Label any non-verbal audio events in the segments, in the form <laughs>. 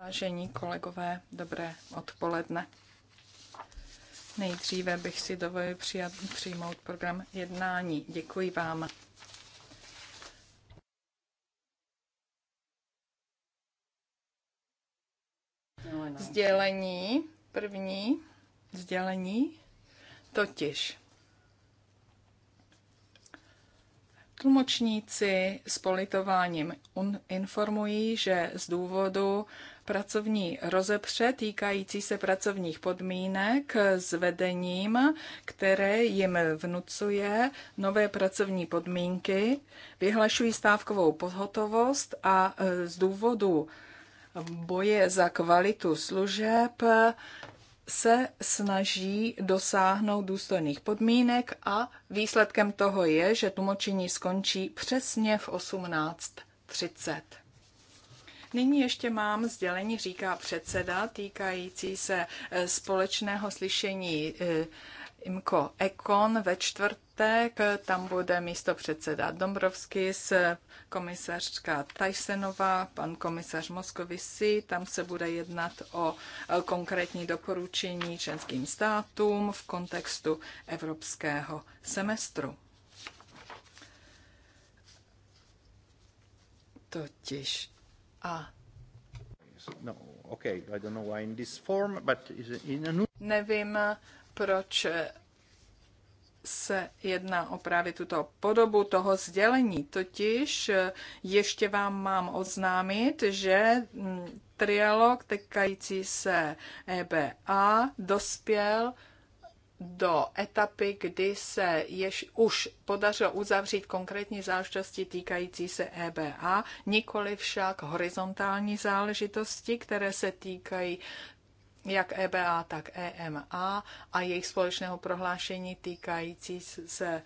Vážení kolegové, dobré odpoledne. Nejdříve bych si dovolil přijat, přijmout program jednání. Děkuji vám. Sdělení, první sdělení, totiž Tlumočníci s politováním informují, že z důvodu pracovní rozepře týkající se pracovních podmínek s vedením, které jim vnucuje nové pracovní podmínky, vyhlašují stávkovou pohotovost a e, z důvodu boje za kvalitu služeb se snaží dosáhnout důstojných podmínek a výsledkem toho je, že tlumočení skončí přesně v 18.30. Nyní ještě mám sdělení, říká předseda, týkající se eh, společného slyšení eh, IMCO Econ ve čtvrtek čtvrtek tam bude místo předseda Dombrovský s komisařka Tajsenová, pan komisař Moskovisi, Tam se bude jednat o konkrétní doporučení členským státům v kontextu evropského semestru. Totiž a No, okay, I don't know why in this form, but in a new... Nevím, proč se jedná o právě tuto podobu toho sdělení. Totiž eh, ještě vám mám oznámit, že mm, trialog týkající se EBA dospěl do etapy, kdy se jež, už podařilo uzavřít konkrétní záležitosti týkající se EBA, nikoli však horizontální záležitosti, které se týkají jak EBA, tak EMA a jejich společného prohlášení týkající se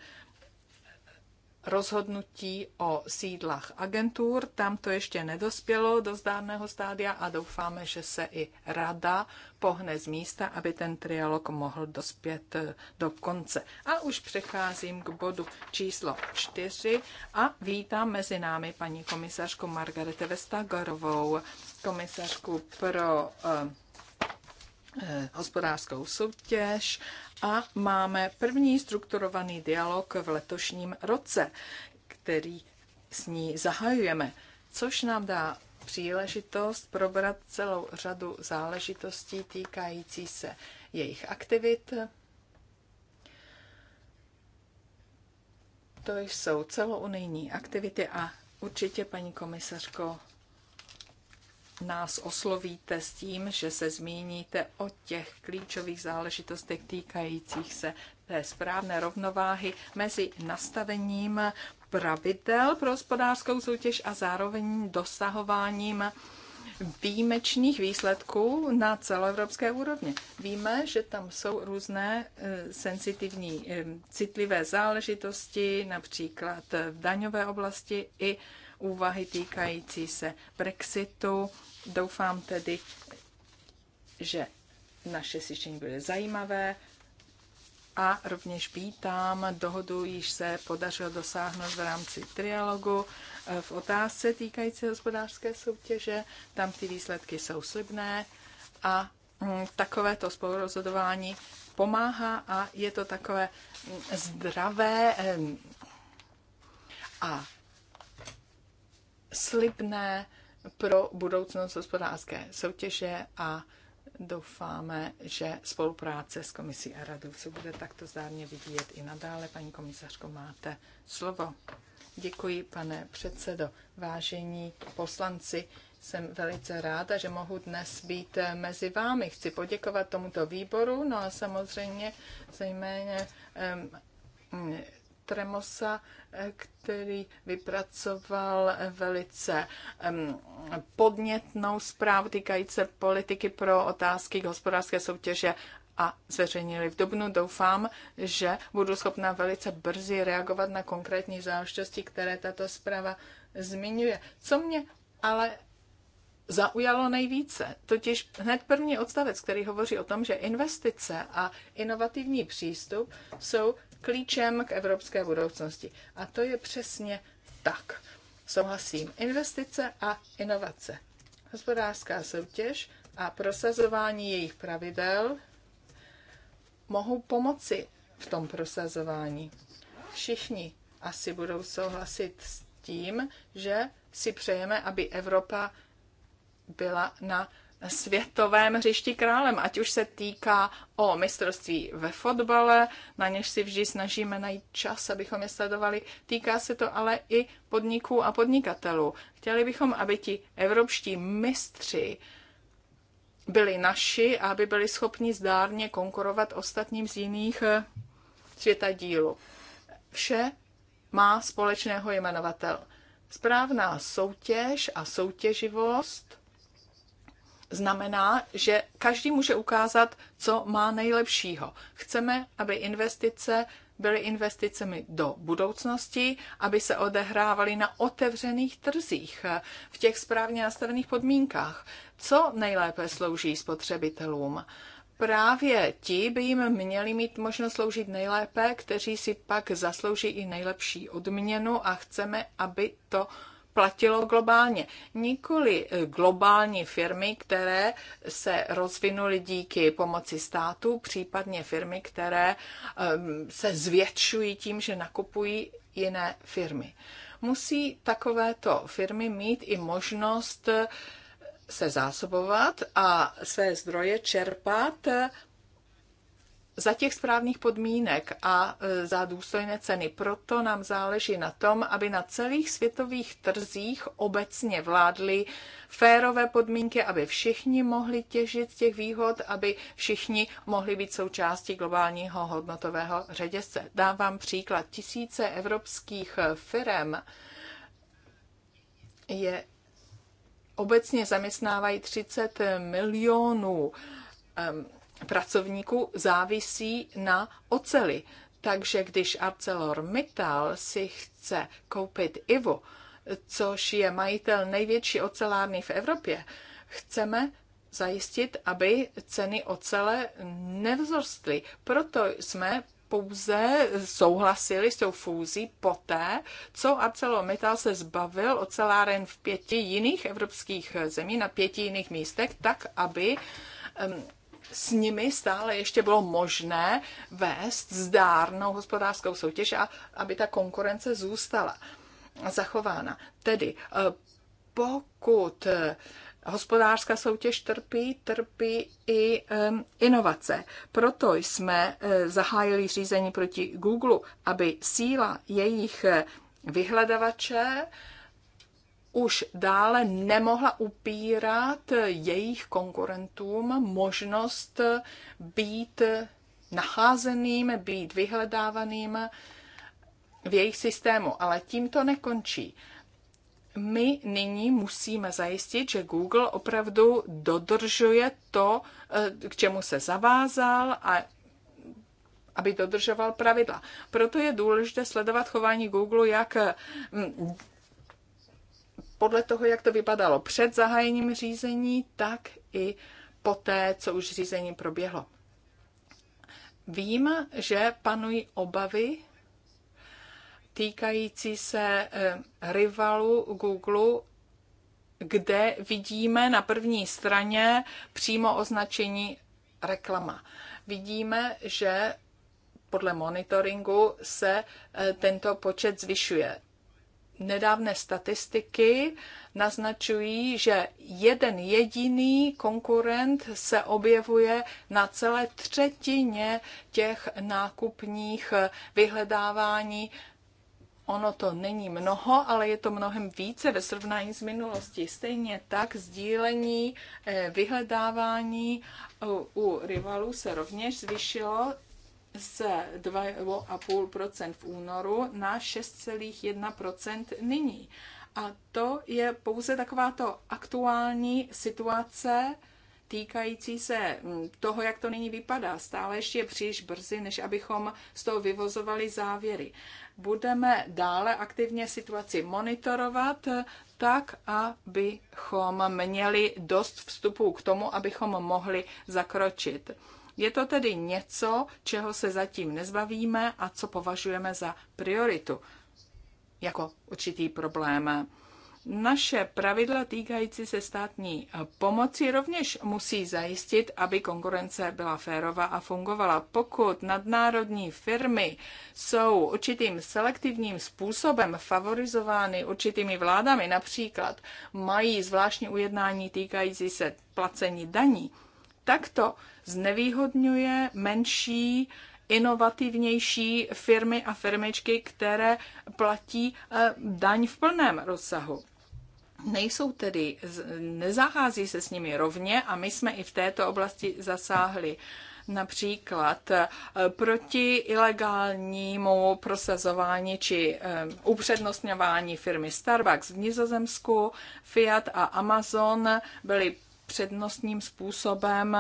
rozhodnutí o sídlách agentur. Tam to ještě nedospělo do zdárného stádia a doufáme, že se i rada pohne z místa, aby ten trialog mohl dospět do konce. A už přecházím k bodu číslo čtyři a vítám mezi námi paní komisařku Margarete Vestagorovou, komisařku pro uh, Eh, hospodářskou soutěž a máme první strukturovaný dialog v letošním roce, který s ní zahajujeme, což nám dá příležitost probrat celou řadu záležitostí týkající se jejich aktivit. To jsou celounijní aktivity a určitě, paní komisařko, nás oslovíte s tím, že se zmíníte o těch klíčových záležitostech týkajících se té správné rovnováhy mezi nastavením pravidel pro hospodářskou soutěž a zároveň dosahováním výjimečných výsledků na celoevropské úrovni. Víme, že tam jsou různé e, sensitivní, e, citlivé záležitosti, například v daňové oblasti i úvahy týkající se Brexitu. Doufám tedy, že naše slyšení bude zajímavé a rovněž vítám dohodu, již se podařilo dosáhnout v rámci trialogu eh, v otázce týkající hospodářské soutěže. Tam ty výsledky jsou slibné a mm, takovéto spolurozhodování pomáhá a je to takové mm, zdravé eh, a slibné pro budoucnost hospodářské soutěže a doufáme, že spolupráce s komisí a radou se bude takto zdárně vyvíjet i nadále. Paní komisařko, máte slovo. Děkuji, pane předsedo. Vážení poslanci, jsem velice ráda, že mohu dnes být mezi vámi. Chci poděkovat tomuto výboru, no a samozřejmě zejména um, Tremosa, eh, který vypracoval velice podnětnou zprávu týkající politiky pro otázky k hospodářské soutěže a zveřejnili v Dubnu. Doufám, že budu schopna velice brzy reagovat na konkrétní záležitosti, které tato zpráva zmiňuje. Co mě ale zaujalo nejvíce, totiž hned první odstavec, který hovoří o tom, že investice a inovativní přístup jsou klíčem k evropské budoucnosti. A to je přesně tak. Souhlasím. Investice a inovace. Hospodářská soutěž a prosazování jejich pravidel mohou pomoci v tom prosazování. Všichni asi budou souhlasit s tím, že si přejeme, aby Evropa byla na světovém hřišti králem, ať už se týká o mistrovství ve fotbale, na něž si vždy snažíme najít čas, abychom je sledovali. Týká se to ale i podniků a podnikatelů. Chtěli bychom, aby ti evropští mistři byli naši a aby byli schopni zdárně konkurovat ostatním z jiných eh, světa dílu. Vše má společného jmenovatel. Správná soutěž a soutěživost znamená, že každý může ukázat, co má nejlepšího. Chceme, aby investice byly investicemi do budoucnosti, aby se odehrávaly na otevřených trzích, v těch správně nastavených podmínkách, co nejlépe slouží spotřebitelům. Právě ti by jim měli mít možnost sloužit nejlépe, kteří si pak zaslouží i nejlepší odměnu a chceme, aby to platilo globálně. Nikoli eh, globální firmy, které se rozvinuly díky pomoci státu, případně firmy, které ehm, se zvětšují tím, že nakupují jiné firmy. Musí takovéto firmy mít i možnost eh, se zásobovat a své zdroje čerpat eh, za těch správných podmínek a e, za důstojné ceny. Proto nám záleží na tom, aby na celých světových trzích obecně vládly férové podmínky, aby všichni mohli těžit těch výhod, aby všichni mohli být součástí globálního hodnotového řetězce. Dám vám příklad. Tisíce evropských firm je obecně zaměstnávají 30 milionů um, pracovníků závisí na oceli. Takže když ArcelorMittal si chce koupit Ivo, což je majitel největší ocelárny v Evropě, chceme zajistit, aby ceny ocele nevzrostly. Proto jsme pouze souhlasili s tou fúzí poté, co ArcelorMittal se zbavil oceláren v pěti jiných evropských zemí na pěti jiných místech, tak aby s nimi stále ještě bylo možné vést zdárnou hospodářskou soutěž a aby ta konkurence zůstala zachována. Tedy eh, pokud eh, hospodářská soutěž trpí, trpí i um, inovace. Proto jsme uh, zahájili řízení proti Google, aby síla jejich vyhledavače uh, už dále nemohla upírat jejich konkurentům možnost být nacházeným, být vyhledávaným v jejich systému. Ale tím to nekončí. My nyní musíme zajistit, že Google opravdu dodržuje to, eh, k čemu se zavázal a aby dodržoval pravidla. Proto je důležité sledovat chování Google jak mm, podle toho, jak to vypadalo před zahájením řízení, tak i poté, co už řízení proběhlo. Vím, že panují obavy týkající se eh, rivalu Google, kde vidíme na první straně přímo označení reklama. Vidíme, že podle monitoringu se eh, tento počet zvyšuje nedávné statistiky naznačují, že jeden jediný konkurent se objevuje na celé třetině těch nákupních vyhledávání. Ono to není mnoho, ale je to mnohem více ve srovnání s minulostí. Stejně tak sdílení eh, vyhledávání eh, u rivalů se rovněž zvyšilo z 2,5% v únoru na 6,1% nyní. A to je pouze takováto aktuální situace týkající se mm, toho, jak to nyní vypadá. Stále ještě je příliš brzy, než abychom z toho vyvozovali závěry. Budeme dále aktivně situaci monitorovat, tak, abychom měli dost vstupů k tomu, abychom mohli zakročit. Je to tedy něco, čeho se zatím nezbavíme a co považujeme za prioritu jako určitý problém. Naše pravidla týkající se státní eh, pomoci rovněž musí zajistit, aby konkurence byla férová a fungovala. Pokud nadnárodní firmy jsou určitým selektivním způsobem favorizovány určitými vládami, například mají zvláštní ujednání týkající se placení daní, takto znevýhodňuje menší inovativnější firmy a firmičky, které platí eh, daň v plném rozsahu. Nejsou tedy, nezachází se s nimi rovně a my jsme i v této oblasti zasáhli například eh, proti ilegálnímu prosazování či eh, upřednostňování firmy Starbucks v Nizozemsku, Fiat a Amazon byly přednostním způsobem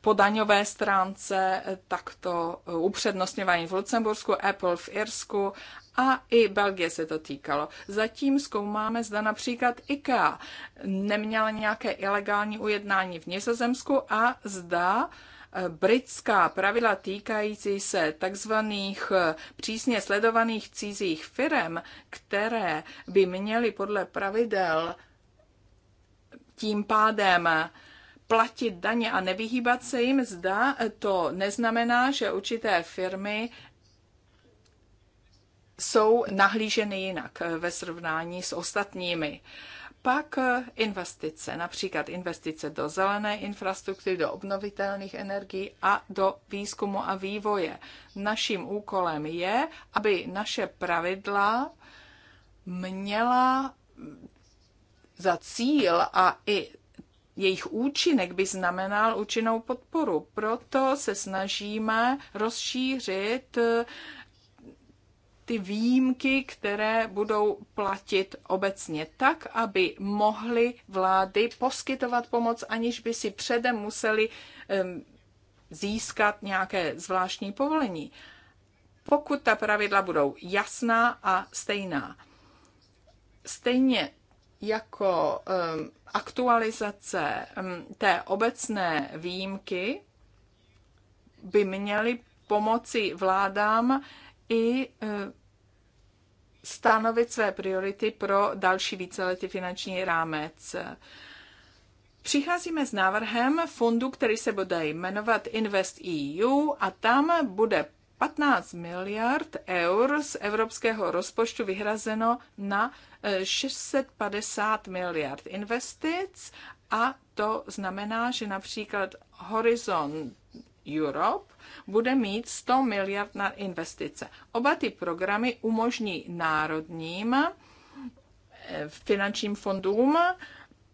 po daňové stránce takto upřednostňování v Lucembursku, Apple v Irsku a i Belgie se to týkalo. Zatím zkoumáme, zda například IKEA neměla nějaké ilegální ujednání v Nizozemsku a zda uh, britská pravidla týkající se takzvaných eh, přísně sledovaných cizích firm, které by měly podle pravidel tím pádem platit daně a nevyhýbat se jim, zda to neznamená, že určité firmy jsou nahlíženy jinak eh, ve srovnání s ostatními. Pak eh, investice, například investice do zelené infrastruktury, do obnovitelných energií a do výzkumu a vývoje. Naším úkolem je, aby naše pravidla měla mm, za cíl a i jejich účinek by znamenal účinnou podporu. Proto se snažíme rozšířit eh, ty výjimky, které budou platit obecně tak, aby mohly vlády poskytovat pomoc, aniž by si předem museli um, získat nějaké zvláštní povolení. Pokud ta pravidla budou jasná a stejná. Stejně jako um, aktualizace um, té obecné výjimky by měly pomoci vládám i e, stanovit své priority pro další víceletý finanční rámec. Přicházíme s návrhem fondu, který se bude jmenovat Invest EU a tam bude 15 miliard eur z evropského rozpočtu vyhrazeno na 650 e, miliard investic a to znamená, že například Horizont Europe bude mít 100 miliard na investice. Oba ty programy umožní národním eh, finančním fondům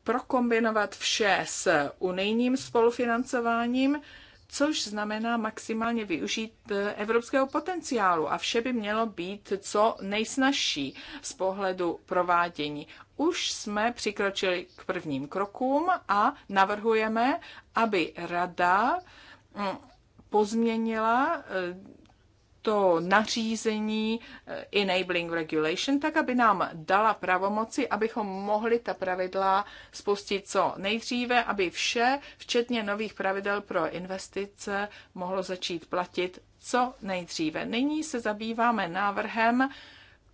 prokombinovat vše s unijním spolufinancováním, což znamená maximálně využít eh, evropského potenciálu a vše by mělo být co nejsnažší z pohledu provádění. Už jsme přikročili k prvním krokům a navrhujeme, aby rada No, pozměnila eh, to nařízení eh, Enabling Regulation, tak aby nám dala pravomoci, abychom mohli ta pravidla spustit co nejdříve, aby vše, včetně nových pravidel pro investice, mohlo začít platit co nejdříve. Nyní se zabýváme návrhem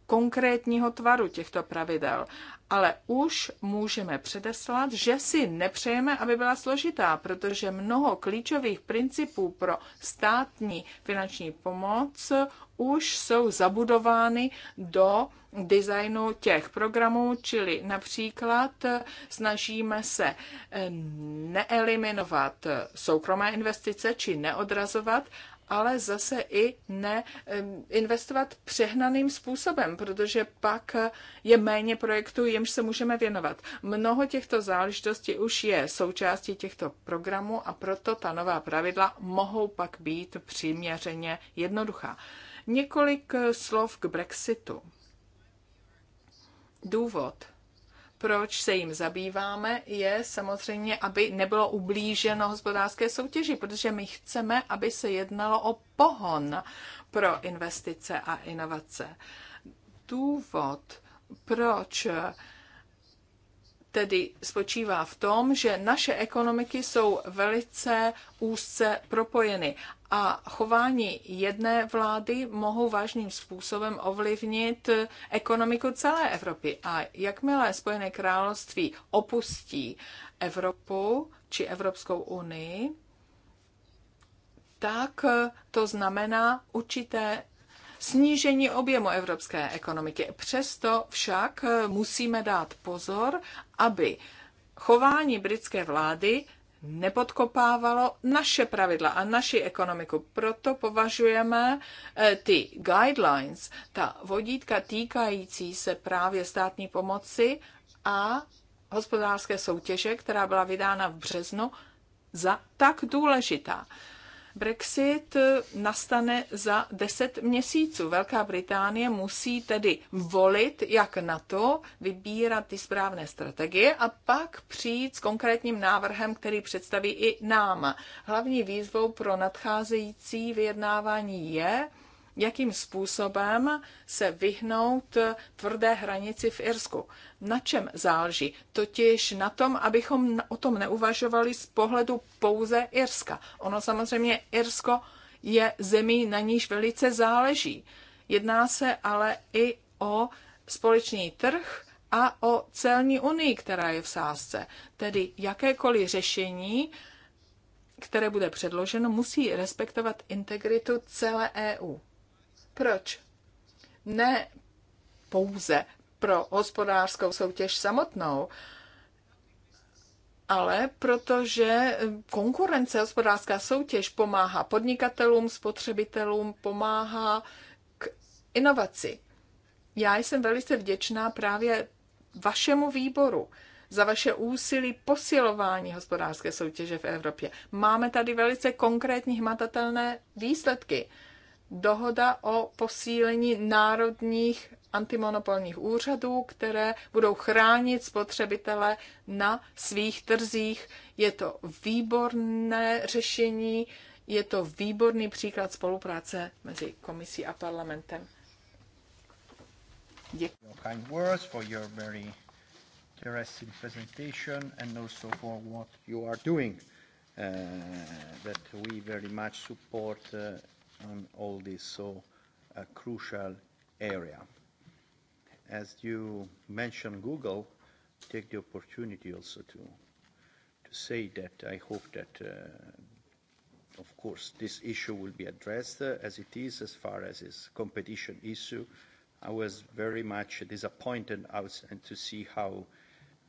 konkrétního tvaru těchto pravidel ale už můžeme předeslat, že si nepřejeme, aby byla složitá, protože mnoho klíčových principů pro státní finanční pomoc už jsou zabudovány do designu těch programů, čili například snažíme se eh, neeliminovat soukromé investice či neodrazovat, ale zase i ne investovat přehnaným způsobem, protože pak je méně projektů, jimž se můžeme věnovat. Mnoho těchto záležitostí už je součástí těchto programů a proto ta nová pravidla mohou pak být přiměřeně jednoduchá. Několik slov k Brexitu. Důvod, proč se jim zabýváme, je samozřejmě, aby nebylo ublíženo hospodářské soutěži, protože my chceme, aby se jednalo o pohon pro investice a inovace. Důvod, proč tedy spočívá v tom, že naše ekonomiky jsou velice úzce propojeny a chování jedné vlády mohou vážným způsobem ovlivnit ekonomiku celé Evropy. A jakmile Spojené království opustí Evropu či Evropskou unii, tak to znamená určité snížení objemu evropské ekonomiky. Přesto však eh, musíme dát pozor, aby chování britské vlády nepodkopávalo naše pravidla a naši ekonomiku. Proto považujeme eh, ty guidelines, ta vodítka týkající se právě státní pomoci a hospodářské soutěže, která byla vydána v březnu, za tak důležitá. Brexit nastane za deset měsíců. Velká Británie musí tedy volit, jak na to vybírat ty správné strategie a pak přijít s konkrétním návrhem, který představí i nám. Hlavní výzvou pro nadcházející vyjednávání je, jakým způsobem se vyhnout tvrdé hranici v Irsku. Na čem záleží? Totiž na tom, abychom o tom neuvažovali z pohledu pouze Irska. Ono samozřejmě Irsko je zemí, na níž velice záleží. Jedná se ale i o společný trh a o celní unii, která je v sázce. Tedy jakékoliv řešení, které bude předloženo, musí respektovat integritu celé EU. Proč? Ne pouze pro hospodářskou soutěž samotnou, ale protože konkurence, hospodářská soutěž pomáhá podnikatelům, spotřebitelům, pomáhá k inovaci. Já jsem velice vděčná právě vašemu výboru za vaše úsilí posilování hospodářské soutěže v Evropě. Máme tady velice konkrétní hmatatelné výsledky dohoda o posílení národních antimonopolních úřadů, které budou chránit spotřebitele na svých trzích. Je to výborné řešení, je to výborný příklad spolupráce mezi komisí a parlamentem. Děkuji on all this so uh, crucial area. As you mentioned Google, take the opportunity also to to say that I hope that, uh, of course, this issue will be addressed uh, as it is as far as this competition issue. I was very much disappointed out and to see how,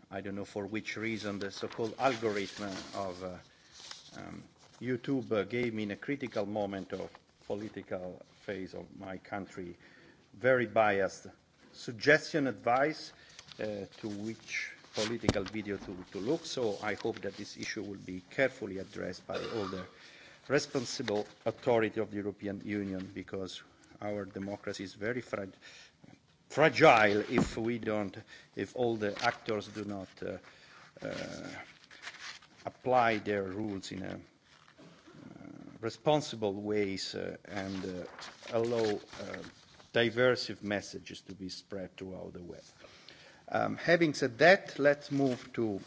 I don't know for which reason, the so-called algorithm of uh, um, YouTube uh, gave me in a critical moment of political phase of my country, very biased. Suggestion, advice uh, to which political video to, to look, so I hope that this issue will be carefully addressed by all the responsible authority of the European Union because our democracy is very frag fragile if we don't, if all the actors do not uh, uh, apply their rules in a responsible ways uh, and uh, allow uh, diverse messages to be spread throughout the web. Um, having said that, let's move to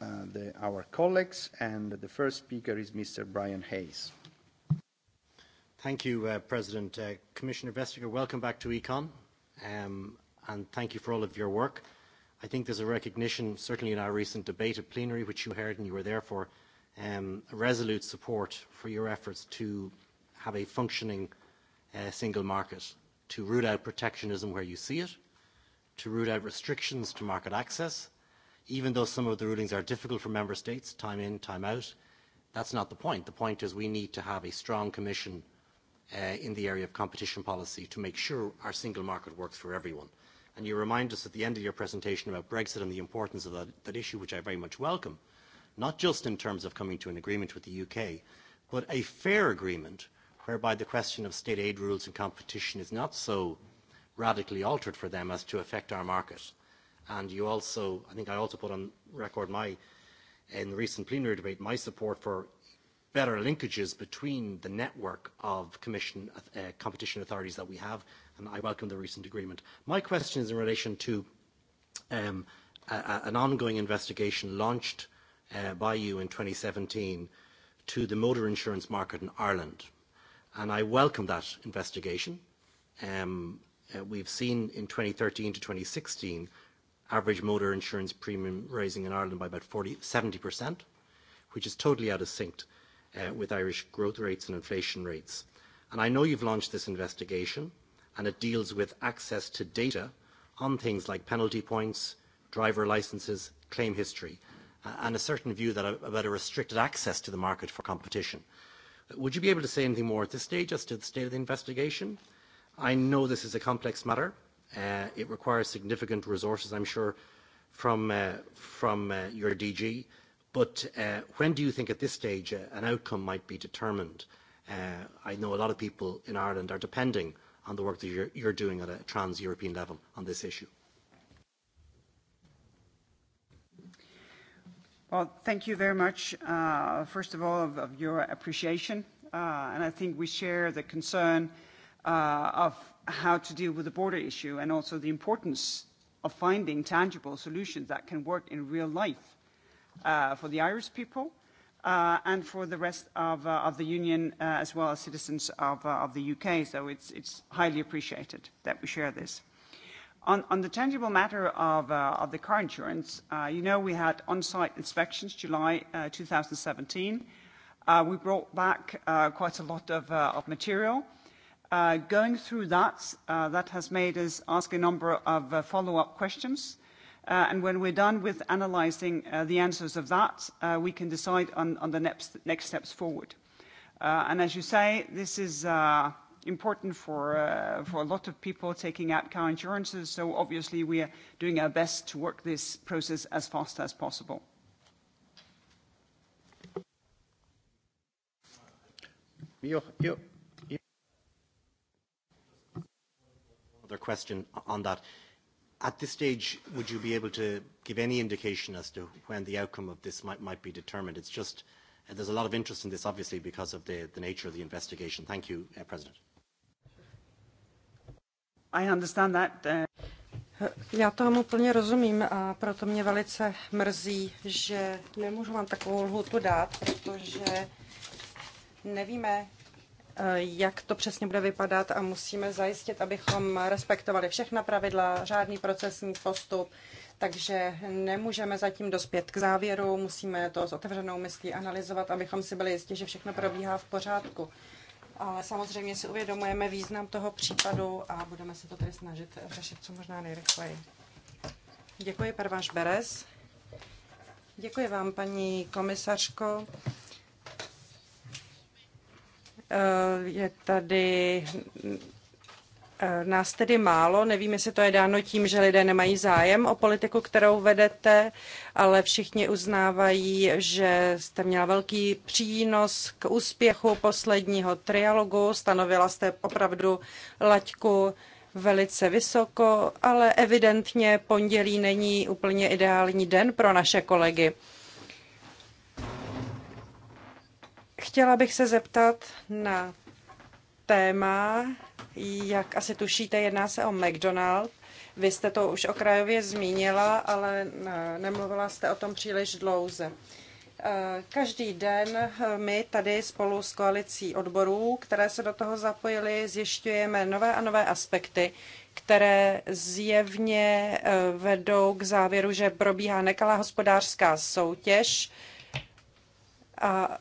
uh, the, our colleagues, and the first speaker is Mr. Brian Hayes. Thank you, uh, President. Uh, Commissioner Vestager, welcome back to Econ, um, and thank you for all of your work. I think there's a recognition, certainly in our recent debate at plenary, which you heard and you were there for, um, resolute support for your efforts to have a functioning uh, single market, to root out protectionism where you see it, to root out restrictions to market access. Even though some of the rulings are difficult for member states, time in, time out, that's not the point. The point is we need to have a strong commission uh, in the area of competition policy to make sure our single market works for everyone. And you remind us at the end of your presentation about Brexit and the importance of that, that issue, which I very much welcome. Uh, not just in terms of coming to an agreement with the UK, but a fair agreement whereby the question of state aid rules and competition is not so radically altered for them as to affect our market. And you also, I think I also put on record my, in the recent plenary debate, my support for better linkages between the network of commission uh, competition authorities that we have, and I welcome the recent agreement. My question is in relation to um, a, a, an ongoing investigation launched Uh, by you in 2017 to the motor insurance market in Ireland. And I welcome that investigation. Um, uh, we've seen in 2013 to 2016 average motor insurance premium rising in Ireland by about 40, 70%, which is totally out of sync uh, with Irish growth rates and inflation rates. And I know you've launched this investigation, and it deals with access to data on things like penalty points, driver licenses, claim history and a certain view that about a restricted access to the market for competition. Would you be able to say anything more at this stage as to the state of the investigation? I know this is a complex matter. Uh, it requires significant resources, I'm sure, from, uh, from uh, your DG. But uh, when do you think at this stage uh, an outcome might be determined? Uh, I know a lot of people in Ireland are depending on the work that you're, you're doing at a trans-European level on this issue. Well, thank you very much, uh, first of all, of, your appreciation. Uh, and I think we share the concern uh, of how to deal with the border issue and also the importance of finding tangible solutions that can work in real life for the Irish people and for the rest of, the Union as well as citizens of, the UK. So it's highly appreciated that we share this. On, the tangible matter of, uh, the car insurance, uh, you know we had on-site inspections July 2017. Uh, we brought back quite a lot of, material. Going through that, that has made us ask a number of follow-up questions. And when we're done with analyzing the answers of that, we can decide on, the next, steps forward. And as you say, this is a important uh, for, a lot of people taking out car insurances. So obviously we are doing our best to work this process as fast as possible. Yo, yo, yo. question on that. At this stage, would you be able to give any indication as to when the outcome of this might, be determined? It's just, there's a lot of interest in this, obviously, because of the, nature of the investigation. Thank you, uh, President. I understand that. Uh, Já tomu plně rozumím a proto mě velice mrzí, že nemůžu vám takovou lhutu dát, protože nevíme, uh, jak to přesně bude vypadat a musíme zajistit, abychom respektovali všechna pravidla, řádný procesní postup, takže nemůžeme zatím dospět k závěru, musíme to s otevřenou myslí analyzovat, abychom si byli jistí, že všechno probíhá v pořádku ale samozřejmě si uvědomujeme význam toho případu a budeme se to tedy snažit řešit co možná nejrychleji. Děkuji, Parváš Beres. Děkuji vám, paní komisařko. Eh, je tady Eh, nás tedy málo. Nevím, jestli to je dáno tím, že lidé nemají zájem o politiku, kterou vedete, ale všichni uznávají, že jste měla velký přínos k úspěchu posledního trialogu. Stanovila jste opravdu laťku velice vysoko, ale evidentně pondělí není úplně ideální den pro naše kolegy. Chtěla bych se zeptat na téma, jak asi tušíte, jedná se o McDonald. Vy jste to už okrajově zmínila, ale eh, nemluvila jste o tom příliš dlouze. Eh, každý den eh, my tady spolu s koalicí odborů, které se do toho zapojily, zjišťujeme nové a nové aspekty, které zjevně vedou k závěru, že probíhá nekalá hospodářská soutěž a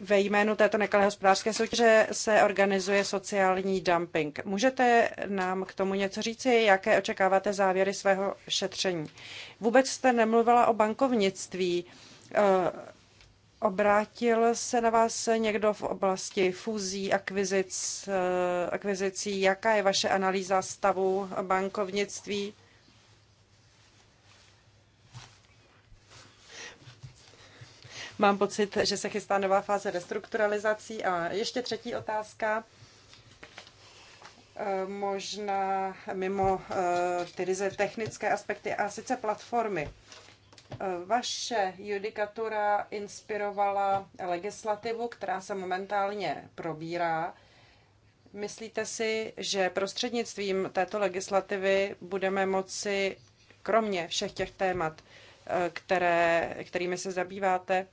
ve jménu této nekalé hospodářské soutěže se organizuje sociální dumping. Můžete nám k tomu něco říci, jaké očekáváte závěry svého šetření? Vůbec jste nemluvila o bankovnictví. Eh, obrátil se na vás někdo v oblasti fúzí, akvizic, eh, akvizicí? Jaká je vaše analýza stavu bankovnictví? Mám pocit, že se chystá nová fáze restrukturalizací. A ještě třetí otázka eh, možná mimo eh, tyrize technické aspekty, a sice platformy. Eh, vaše judikatura inspirovala legislativu, která se momentálně probírá. Myslíte si, že prostřednictvím této legislativy budeme moci, kromě všech těch témat, které, kterými se zabýváte,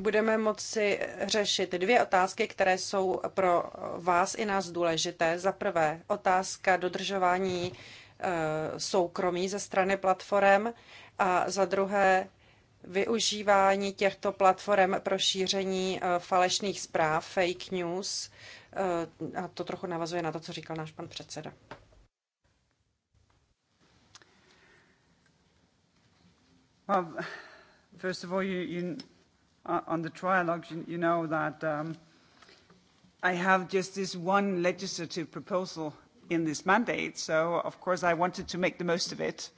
budeme moci řešit dvě otázky, které jsou pro vás i nás důležité. Za prvé otázka dodržování eh, soukromí ze strany platform a za druhé využívání těchto platform pro šíření eh, falešných zpráv, fake news. Eh, a to trochu navazuje na to, co říkal náš pan předseda. Well, first of all, you, you Uh, on the trialogues, you, you know that um, I have just this one legislative proposal in this mandate. So, of course, I wanted to make the most of it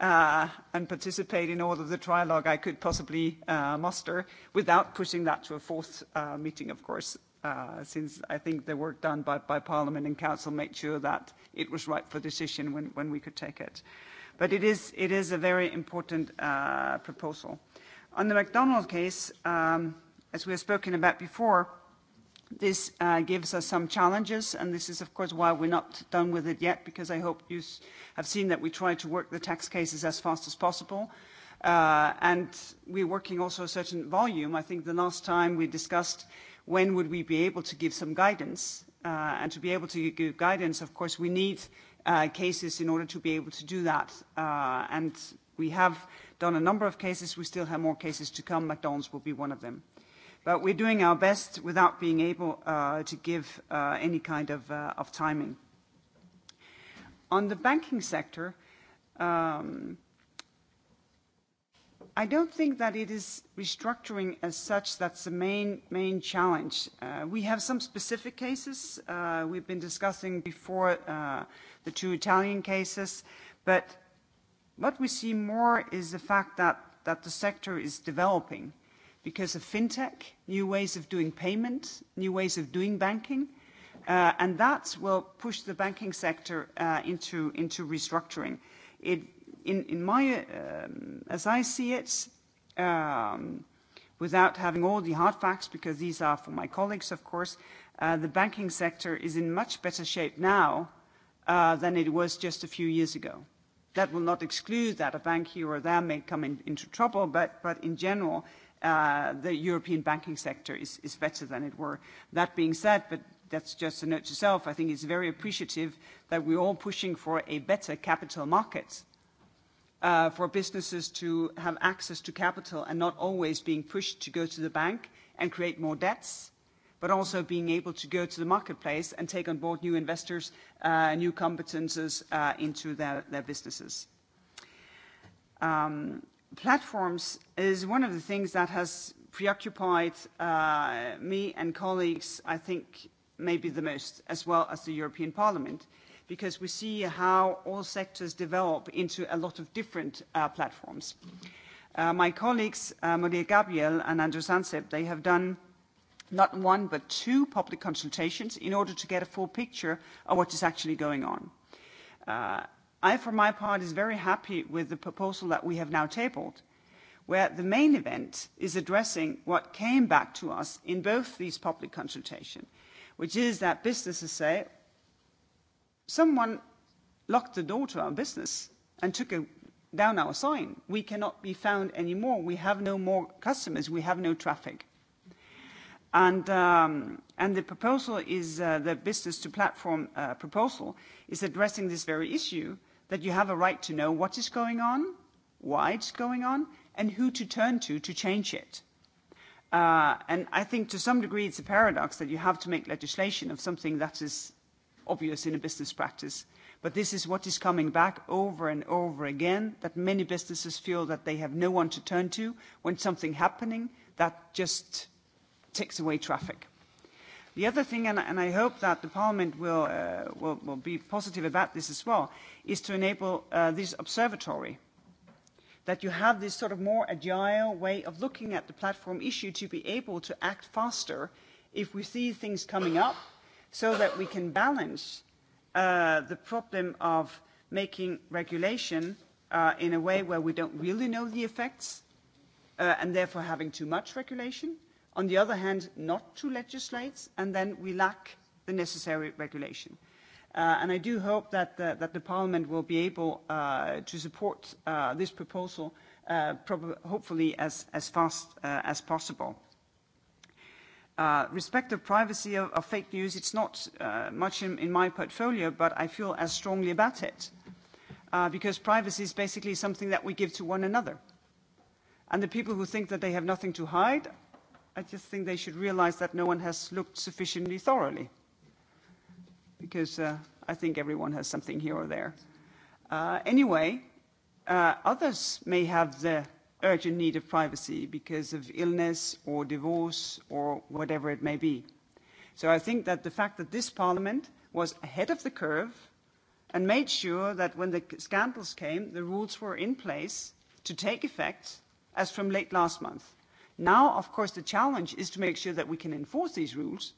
uh, and participate in all of the trialogue I could possibly uh, muster without pushing that to a fourth uh, meeting, of course, uh, since I think the work done by, by Parliament and Council made sure that it was right for decision when, when we could take it. But it is, it is a very important uh, proposal. Uh, On the McDonald case, um, as we have spoken about before, this uh, gives us some challenges, and this is, of course, why we're not done with it yet, because I hope you have seen that we try to work the tax cases as fast as possible. Uh, and we're working also a certain volume. I think the last time we discussed when would we be able to give some guidance, uh, and to be able to give guidance, of course, we need uh, cases in order to be able to do that. Uh, and We have done a number of cases. We still have more cases to come. McDonald's will be one of them. But we're doing our best without being able uh, to give uh, any kind uh, of, timing. On the banking sector, um, I don't think that it is restructuring as such that's the main, main challenge. we have some specific cases. we've been discussing before the two Italian cases, but What we see more is the fact that, that the sector is developing because of fintech, new ways of doing payment, new ways of doing banking, uh, and that will push the banking sector uh, into, into restructuring. in, my, um, as I see it, um, without having all the hard facts, because these are for my colleagues, of course, uh, the banking sector is in much better shape now than it was just a few years ago. That will not exclude that a bank here or there may come in, into trouble, but, but in general, uh, the European banking sector is, is better than it were. That being said, but that's just a note to self, I think it's very appreciative that we're all pushing for a better capital market uh, for businesses to have access to capital and not always being pushed to go to the bank and create more debts but also being able to go to the marketplace and take on board new investors, uh, new competences uh, into their, businesses. Um, platforms is one of the things that has preoccupied uh, me and colleagues, I think, maybe the most, as well as the European Parliament, because we see how all sectors develop into a lot of different platforms. my colleagues, Maria Gabriel and Andrew Sansep, they have done not one but two public consultations in order to get a full picture of what is actually going on. Uh, I, for my part, is very happy with the proposal that we have now tabled, where the main event is addressing what came back to us in both these public consultations, which is that businesses say, someone locked the door to our business and took a, down our sign. We cannot be found anymore. We have no more customers. We have no traffic. Um, the proposal is uh, the business to platform uh, proposal is addressing this very issue that you have a right to know what is going on, why it's going on, and who to turn to to change it. Uh, I think to some degree it's a paradox that you have to make legislation of something that is obvious in a business practice. But this is what is coming back over and over again, that many businesses feel that they have no one to turn to when something happening that just takes away traffic. The other thing, and, and I hope that the Parliament will, uh, will, will be positive about this as well, is to enable uh, this observatory, that you have this sort of more agile way of looking at the platform issue to be able to act faster if we see things coming up, so that we can balance uh, the problem of making regulation uh, in a way where we don't really know the effects, uh, and therefore having too much regulation, on the other hand, not to legislate, and then we lack the necessary regulation. Uh, and I do hope that the, that the Parliament will be able uh, to support uh, this proposal, uh, hopefully as, as fast uh, as possible. Uh, respect of privacy of, of fake news, it's not uh, much in, in my portfolio, but I feel as strongly about it. Uh, because privacy is basically something that we give to one another. And the people who think that they have nothing to hide i just think they should realize that no one has looked sufficiently thoroughly because uh, I think everyone has something here or there. Uh, anyway, uh, others may have the urgent need of privacy because of illness or divorce or whatever it may be. So I think that the fact that this parliament was ahead of the curve and made sure that when the scandals came, the rules were in place to take effect as from late last month. Now, of course, the challenge is to make sure that we can enforce these rules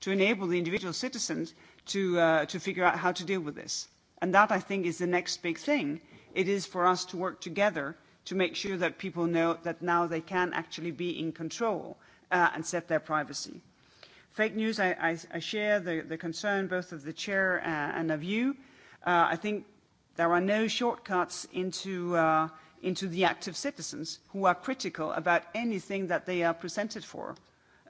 to enable the individual citizens to, uh, to figure out how to deal with this. And that, I think, is the next big thing. It is for us to work together to make sure that people know that now they can actually be in control uh, and set their privacy. Fake news, I, I, I share the, the concern both of the chair uh, and of you. Uh, I think there are no shortcuts into uh, into the active citizens who are critical about anything that they are presented for.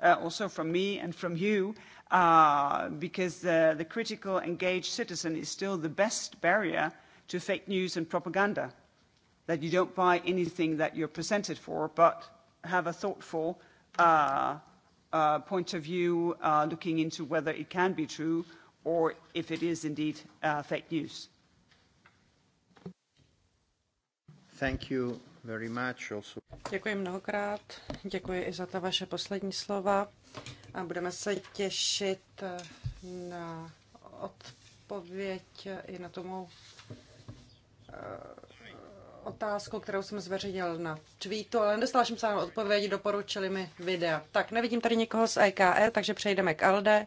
Uh, also from me and from you, uh, because the, uh, the critical engaged citizen is still the best barrier to fake news and propaganda. That you don't buy anything that you're presented for, but have a thoughtful uh, uh, point of view uh, looking into whether it can be true or if it is indeed uh, fake news. Děkuji mnohokrát, děkuji i za ta vaše poslední slova a budeme se těšit eh, na odpověď i na tomu eh, otázku, kterou jsem zveřejnil na tweetu, ale nedostala jsem sám odpověď, doporučili mi videa. Tak, nevidím tady nikoho z IKR, e takže přejdeme k Alde.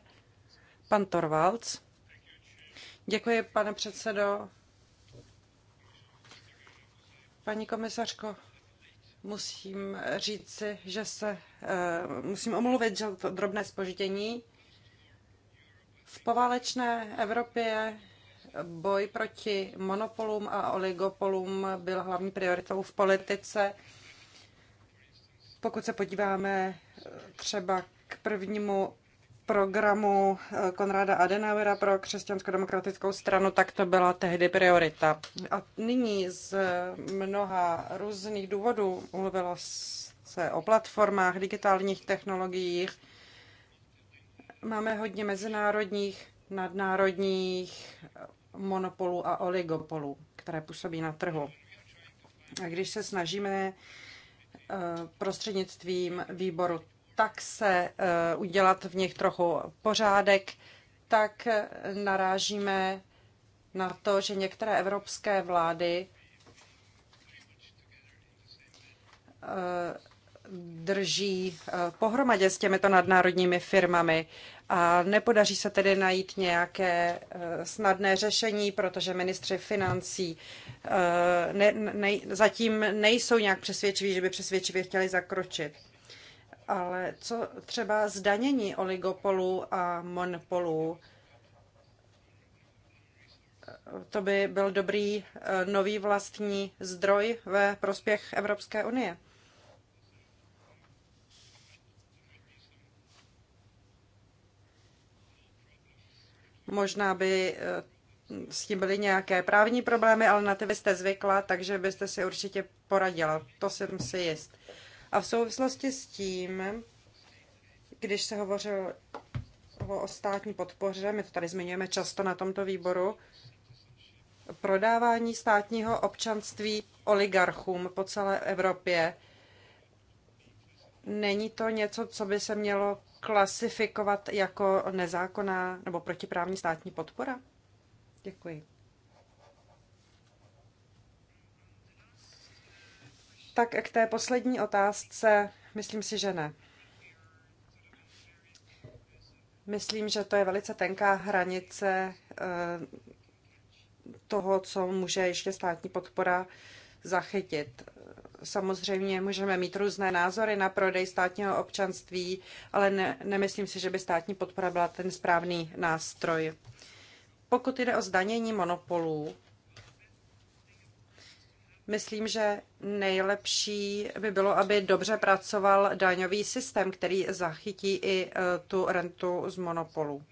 Pan Torvalds. Děkuji, pane předsedo. Paní komisařko, musím říci, že se eh, musím omluvit že to drobné spoždění. V poválečné Evropě boj proti monopolům a oligopolům byl hlavní prioritou v politice. Pokud se podíváme třeba k prvnímu programu eh, Konráda Adenauera pro křesťansko-demokratickou stranu, tak to byla tehdy priorita. A nyní z eh, mnoha různých důvodů mluvilo se o platformách, digitálních technologiích. Máme hodně mezinárodních, nadnárodních monopolů a oligopolů, které působí na trhu. A když se snažíme eh, prostřednictvím výboru se eh, udělat v nich trochu pořádek, tak eh, narážíme na to, že některé evropské vlády eh, drží pohromadě s těmito nadnárodními firmami a nepodaří se tedy najít nějaké snadné řešení, protože ministři financí ne, ne, zatím nejsou nějak přesvědčiví, že by přesvědčivě chtěli zakročit ale co třeba zdanění oligopolů a monopolů? To by byl dobrý eh, nový vlastní zdroj ve prospěch Evropské unie. Možná by eh, s tím byly nějaké právní problémy, ale na ty byste zvykla, takže byste si určitě poradila. To jsem si jist. A v souvislosti s tím, když se hovořilo o státní podpoře, my to tady zmiňujeme často na tomto výboru, prodávání státního občanství oligarchům po celé Evropě. Není to něco, co by se mělo klasifikovat jako nezákonná nebo protiprávní státní podpora? Děkuji. Tak k té poslední otázce, myslím si, že ne. Myslím, že to je velice tenká hranice eh, toho, co může ještě státní podpora zachytit. Samozřejmě můžeme mít různé názory na prodej státního občanství, ale ne, nemyslím si, že by státní podpora byla ten správný nástroj. Pokud jde o zdanění monopolů, Myslím, že nejlepší by bylo, aby dobře pracoval daňový systém, který zachytí i e, tu rentu z monopolu.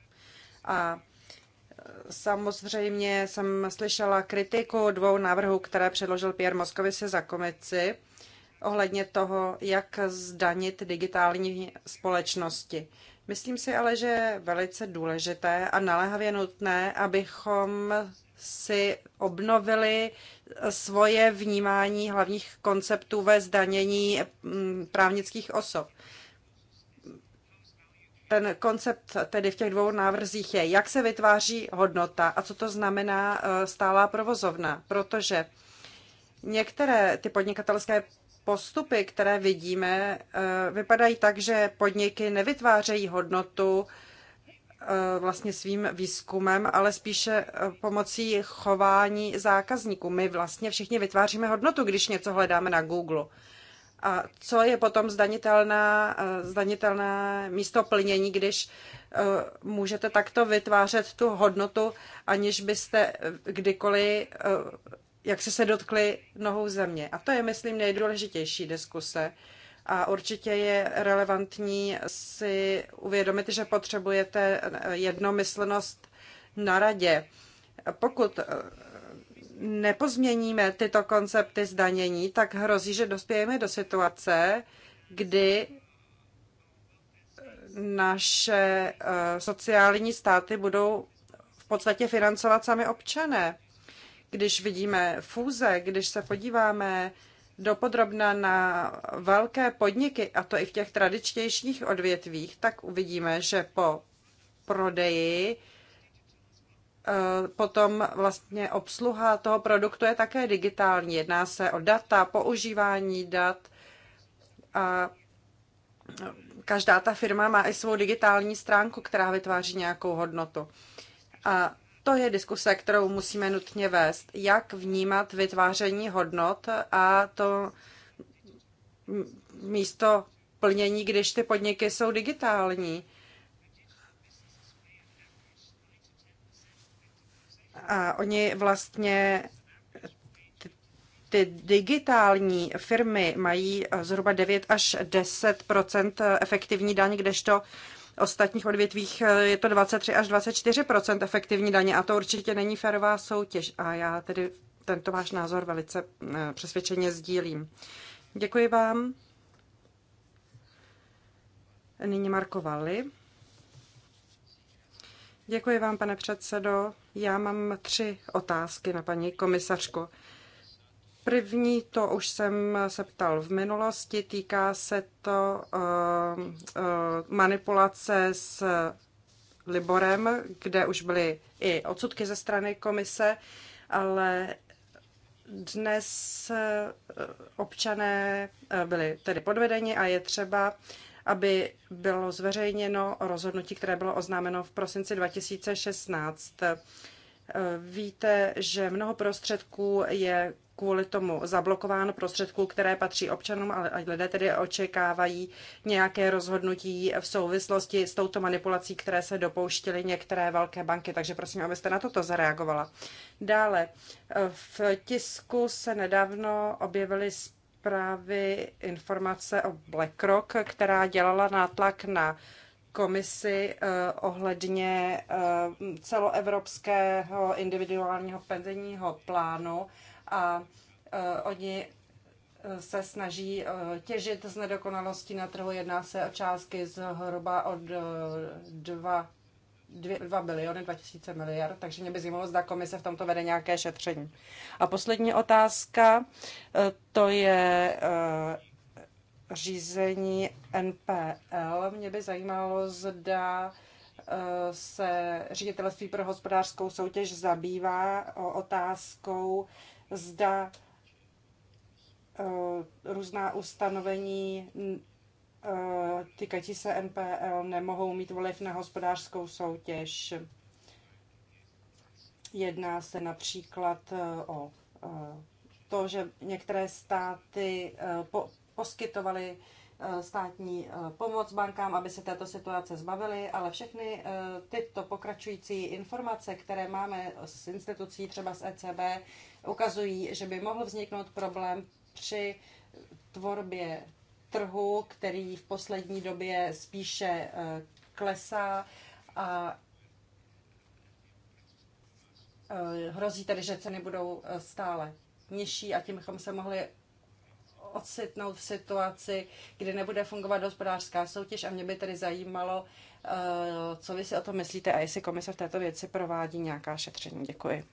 A e, samozřejmě jsem slyšela kritiku dvou návrhů, které předložil Pierre Moskovici za komici ohledně toho, jak zdanit digitální společnosti. Myslím si ale, že je velice důležité a naléhavě nutné, abychom si obnovili svoje vnímání hlavních konceptů ve zdanění mm, právnických osob. Ten koncept tedy v těch dvou návrzích je, jak se vytváří hodnota a co to znamená e, stálá provozovna, protože některé ty podnikatelské postupy, které vidíme, e, vypadají tak, že podniky nevytvářejí hodnotu, Eh, vlastně svým výzkumem, ale spíše eh, pomocí chování zákazníků. My vlastně všichni vytváříme hodnotu, když něco hledáme na Google. A co je potom zdanitelná, eh, zdanitelné místo plnění, když můžete takto vytvářet tu hodnotu, aniž byste kdykoliv jak se se dotkli nohou země. A to je, myslím, nejdůležitější diskuse, a určitě je relevantní si uvědomit, že potřebujete jednomyslnost na radě. Pokud eh, nepozměníme tyto koncepty zdanění, tak hrozí, že dospějeme do situace, kdy naše eh, sociální státy budou v podstatě financovat sami občané. Když vidíme fúze, když se podíváme dopodrobna na velké podniky, a to i v těch tradičtějších odvětvích, tak uvidíme, že po prodeji eh, potom vlastně obsluha toho produktu je také digitální. Jedná se o data, používání dat a každá ta firma má i svou digitální stránku, která vytváří nějakou hodnotu. A to je diskuse, kterou musíme nutně vést. Jak vnímat vytváření hodnot a to místo plnění, když ty podniky jsou digitální. A oni vlastně ty digitální firmy mají zhruba 9 až 10 efektivní daň, kdežto ostatních odvětvích eh, je to 23 až 24 efektivní daně a to určitě není férová soutěž. A já tedy tento váš názor velice eh, přesvědčeně sdílím. Děkuji vám. Nyní Marko Valli. Děkuji vám, pane předsedo. Já mám tři otázky na paní komisařku. První, to už jsem se ptal v minulosti, týká se to uh, uh, manipulace s Liborem, kde už byly i odsudky ze strany komise, ale dnes eh, občané byli tedy podvedeni a je třeba, aby bylo zveřejněno rozhodnutí, které bylo oznámeno v prosinci 2016. Víte, že mnoho prostředků je kvůli tomu zablokován prostředků, které patří občanům, ale ať lidé tedy očekávají nějaké rozhodnutí v souvislosti s touto manipulací, které se dopouštily některé velké banky. Takže prosím, abyste na toto zareagovala. Dále, v tisku se nedávno objevily zprávy informace o BlackRock, která dělala nátlak na komisi eh, ohledně eh, celoevropského individuálního penzijního plánu a e, oni e, se snaží e, těžit z nedokonalostí na trhu. Jedná se o částky zhruba od 2 uh, biliony, 2000 miliard, takže mě by zajímalo, zda komise v tomto vede nějaké šetření. A poslední otázka, to je řízení NPL. Mě by zajímalo, zda se ředitelství pro hospodářskou soutěž zabývá otázkou zda eh, různá ustanovení eh, týkající se NPL nemohou mít vliv na hospodářskou soutěž. Jedná se například eh, o to, že některé státy poskytovaly Eh, státní eh, pomoc bankám, aby se této situace zbavili, ale všechny eh, tyto pokračující informace, které máme z institucí, třeba z ECB, ukazují, že by mohl vzniknout problém při tvorbě trhu, který v poslední době spíše klesá a hrozí tedy, že ceny budou stále nižší a tím bychom se mohli ocitnout v situaci, kdy nebude fungovat hospodářská soutěž a mě by tedy zajímalo, eh, co vy si o tom myslíte a jestli komise v této věci provádí nějaká šetření. Děkuji.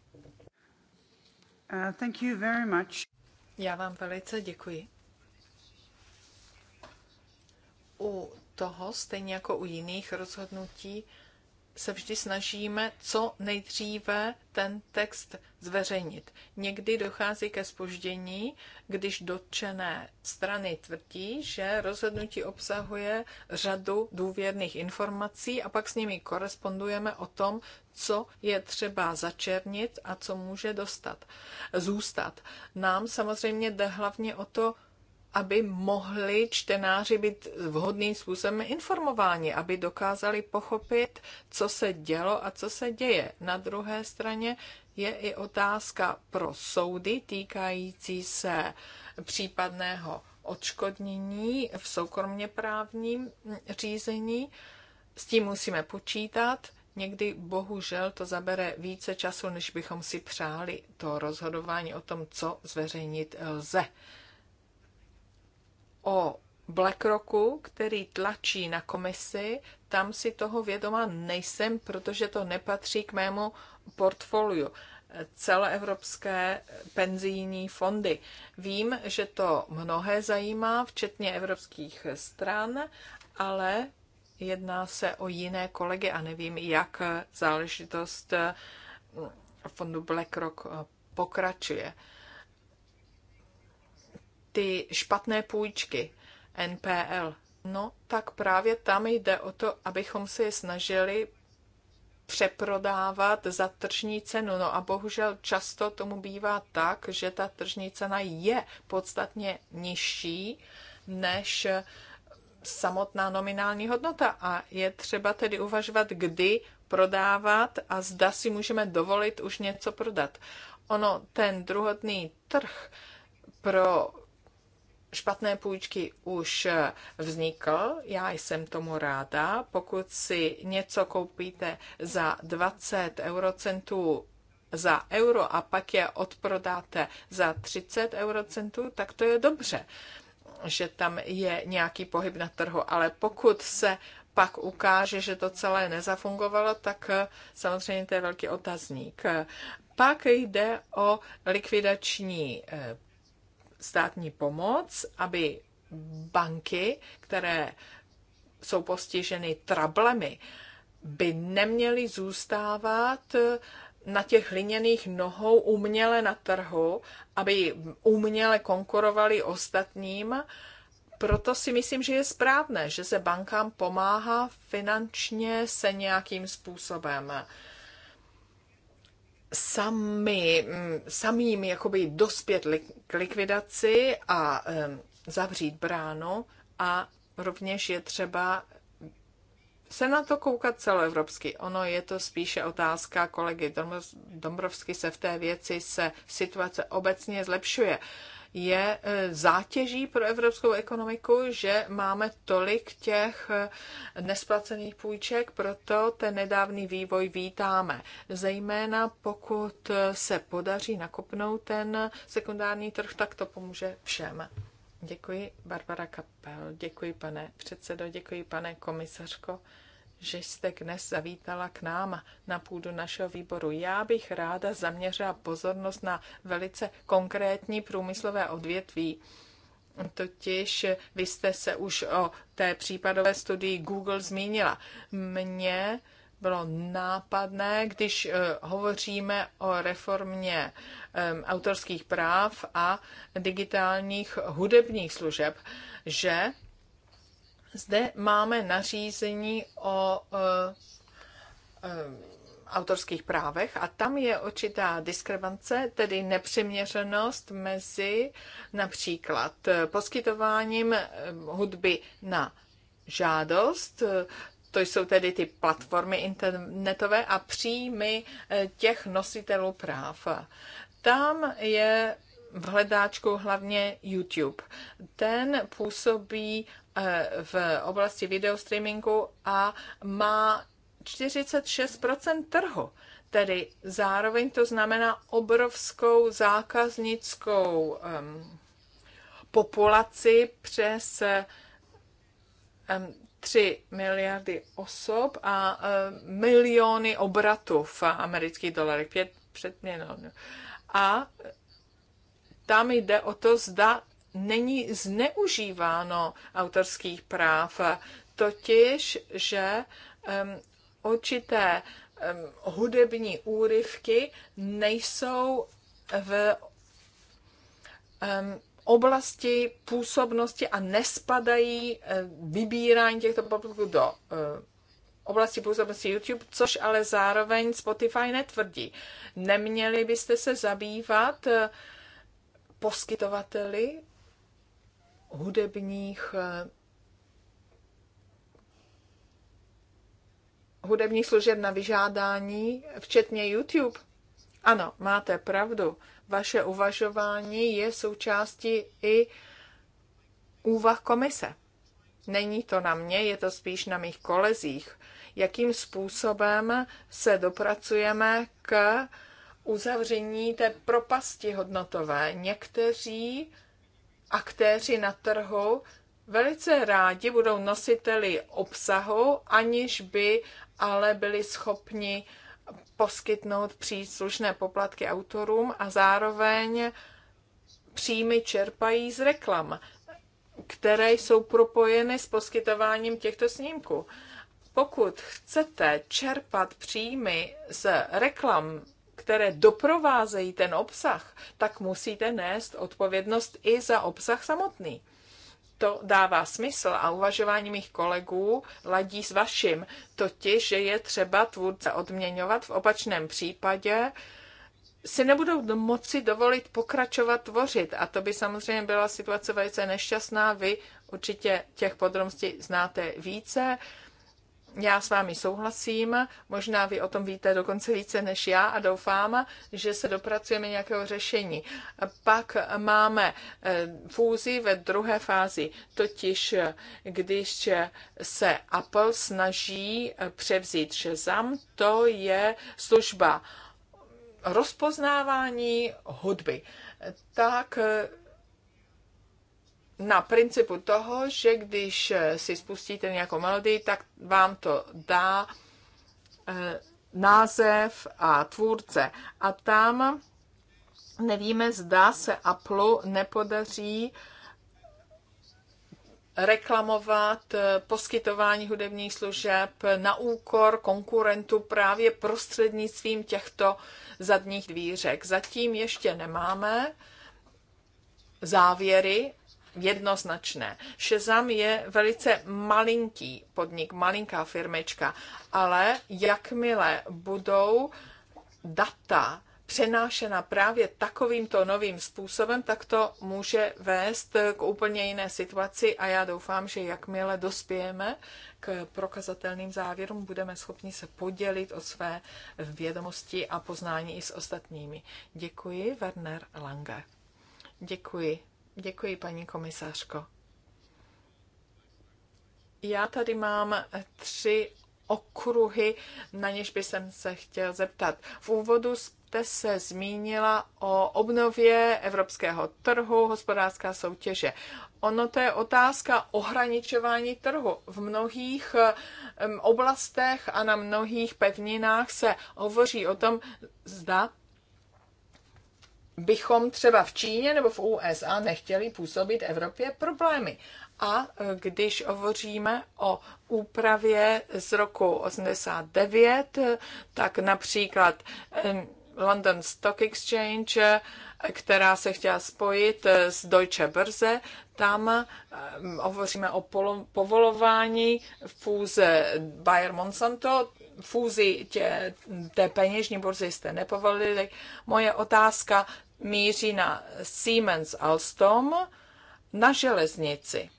Uh, thank you very much. Já vám velice děkuji. U toho, stejně jako u jiných rozhodnutí, se vždy snažíme co nejdříve ten text zveřejnit. Někdy dochází ke spoždění, když dotčené strany tvrdí, že rozhodnutí obsahuje řadu důvěrných informací a pak s nimi korespondujeme o tom, co je třeba začernit a co může dostat, zůstat. Nám samozřejmě jde hlavně o to aby mohli čtenáři být vhodným způsobem informováni, aby dokázali pochopit, co se dělo a co se děje. Na druhé straně je i otázka pro soudy týkající se případného odškodnění v soukromně právním řízení. S tím musíme počítat. Někdy bohužel to zabere více času, než bychom si přáli to rozhodování o tom, co zveřejnit lze o BlackRocku, který tlačí na komisi, tam si toho vědoma nejsem, protože to nepatří k mému portfoliu. Celoevropské penzijní fondy. Vím, že to mnohé zajímá, včetně evropských stran, ale jedná se o jiné kolegy a nevím, jak záležitost fondu BlackRock pokračuje ty špatné půjčky NPL. No, tak právě tam jde o to, abychom se je snažili přeprodávat za tržní cenu. No a bohužel často tomu bývá tak, že ta tržní cena je podstatně nižší než samotná nominální hodnota. A je třeba tedy uvažovat, kdy prodávat a zda si můžeme dovolit už něco prodat. Ono, ten druhotný trh pro špatné půjčky už eh, vznikl, já jsem tomu ráda. Pokud si něco koupíte za 20 eurocentů za euro a pak je odprodáte za 30 eurocentů, tak to je dobře, že tam je nějaký pohyb na trhu. Ale pokud se pak ukáže, že to celé nezafungovalo, tak eh, samozřejmě to je velký otazník. Pak jde o likvidační eh, státní pomoc, aby banky, které jsou postiženy trablemi, by neměly zůstávat na těch hliněných nohou uměle na trhu, aby uměle konkurovali ostatním. Proto si myslím, že je správné, že se bankám pomáhá finančně se nějakým způsobem sami, mm, samým jakoby dospět k likvidaci a zavřít bráno a rovněž je třeba se na to koukat celoevropsky. Ono je to spíše otázka kolegy Dombrovsky se v té věci se situace obecně zlepšuje je e, zátěží pro evropskou ekonomiku, že máme tolik těch e, nesplacených půjček, proto ten nedávný vývoj vítáme. Zejména pokud e, se podaří nakopnout ten sekundární trh, tak to pomůže všem. Děkuji, Barbara Kapel, děkuji, pane předsedo, děkuji, pane komisařko že jste dnes zavítala k nám na půdu našeho výboru. Já bych ráda zaměřila pozornost na velice konkrétní průmyslové odvětví. Totiž vy jste se už o té případové studii Google zmínila. Mně bylo nápadné, když eh, hovoříme o reformě autorských práv a digitálních hudebních služeb, že zde máme nařízení o e, e, autorských právech a tam je určitá diskrepance, tedy nepřiměřenost mezi například e, poskytováním hudby na žádost, to jsou tedy ty platformy internetové a příjmy těch nositelů práv. Tam je v hledáčku hlavně YouTube. Ten působí eh, v oblasti videostreamingu a má 46% trhu. Tedy zároveň to znamená obrovskou zákaznickou um, populaci přes um, 3 miliardy osob a um, miliony obratů v amerických dolarech, 5 před měnou. No. A tam jde o to, zda není zneužíváno autorských práv, totiž, že um, určité um, hudební úryvky nejsou v um, oblasti působnosti a nespadají uh, vybírání těchto poplatků do uh, oblasti působnosti YouTube, což ale zároveň Spotify netvrdí. Neměli byste se zabývat uh, poskytovateli hudebních eh, hudebních služeb na vyžádání, včetně YouTube. Ano, máte pravdu. Vaše uvažování je součástí i úvah komise. Není to na mě, je to spíš na mých kolezích. Jakým způsobem se dopracujeme k uzavření té propasti hodnotové. Někteří aktéři na trhu velice rádi budou nositeli obsahu, aniž by ale byli schopni poskytnout příslušné poplatky autorům a zároveň příjmy čerpají z reklam, které jsou propojeny s poskytováním těchto snímků. Pokud chcete čerpat příjmy z reklam které doprovázejí ten obsah, tak musíte nést odpovědnost i za obsah samotný. To dává smysl a uvažování mých kolegů ladí s vaším, totiž, že je třeba tvůrce odměňovat, v opačném případě si nebudou moci dovolit pokračovat tvořit. A to by samozřejmě byla situace velice nešťastná. Vy určitě těch podrobností znáte více já s vámi souhlasím, možná vy o tom víte dokonce více než já a doufám, že se dopracujeme nějakého řešení. Pak máme eh, fúzi ve druhé fázi, totiž eh, když se Apple snaží eh, převzít Shazam, to je služba rozpoznávání hudby. Tak na principu toho, že když si spustíte nějakou melodii, tak vám to dá eh, název a tvůrce. A tam nevíme, zda se Apple nepodaří reklamovat eh, poskytování hudebních služeb na úkor konkurentů právě prostřednictvím těchto zadních dvířek. Zatím ještě nemáme závěry jednoznačné. Šezam je velice malinký podnik, malinká firmečka, ale jakmile budou data přenášena právě takovýmto novým způsobem, tak to může vést k úplně jiné situaci a já doufám, že jakmile dospějeme k prokazatelným závěrům, budeme schopni se podělit o své vědomosti a poznání i s ostatními. Děkuji, Werner Lange. Děkuji, Děkuji, paní komisářko. Já tady mám tři okruhy, na něž by jsem se chtěl zeptat. V úvodu jste se zmínila o obnově evropského trhu, hospodářská soutěže. Ono to je otázka ohraničování trhu. V mnohých oblastech a na mnohých pevninách se hovoří o tom, zda bychom třeba v Číně nebo v USA nechtěli působit Evropě problémy. A e, když hovoříme o úpravě z roku 89, e, tak například e, London Stock Exchange, která se chtěla spojit s Deutsche Börse. Tam hovoříme o povolování fůze Bayer Monsanto. Fúzi tě, té peněžní burzy jste nepovolili. Moje otázka, míří na Siemens Alstom na železnici.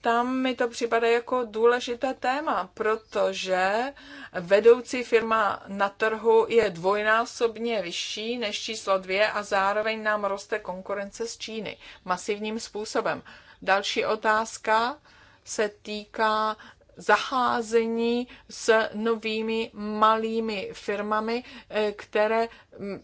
Tam mi to připadá jako důležité téma, protože vedoucí firma na trhu je dvojnásobně vyšší než číslo dvě a zároveň nám roste konkurence z Číny masivním způsobem. Další otázka se týká zacházení s novými malými firmami, eh, které mm,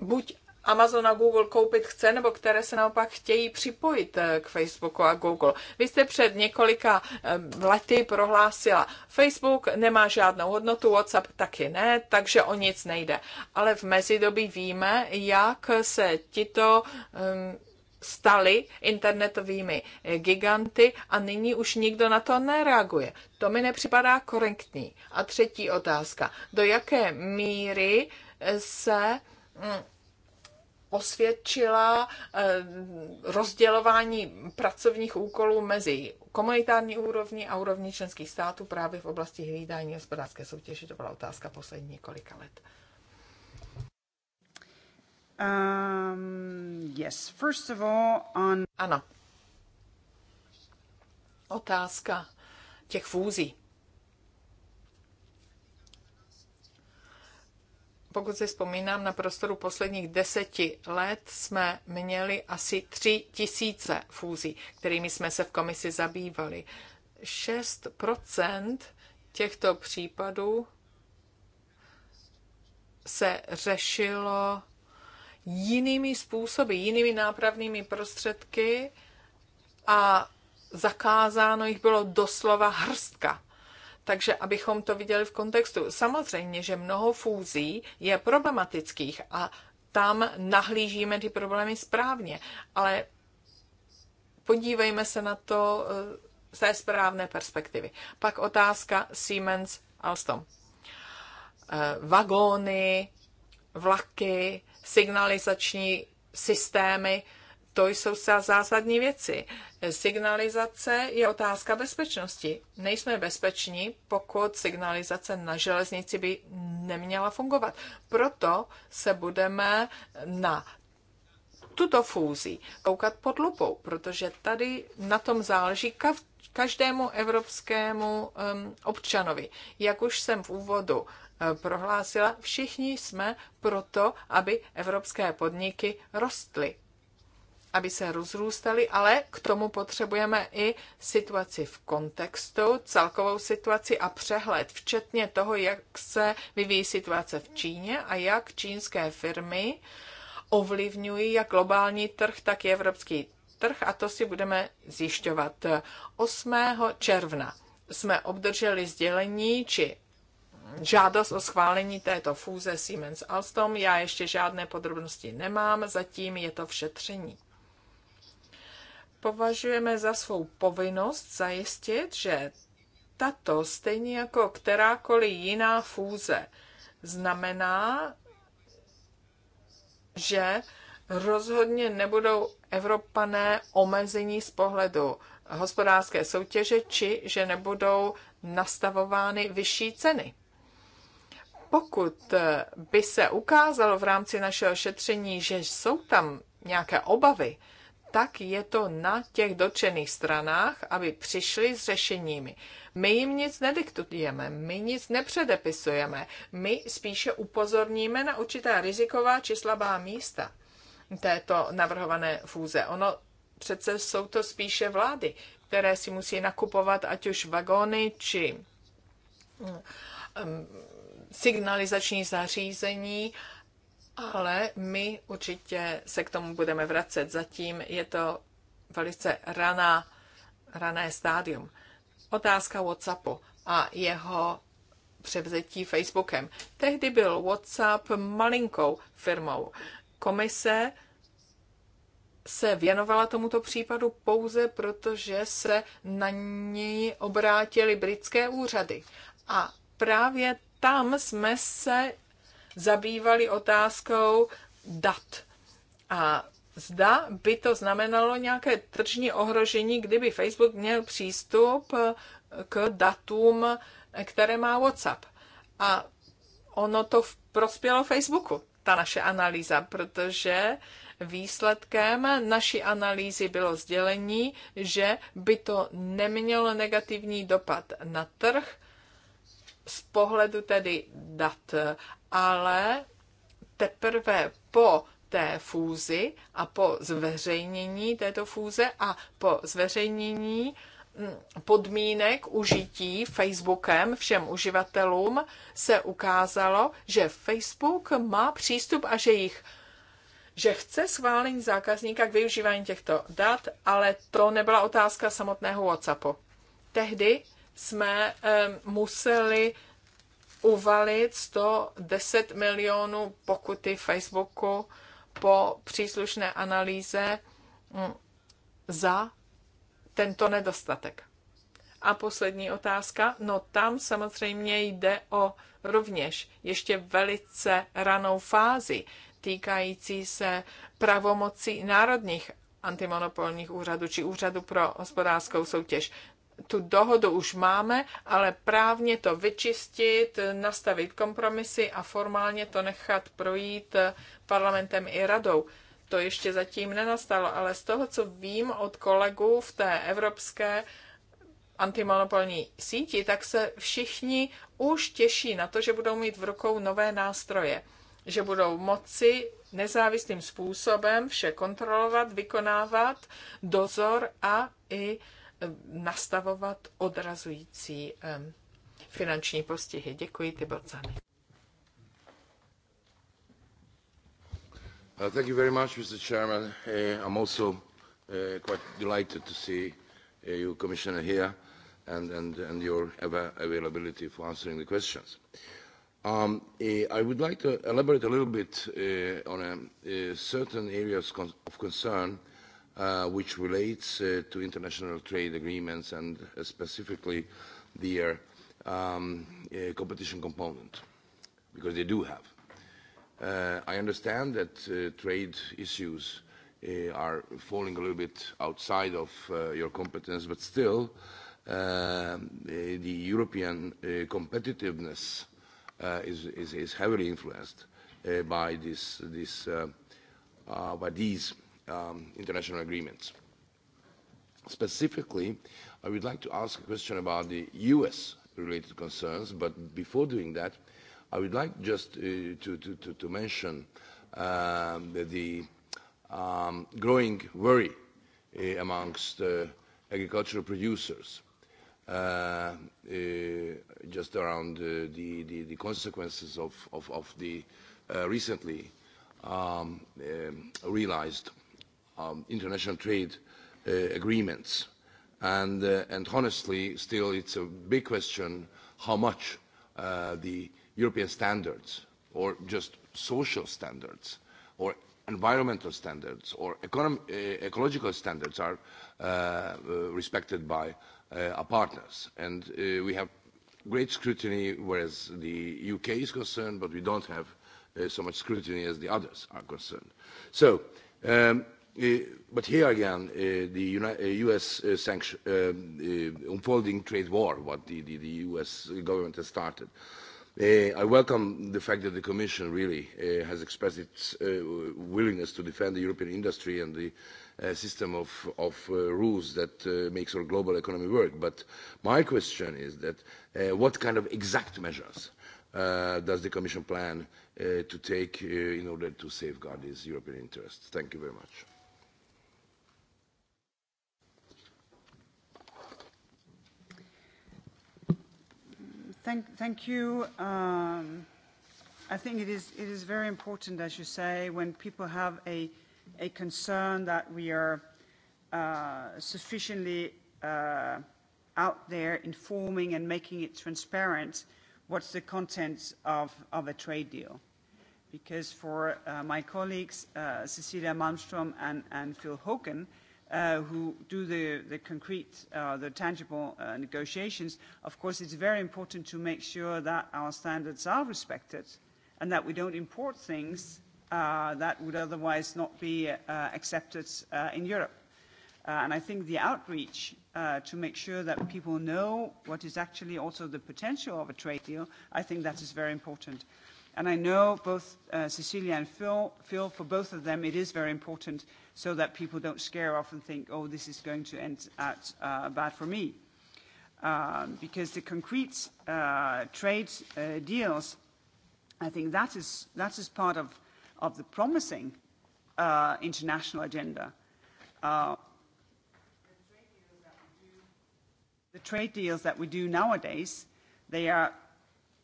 buď Amazon a Google koupit chce, nebo které se naopak chtějí připojit eh, k Facebooku a Google. Vy jste před několika eh, lety prohlásila, Facebook nemá žádnou hodnotu, WhatsApp taky ne, takže o nic nejde. Ale v mezidobí víme, jak se tito um, stali internetovými eh, giganty a nyní už nikdo na to nereaguje. To mi nepřipadá korektní. A třetí otázka. Do jaké míry se osvědčila eh, rozdělování pracovních úkolů mezi komunitární úrovni a úrovni členských států právě v oblasti hlídání hospodářské soutěže. To byla otázka poslední několika let. Um, yes, first of all on... Ano. Otázka těch fúzí. pokud si vzpomínám, na prostoru posledních deseti let jsme měli asi tři tisíce fúzí, kterými jsme se v komisi zabývali. 6% těchto případů se řešilo jinými způsoby, jinými nápravnými prostředky a zakázáno jich bylo doslova hrstka. Takže abychom to viděli v kontextu. Samozřejmě, že mnoho fúzí je problematických a tam nahlížíme ty problémy správně, ale podívejme se na to eh, z té správné perspektivy. Pak otázka Siemens Alstom. Eh, vagóny, vlaky, signalizační systémy, to jsou zcela zásadní věci. Signalizace je otázka bezpečnosti. Nejsme bezpeční, pokud signalizace na železnici by neměla fungovat. Proto se budeme na tuto fúzi koukat pod lupou, protože tady na tom záleží každému evropskému um, občanovi. Jak už jsem v úvodu eh, prohlásila, všichni jsme proto, aby evropské podniky rostly aby se rozrůstaly, ale k tomu potřebujeme i situaci v kontextu, celkovou situaci a přehled, včetně toho, jak se vyvíjí situace v Číně a jak čínské firmy ovlivňují jak globální trh, tak i evropský trh a to si budeme zjišťovat. 8. června jsme obdrželi sdělení či žádost o schválení této fúze Siemens Alstom. Já ještě žádné podrobnosti nemám, zatím je to v šetření považujeme za svou povinnost zajistit, že tato, stejně jako kterákoliv jiná fúze, znamená, že rozhodně nebudou Evropané omezení z pohledu hospodářské soutěže, či že nebudou nastavovány vyšší ceny. Pokud by se ukázalo v rámci našeho šetření, že jsou tam nějaké obavy, tak je to na těch dotčených stranách, aby přišli s řešeními. My jim nic nediktujeme, my nic nepředepisujeme, my spíše upozorníme na určitá riziková či slabá místa této navrhované fůze. Ono přece jsou to spíše vlády, které si musí nakupovat ať už vagony či mm, mm, signalizační zařízení ale my určitě se k tomu budeme vracet. Zatím je to velice raná, rané stádium. Otázka WhatsAppu a jeho převzetí Facebookem. Tehdy byl WhatsApp malinkou firmou. Komise se věnovala tomuto případu pouze proto, že se na ní obrátili britské úřady. A právě tam jsme se zabývali otázkou dat. A zda by to znamenalo nějaké tržní ohrožení, kdyby Facebook měl přístup eh, k datům, eh, které má WhatsApp. A ono to prospělo Facebooku, ta naše analýza, protože výsledkem naší analýzy bylo sdělení, že by to nemělo negativní dopad na trh z pohledu tedy dat ale teprve po té fúzi a po zveřejnění této fúze a po zveřejnění mm, podmínek užití Facebookem všem uživatelům se ukázalo, že Facebook má přístup a že jich že chce schválení zákazníka k využívání těchto dat, ale to nebyla otázka samotného WhatsAppu. Tehdy jsme um, museli uvalit 110 milionů pokuty Facebooku po příslušné analýze mm, za tento nedostatek. A poslední otázka. No tam samozřejmě jde o rovněž ještě velice ranou fázi týkající se pravomocí národních antimonopolních úřadů či úřadu pro hospodářskou soutěž tu dohodu už máme, ale právně to vyčistit, nastavit kompromisy a formálně to nechat projít parlamentem i radou. To ještě zatím nenastalo, ale z toho, co vím od kolegů v té evropské antimonopolní síti, tak se všichni už těší na to, že budou mít v rukou nové nástroje, že budou moci nezávislým způsobem vše kontrolovat, vykonávat dozor a i uh, nastavovat odrazující finanční postihy. Děkuji, Tibor Zany. Uh, thank you very much, Mr. Chairman. Uh, I'm also uh, quite delighted to see uh, you, Commissioner, here and, and, and your ever availability for answering the questions. Um, uh, I would like to elaborate a little bit uh, on a, uh, certain areas con of concern uh, Uh, which relates uh, to international trade agreements and uh, specifically their um, uh, competition component, because they do have. Uh, I understand that uh, trade issues uh, are falling a little bit outside of uh, your competence, but still, uh, the European uh, competitiveness uh, is, is, is heavily influenced uh, by this, this uh, uh, by these um, international agreements. Specifically, I would like to ask a question about the U.S. related concerns, but before doing that, I would like just uh, to, to, to, to mention um, the, the um, growing worry uh, amongst uh, agricultural producers uh, uh, just around uh, the, the, the consequences of, of, of the uh, recently um, uh, realized uh, um, international trade uh, agreements. And, uh, and honestly, still it's a big question how much uh, the European standards or just social standards or environmental standards or econom uh, ecological standards are uh, uh, respected by uh, our partners. And uh, we have great scrutiny whereas the UK is concerned, but we don't have uh, so much scrutiny as the others are concerned. So um, Eh, but here again, eh, the U.S. Eh, sanction, unfolding trade war, what the, the, the U.S. government has started. I welcome the fact that the Commission really has expressed its willingness to defend the European industry and the Uh, system of, of uh, rules that uh, makes our global economy work. But my question is that uh, what kind of exact measures uh, does the Commission plan uh, to take uh, in order to safeguard these European interests? Thank you very much. Thank, thank you. Um, I think it is, it is very important, as you say, when people have a, a concern that we are uh, sufficiently uh, out there informing and making it transparent what's the contents of, of a trade deal. Because for uh, my colleagues, uh, Cecilia Malmström and, and Phil Hogan, uh, Uh, who do the, concrete, uh, the tangible uh, negotiations, of course, it's very important to make sure that our standards are respected and that we don't import things that would otherwise not be accepted in Europe. and I think the outreach to make sure that people know what is actually also the potential of a trade deal, I think that is very important. And I know both Cecilia and Phil, for both of them, it is very important so that people don't scare off and think, oh, this is going to end at uh, bad for me. Um, because the concrete uh, trade uh, deals, I think that is, that is part of, of the promising uh, international agenda. Uh, the trade deals that we do nowadays, they, are,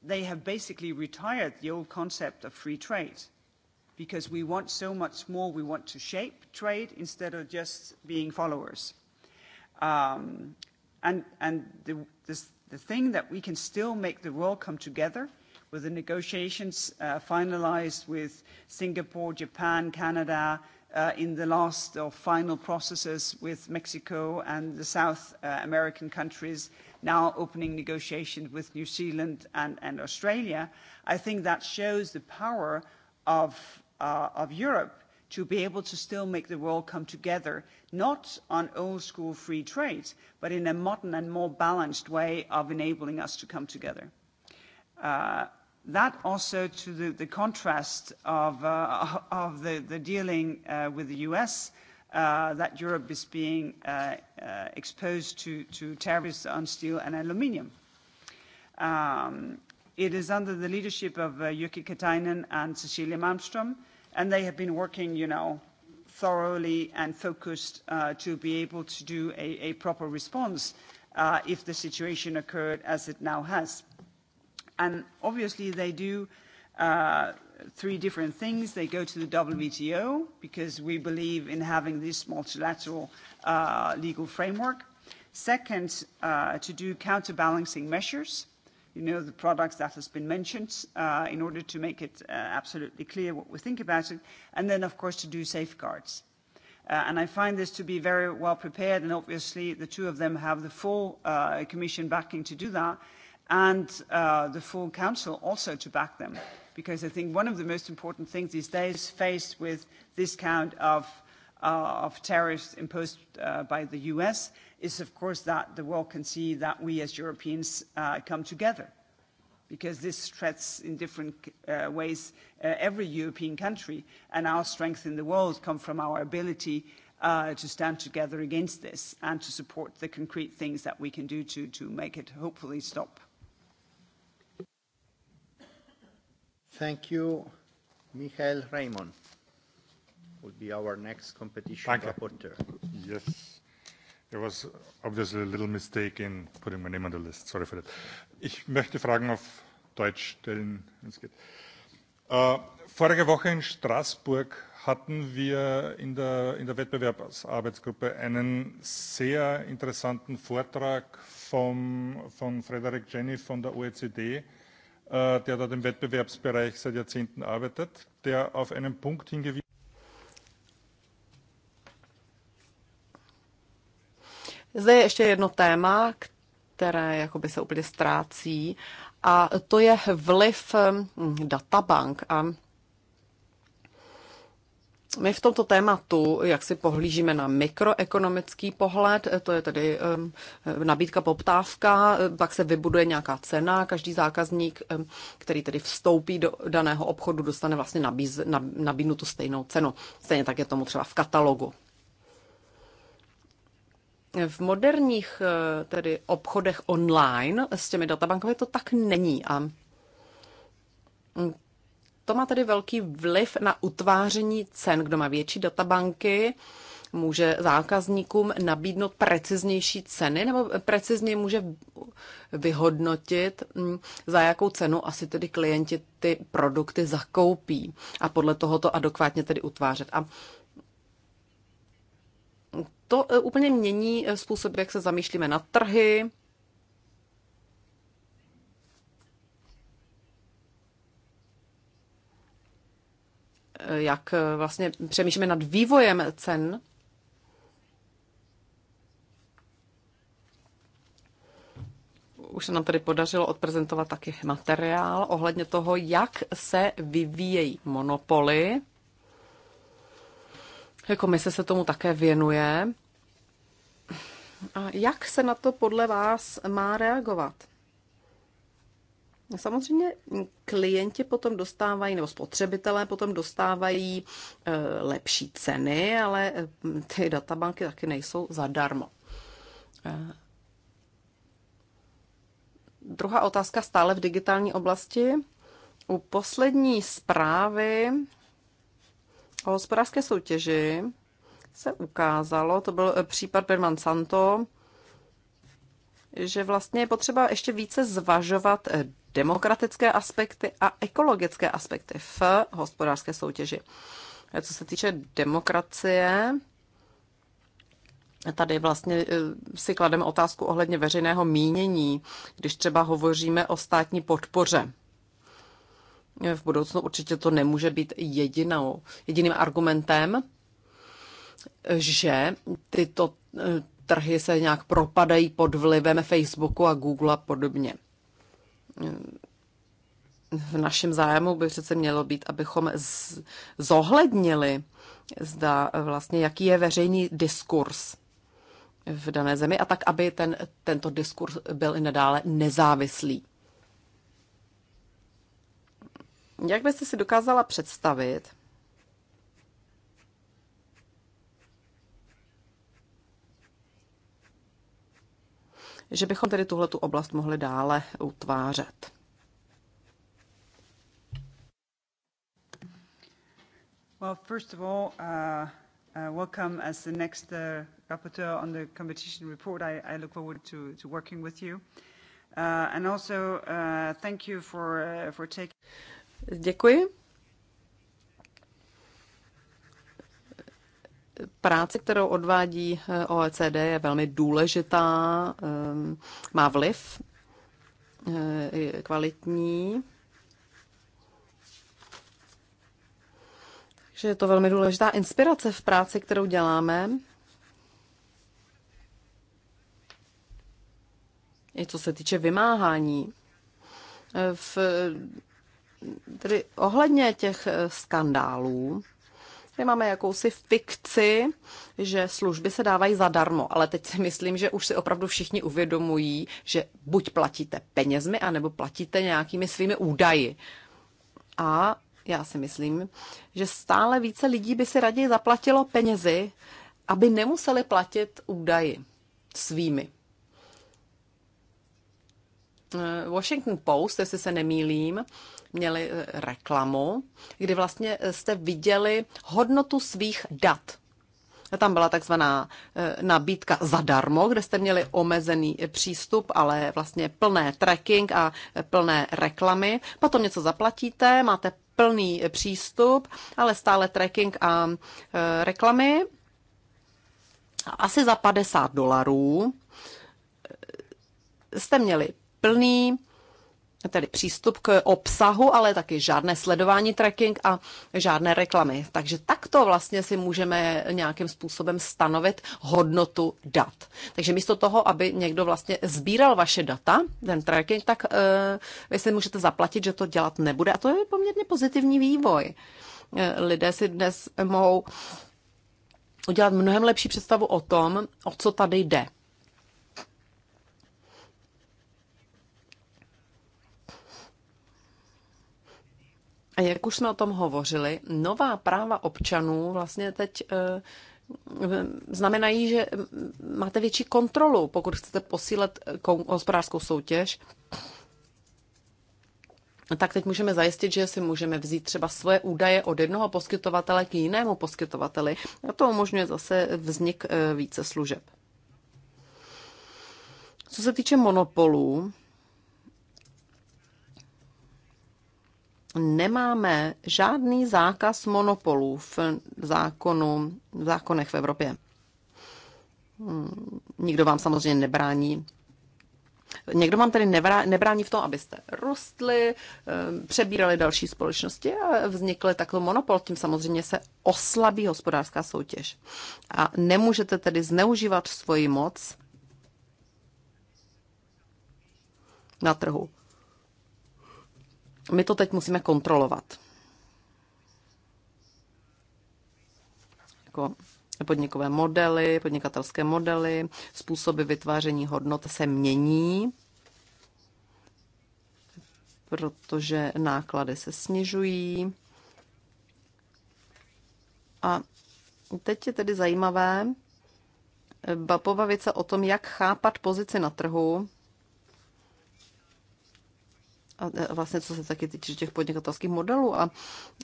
they have basically retired the old concept of free trade. Uh, because we want so much more. We want to shape trade instead of just being followers. Um, and and the, this, the thing that we can still make the world come together with the negotiations uh, finalized with Singapore, Japan, Canada, uh, in the last or final processes with Mexico and the South uh, American countries, now opening negotiations with New Zealand and, and Australia, I think that shows the power of uh, of Europe to be able to still make the world come together, not on old school free trade, but in a modern and more balanced way of enabling us to come together. Uh, that also to the, the contrast of, uh, of the, the dealing uh, with the US, uh, that Europe is being uh, uh, exposed to, to tariffs on steel and aluminium. Um, it is under the leadership of uh, Yuki Katainen and Cecilia Malmström uh, and they have been working, you know, thoroughly and focused uh, to be able to do a, a proper response uh, if the situation occurred as it now has. And obviously they do uh, three different things. They go to the WTO because we believe in having this multilateral uh, legal framework. Second, uh, to do counterbalancing measures you know the products that has been mentioned uh, in order to make it uh, absolutely clear what we think about it, and then, of course, to do safeguards. Uh, and I find this to be very well prepared, and obviously the two of them have the full uh, commission backing to do that, and uh, the full council also to back them, because I think one of the most important things these days, faced with this kind of, uh, of tariffs imposed uh, by the US, is, of course, that the world can see that we as Europeans uh, come together because this threats in different uh, ways uh, every European country, and our strength in the world come from our ability uh, to stand together against this and to support the concrete things that we can do to, to make it hopefully stop. Thank you, Michael Raymond. Will be our next competition Danke. rapporteur. Yes. There was obviously a little mistake in putting my name on the list. Sorry for that. Ich möchte Fragen auf Deutsch stellen, wenn es geht. Äh, vorige Woche in Straßburg hatten wir in der, in der Wettbewerbsarbeitsgruppe einen sehr interessanten Vortrag vom, von Frederik Jenny von der OECD, äh, der dort im Wettbewerbsbereich seit Jahrzehnten arbeitet, der auf einen Punkt hingewiesen Zde je ještě jedno téma, které jakoby se úplně ztrácí, a to je vliv hm, databank. A my v tomto tématu, jak si pohlížíme na mikroekonomický pohled, to je tedy hm, nabídka, poptávka, pak se vybuduje nějaká cena, každý zákazník, hm, který tedy vstoupí do daného obchodu, dostane vlastně nabíz, nabídnutou stejnou cenu. Stejně tak je tomu třeba v katalogu v moderních eh, tedy obchodech online s těmi databankami to tak není a mm, to má tedy velký vliv na utváření cen. Kdo má větší databanky, může zákazníkům nabídnout preciznější ceny nebo precizně může vyhodnotit, mm, za jakou cenu asi tedy klienti ty produkty zakoupí a podle toho to adekvátně tedy utvářet. A to e, úplně mění e, způsob, jak se zamýšlíme na trhy. E, jak vlastně přemýšlíme nad vývojem cen. Už se nám tady podařilo odprezentovat taky materiál ohledně toho, jak se vyvíjejí monopoly Komise jako se tomu také věnuje. A jak se na to podle vás má reagovat? Samozřejmě klienti potom dostávají, nebo spotřebitelé potom dostávají eh, lepší ceny, ale eh, ty databanky taky nejsou zadarmo. Eh, druhá otázka stále v digitální oblasti. U poslední zprávy o hospodářské soutěži se ukázalo, to byl eh, případ Berman Santo, že vlastně je potřeba ještě více zvažovat eh, demokratické aspekty a ekologické aspekty v hospodářské soutěži. Eh, co se týče demokracie, tady vlastně si klademe otázku ohledně veřejného mínění, když třeba hovoříme o státní podpoře v budoucnu. Určitě to nemůže být jedinou, jediným argumentem, že tyto eh, trhy se nějak propadají pod vlivem Facebooku a Google a podobně. V našem zájmu by přece mělo být, abychom zohlednili, zda vlastně, jaký je veřejný diskurs v dané zemi a tak, aby ten, tento diskurs byl i nadále nezávislý. Jak byste si dokázala představit, že bychom tedy tuhle tu oblast mohli dále utvářet. Well, first of all, uh, uh, welcome as the next uh, rapporteur on the competition report. I, I look forward to, to working with you. Uh, and also, uh, thank you for, uh, for taking... Děkuji. Práce, kterou odvádí eh, OECD, je velmi důležitá, eh, má vliv, eh, je kvalitní. Takže je to velmi důležitá inspirace v práci, kterou děláme. I co se týče vymáhání. V tedy ohledně těch eh, skandálů, my máme jakousi fikci, že služby se dávají zadarmo, ale teď si myslím, že už si opravdu všichni uvědomují, že buď platíte penězmi, anebo platíte nějakými svými údaji. A já si myslím, že stále více lidí by si raději zaplatilo penězi, aby nemuseli platit údaji svými. Eh, Washington Post, jestli se nemýlím, měli eh, reklamu, kdy vlastně eh, jste viděli hodnotu svých dat. Tam byla takzvaná eh, nabídka zadarmo, kde jste měli omezený přístup, ale vlastně plné tracking a plné reklamy. Potom něco zaplatíte, máte plný přístup, ale stále tracking a reklamy. Asi za 50 dolarů jste měli plný tedy přístup k obsahu, ale taky žádné sledování tracking a žádné reklamy. Takže takto vlastně si můžeme nějakým způsobem stanovit hodnotu dat. Takže místo toho, aby někdo vlastně sbíral vaše data, ten tracking, tak uh, vy si můžete zaplatit, že to dělat nebude. A to je poměrně pozitivní vývoj. Eh, lidé si dnes mohou udělat mnohem lepší představu o tom, o co tady jde. A jak už jsme o tom hovořili, nová práva občanů vlastně teď eh, znamenají, že máte větší kontrolu, pokud chcete posílat eh, hospodářskou soutěž. Tak teď můžeme zajistit, že si můžeme vzít třeba svoje údaje od jednoho poskytovatele k jinému poskytovateli. A to umožňuje zase vznik eh, více služeb. Co se týče monopolů, nemáme žádný zákaz monopolů v zákonu, v zákonech v Evropě. Hmm, nikdo vám samozřejmě nebrání Někdo vám tedy nebrání v tom, abyste rostli, eh, přebírali další společnosti a vznikl takový monopol. Tím samozřejmě se oslabí hospodářská soutěž. A nemůžete tedy zneužívat svoji moc na trhu my to teď musíme kontrolovat. Jako podnikové modely, podnikatelské modely, způsoby vytváření hodnot se mění, protože náklady se snižují. A teď je tedy zajímavé, e, Babova věce o tom, jak chápat pozici na trhu a e, vlastně co se taky týče těch podnikatelských modelů a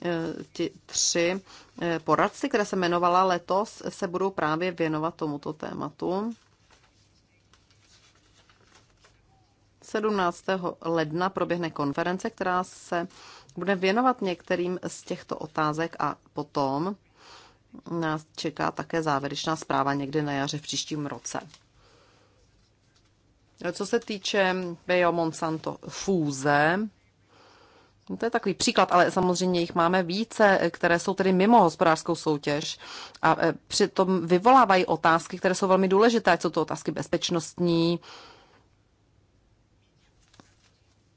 e, ti tři e, poradci, které se jmenovala letos, se budou právě věnovat tomuto tématu. 17. ledna proběhne konference, která se bude věnovat některým z těchto otázek a potom nás čeká také závěrečná zpráva někdy na jaře v příštím roce. Co se týče Bayer Monsanto fůze, no to je takový příklad, ale samozřejmě jich máme více, které jsou tedy mimo hospodářskou soutěž a e, přitom vyvolávají otázky, které jsou velmi důležité, ať jsou to otázky bezpečnostní,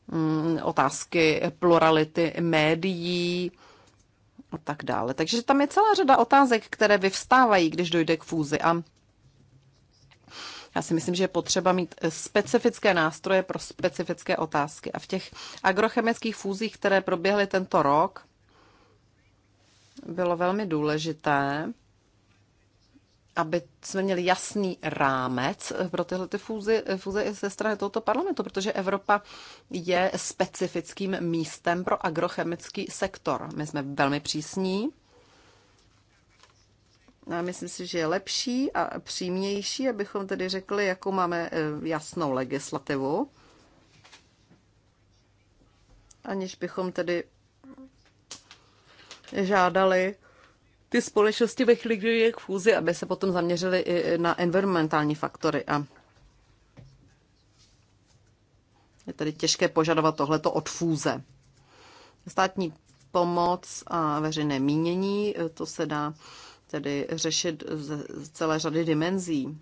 mm, otázky plurality médií a tak dále. Takže tam je celá řada otázek, které vyvstávají, když dojde k fúzi a já si myslím, že je potřeba mít eh, specifické nástroje pro specifické otázky. A v těch agrochemických fúzích, které proběhly tento rok, bylo velmi důležité, aby jsme měli jasný rámec eh, pro tyhle ty fúzy, eh, fúze i ze strany tohoto parlamentu, protože Evropa je specifickým místem pro agrochemický sektor. My jsme velmi přísní, a myslím si, že je lepší a přímější, abychom tedy řekli, jakou máme e, jasnou legislativu, aniž bychom tedy žádali ty společnosti ve chvíli, kdy je k fúzi, aby se potom zaměřili i na environmentální faktory. A je tedy těžké požadovat tohleto od fúze. Státní pomoc a veřejné mínění, e, to se dá tedy řešit z celé řady dimenzí.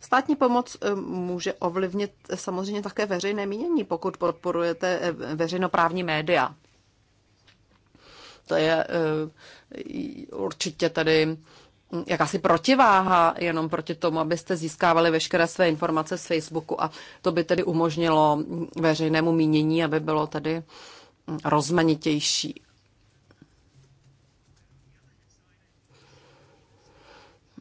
Státní pomoc eh, může ovlivnit samozřejmě také veřejné mínění, pokud podporujete eh, veřejnoprávní média. To je eh, určitě tady hm, jakási protiváha jenom proti tomu, abyste získávali veškeré své informace z Facebooku a to by tedy umožnilo hm, veřejnému mínění, aby bylo tady rozmanitější.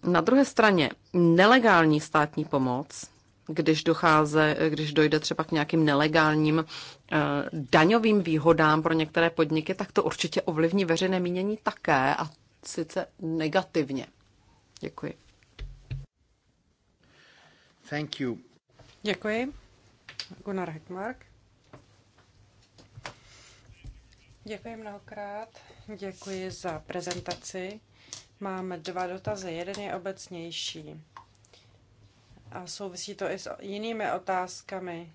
Na druhé straně nelegální státní pomoc, když, docháze, když dojde třeba k nějakým nelegálním eh, daňovým výhodám pro některé podniky, tak to určitě ovlivní veřejné mínění také a sice negativně. Děkuji. Thank you. Děkuji. Gunnar Heckmark. Děkuji mnohokrát. Děkuji za prezentaci. Mám dva dotazy. Jeden je obecnější a souvisí to i s jinými otázkami.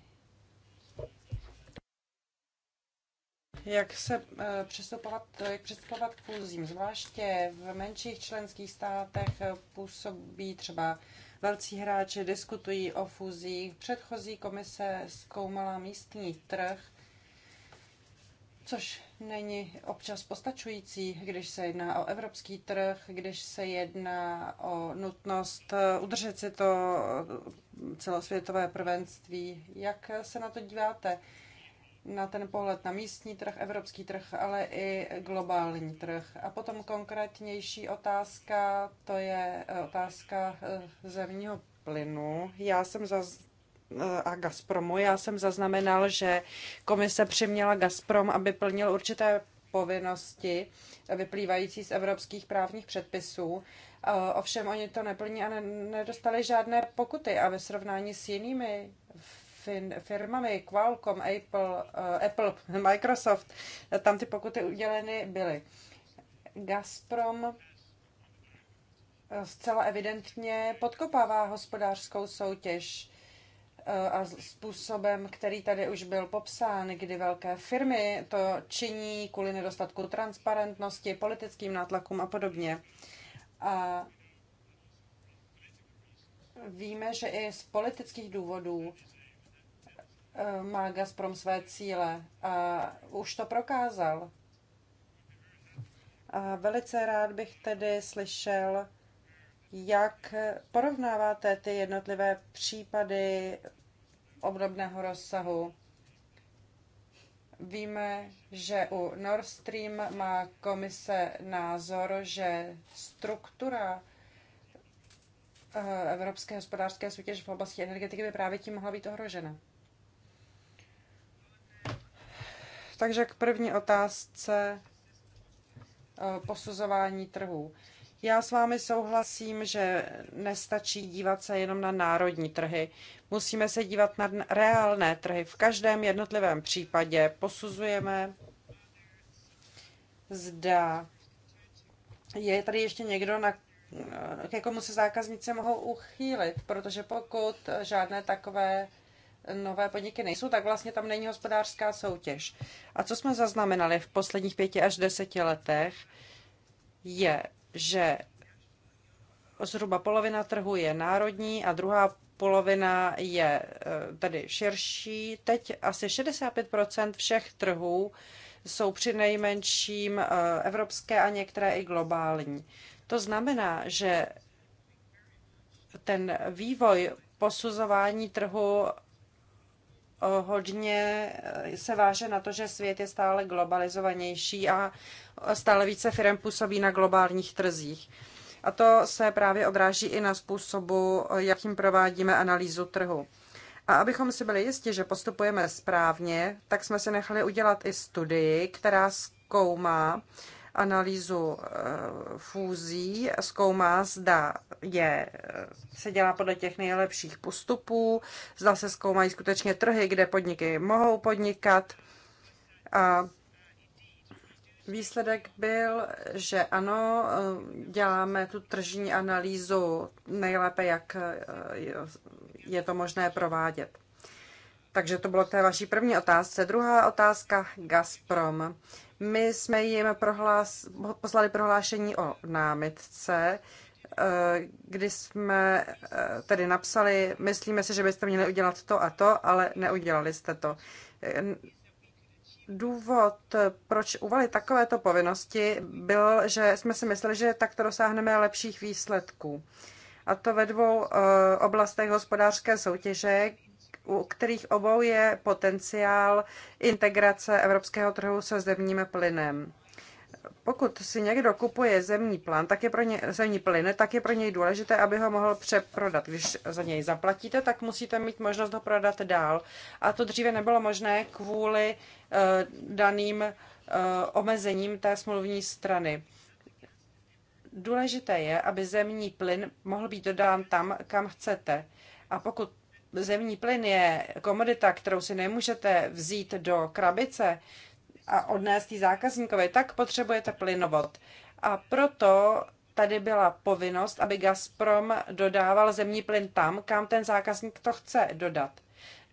Jak se eh, přistupovat, jak přistupovat k fúzím? Zvláště v menších členských státech působí třeba velcí hráči, diskutují o fúzích. Předchozí komise zkoumala místní trh což není občas postačující, když se jedná o evropský trh, když se jedná o nutnost eh, udržet si to eh, celosvětové prvenství. Jak se na to díváte? Na ten pohled na místní trh, evropský trh, ale i globální trh. A potom konkrétnější otázka, to je eh, otázka zemního plynu. Já jsem zaz Eh, a Gazpromu. Já jsem zaznamenal, že komise přiměla Gazprom, aby plnil určité povinnosti vyplývající z evropských právních předpisů. Eh, ovšem oni to neplní a nedostali žádné pokuty a ve srovnání s jinými firmami Qualcomm, Apple, eh, Apple, <laughs> Microsoft, tam ty pokuty uděleny byly. Gazprom zcela evidentně podkopává hospodářskou soutěž E, a způsobem, který tady už byl popsán, kdy velké firmy to činí kvůli nedostatku transparentnosti, politickým nátlakům a podobně. A víme, že i z politických důvodů e, má Gazprom své cíle a už to prokázal. A velice rád bych tedy slyšel, jak porovnáváte ty jednotlivé případy obdobného rozsahu? Víme, že u Nord Stream má komise názor, že struktura eh, evropské hospodářské soutěže v oblasti energetiky by právě tím mohla být ohrožena. Takže k první otázce eh, posuzování trhů. Já s vámi souhlasím, že nestačí dívat se jenom na národní trhy. Musíme se dívat na reálné trhy. V každém jednotlivém případě posuzujeme, zda je tady ještě někdo, na, ke komu se zákazníci mohou uchýlit, protože pokud žádné takové nové podniky nejsou, tak vlastně tam není hospodářská soutěž. A co jsme zaznamenali v posledních pěti až deseti letech, je, že zhruba polovina trhu je národní a druhá polovina je e, tedy širší. Teď asi 65 všech trhů jsou při nejmenším e, evropské a některé i globální. To znamená, že ten vývoj posuzování trhu e, hodně se váže na to, že svět je stále globalizovanější a stále více firm působí na globálních trzích. A to se právě odráží i na způsobu, jakým provádíme analýzu trhu. A abychom si byli jisti, že postupujeme správně, tak jsme si nechali udělat i studii, která zkoumá analýzu eh, fúzí, zkoumá, zda je, eh, se dělá podle těch nejlepších postupů, zda se zkoumají skutečně trhy, kde podniky mohou podnikat. A Výsledek byl, že ano, děláme tu tržní analýzu nejlépe, jak eh, je to možné provádět. Takže to bylo k té vaší první otázce. Druhá otázka Gazprom. My jsme jim prohlás, poslali prohlášení o námitce, eh, kdy jsme eh, tedy napsali, myslíme si, že byste měli udělat to a to, ale neudělali jste to důvod, proč uvali takovéto povinnosti, byl, že jsme si mysleli, že takto dosáhneme lepších výsledků. A to ve dvou eh, oblastech hospodářské soutěže, u kterých obou je potenciál integrace evropského trhu se zemním plynem pokud si někdo kupuje zemní, plán, tak je pro ně, zemní plyn, tak je pro něj důležité, aby ho mohl přeprodat. Když za něj zaplatíte, tak musíte mít možnost ho prodat dál. A to dříve nebylo možné kvůli uh, daným uh, omezením té smluvní strany. Důležité je, aby zemní plyn mohl být dodán tam, kam chcete. A pokud zemní plyn je komodita, kterou si nemůžete vzít do krabice, uh, a odnést ji zákazníkovi, tak potřebujete plynovod. A proto tady byla povinnost, aby Gazprom dodával zemní plyn tam, kam ten zákazník to chce dodat.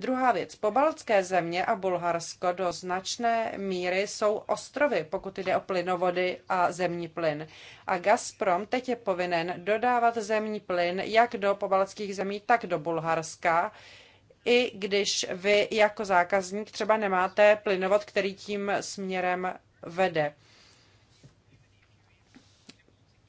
Druhá věc. Pobaltské země a Bulharsko do značné míry jsou ostrovy, pokud jde o plynovody a zemní plyn. A Gazprom teď je povinen dodávat zemní plyn jak do pobaltských zemí, tak do Bulharska i když vy jako zákazník třeba nemáte plynovod, který tím směrem vede.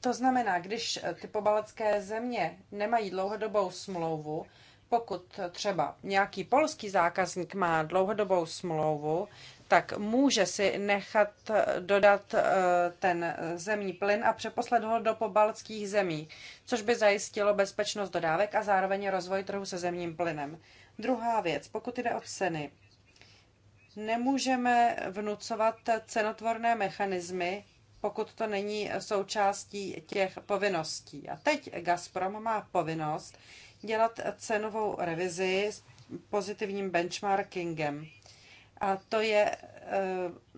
To znamená, když ty pobalecké země nemají dlouhodobou smlouvu, pokud třeba nějaký polský zákazník má dlouhodobou smlouvu, tak může si nechat dodat eh, ten zemní plyn a přeposlat ho do pobaltských zemí, což by zajistilo bezpečnost dodávek a zároveň rozvoj trhu se zemním plynem. Druhá věc, pokud jde o ceny. Nemůžeme vnucovat cenotvorné mechanismy, pokud to není součástí těch povinností. A teď Gazprom má povinnost dělat cenovou revizi s pozitivním benchmarkingem. A to je eh,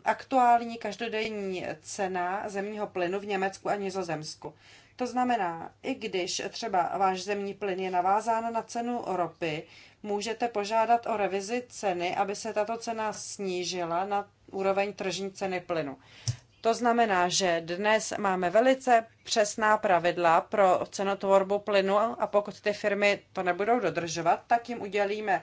aktuální každodenní cena zemního plynu v Německu a Nizozemsku. To znamená, i když třeba váš zemní plyn je navázán na cenu ropy, můžete požádat o revizi ceny, aby se tato cena snížila na úroveň tržní ceny plynu. To znamená, že dnes máme velice přesná pravidla pro cenotvorbu plynu a pokud ty firmy to nebudou dodržovat, tak jim udělíme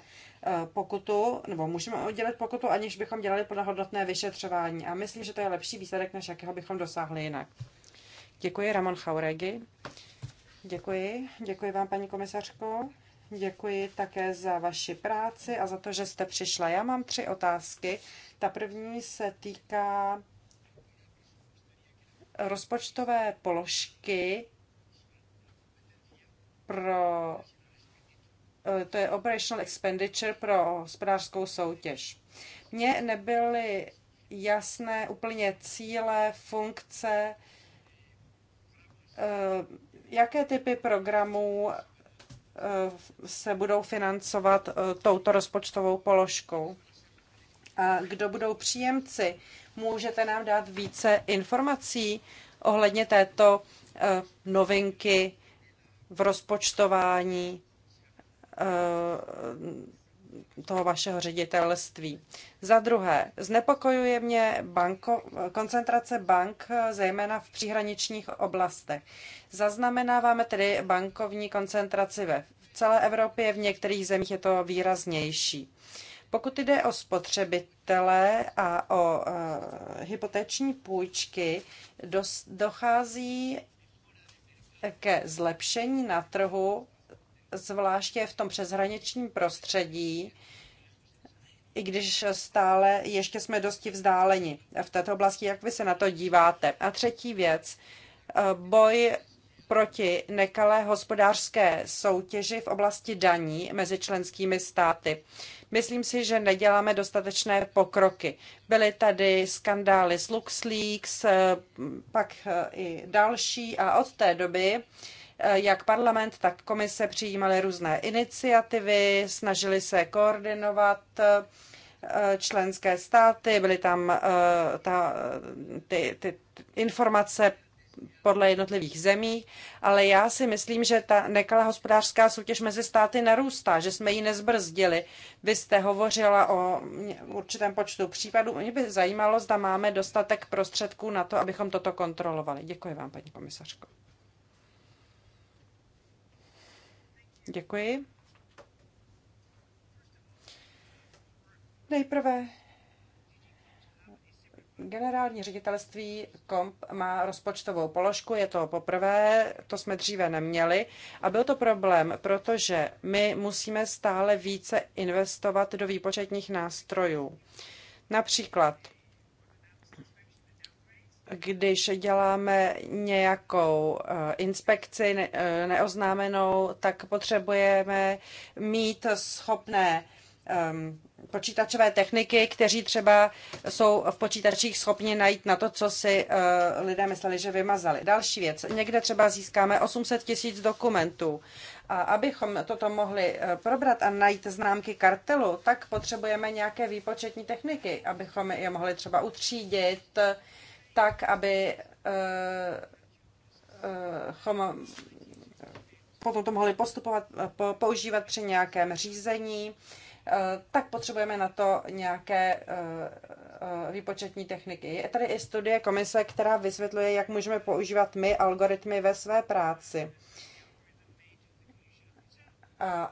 Eh, pokutu, nebo můžeme udělat pokutu, aniž bychom dělali plnohodnotné vyšetřování. A myslím, že to je lepší výsledek, než jakého bychom dosáhli jinak. Děkuji, Ramon Chauregi. Děkuji. Děkuji vám, paní komisařko. Děkuji také za vaši práci a za to, že jste přišla. Já mám tři otázky. Ta první se týká rozpočtové položky pro Eh, to je Operational Expenditure pro hospodářskou soutěž. Mně nebyly jasné úplně cíle, funkce, eh, jaké typy programů eh, se budou financovat touto rozpočtovou položkou. A kdo budou příjemci? Můžete nám dát více informací ohledně této novinky v rozpočtování Eh, toho vašeho ředitelství. Za druhé, znepokojuje mě banko, koncentrace bank, eh, zejména v příhraničních oblastech. Zaznamenáváme tedy bankovní koncentraci ve celé Evropě, v některých zemích je to výraznější. Pokud jde o spotřebitele a o uh, hypoteční půjčky, dos, dochází ke zlepšení na trhu zvláště v tom přeshraničním prostředí, i když stále ještě jsme dosti vzdáleni v této oblasti. Jak vy se na to díváte? A třetí věc, eh, boj proti nekalé hospodářské soutěži v oblasti daní mezi členskými státy. Myslím si, že neděláme dostatečné pokroky. Byly tady skandály s LuxLeaks, eh, pak eh, i další a od té doby Eh, jak parlament, tak komise přijímaly různé iniciativy, snažili se koordinovat eh, členské státy, byly tam eh, ta, ty, ty informace podle jednotlivých zemí, ale já si myslím, že ta nekalá hospodářská soutěž mezi státy narůstá, že jsme ji nezbrzdili. Vy jste hovořila o určitém počtu případů. Mě by zajímalo, zda máme dostatek prostředků na to, abychom toto kontrolovali. Děkuji vám, paní komisařko. Děkuji. Nejprve Generální ředitelství KOMP má rozpočtovou položku, je to poprvé, to jsme dříve neměli a byl to problém, protože my musíme stále více investovat do výpočetních nástrojů. Například když děláme nějakou eh, inspekci eh, neoznámenou, tak potřebujeme mít schopné ehm, počítačové techniky, kteří třeba jsou v počítačích schopni najít na to, co si eh, lidé mysleli, že vymazali. Další věc. Někde třeba získáme 800 tisíc dokumentů. A abychom toto mohli probrat a najít známky kartelu, tak potřebujeme nějaké výpočetní techniky, abychom je mohli třeba utřídit, tak, aby uh, potom to mohli postupovat, eh, používat při nějakém řízení, tak potřebujeme na to nějaké výpočetní techniky. Je tady i studie komise, která vysvětluje, jak můžeme používat my algoritmy ve své práci. A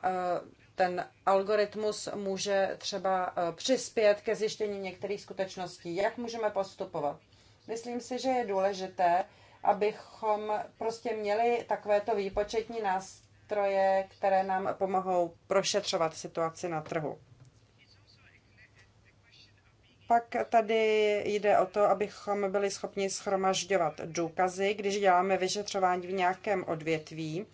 ten algoritmus může třeba přispět ke zjištění některých skutečností, jak můžeme postupovat. Myslím si, že je důležité, abychom prostě měli takovéto výpočetní nástroje, které nám pomohou prošetřovat situaci na trhu. Pak tady jde o to, abychom byli schopni schromažďovat důkazy. Když děláme vyšetřování v nějakém odvětví,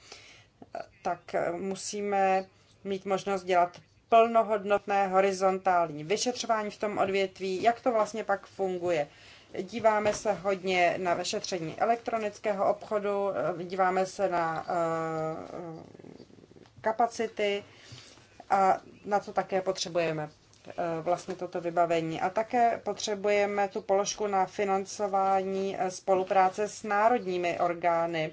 tak musíme mít možnost dělat plnohodnotné horizontální vyšetřování v tom odvětví, jak to vlastně pak funguje. Díváme se hodně na šetření elektronického obchodu, eh, díváme se na eh, kapacity a na co také potřebujeme eh, vlastně toto vybavení. A také potřebujeme tu položku na financování spolupráce s národními orgány.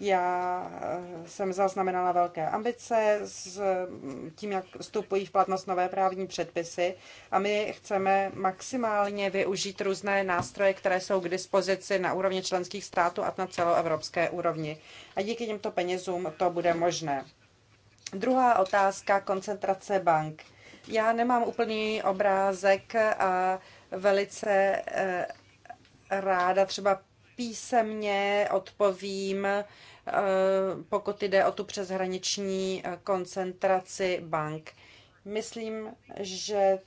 Já eh, jsem zaznamenala velké ambice s mm, tím, jak vstupují v platnost nové právní předpisy a my chceme maximálně využít různé nástroje, které jsou k dispozici na úrovni členských států a na celoevropské úrovni. A díky těmto penězům to bude možné. Druhá otázka, koncentrace bank. Já nemám úplný obrázek a velice eh, ráda třeba písemně odpovím, eh, pokud jde o tu přeshraniční eh, koncentraci bank. Myslím, že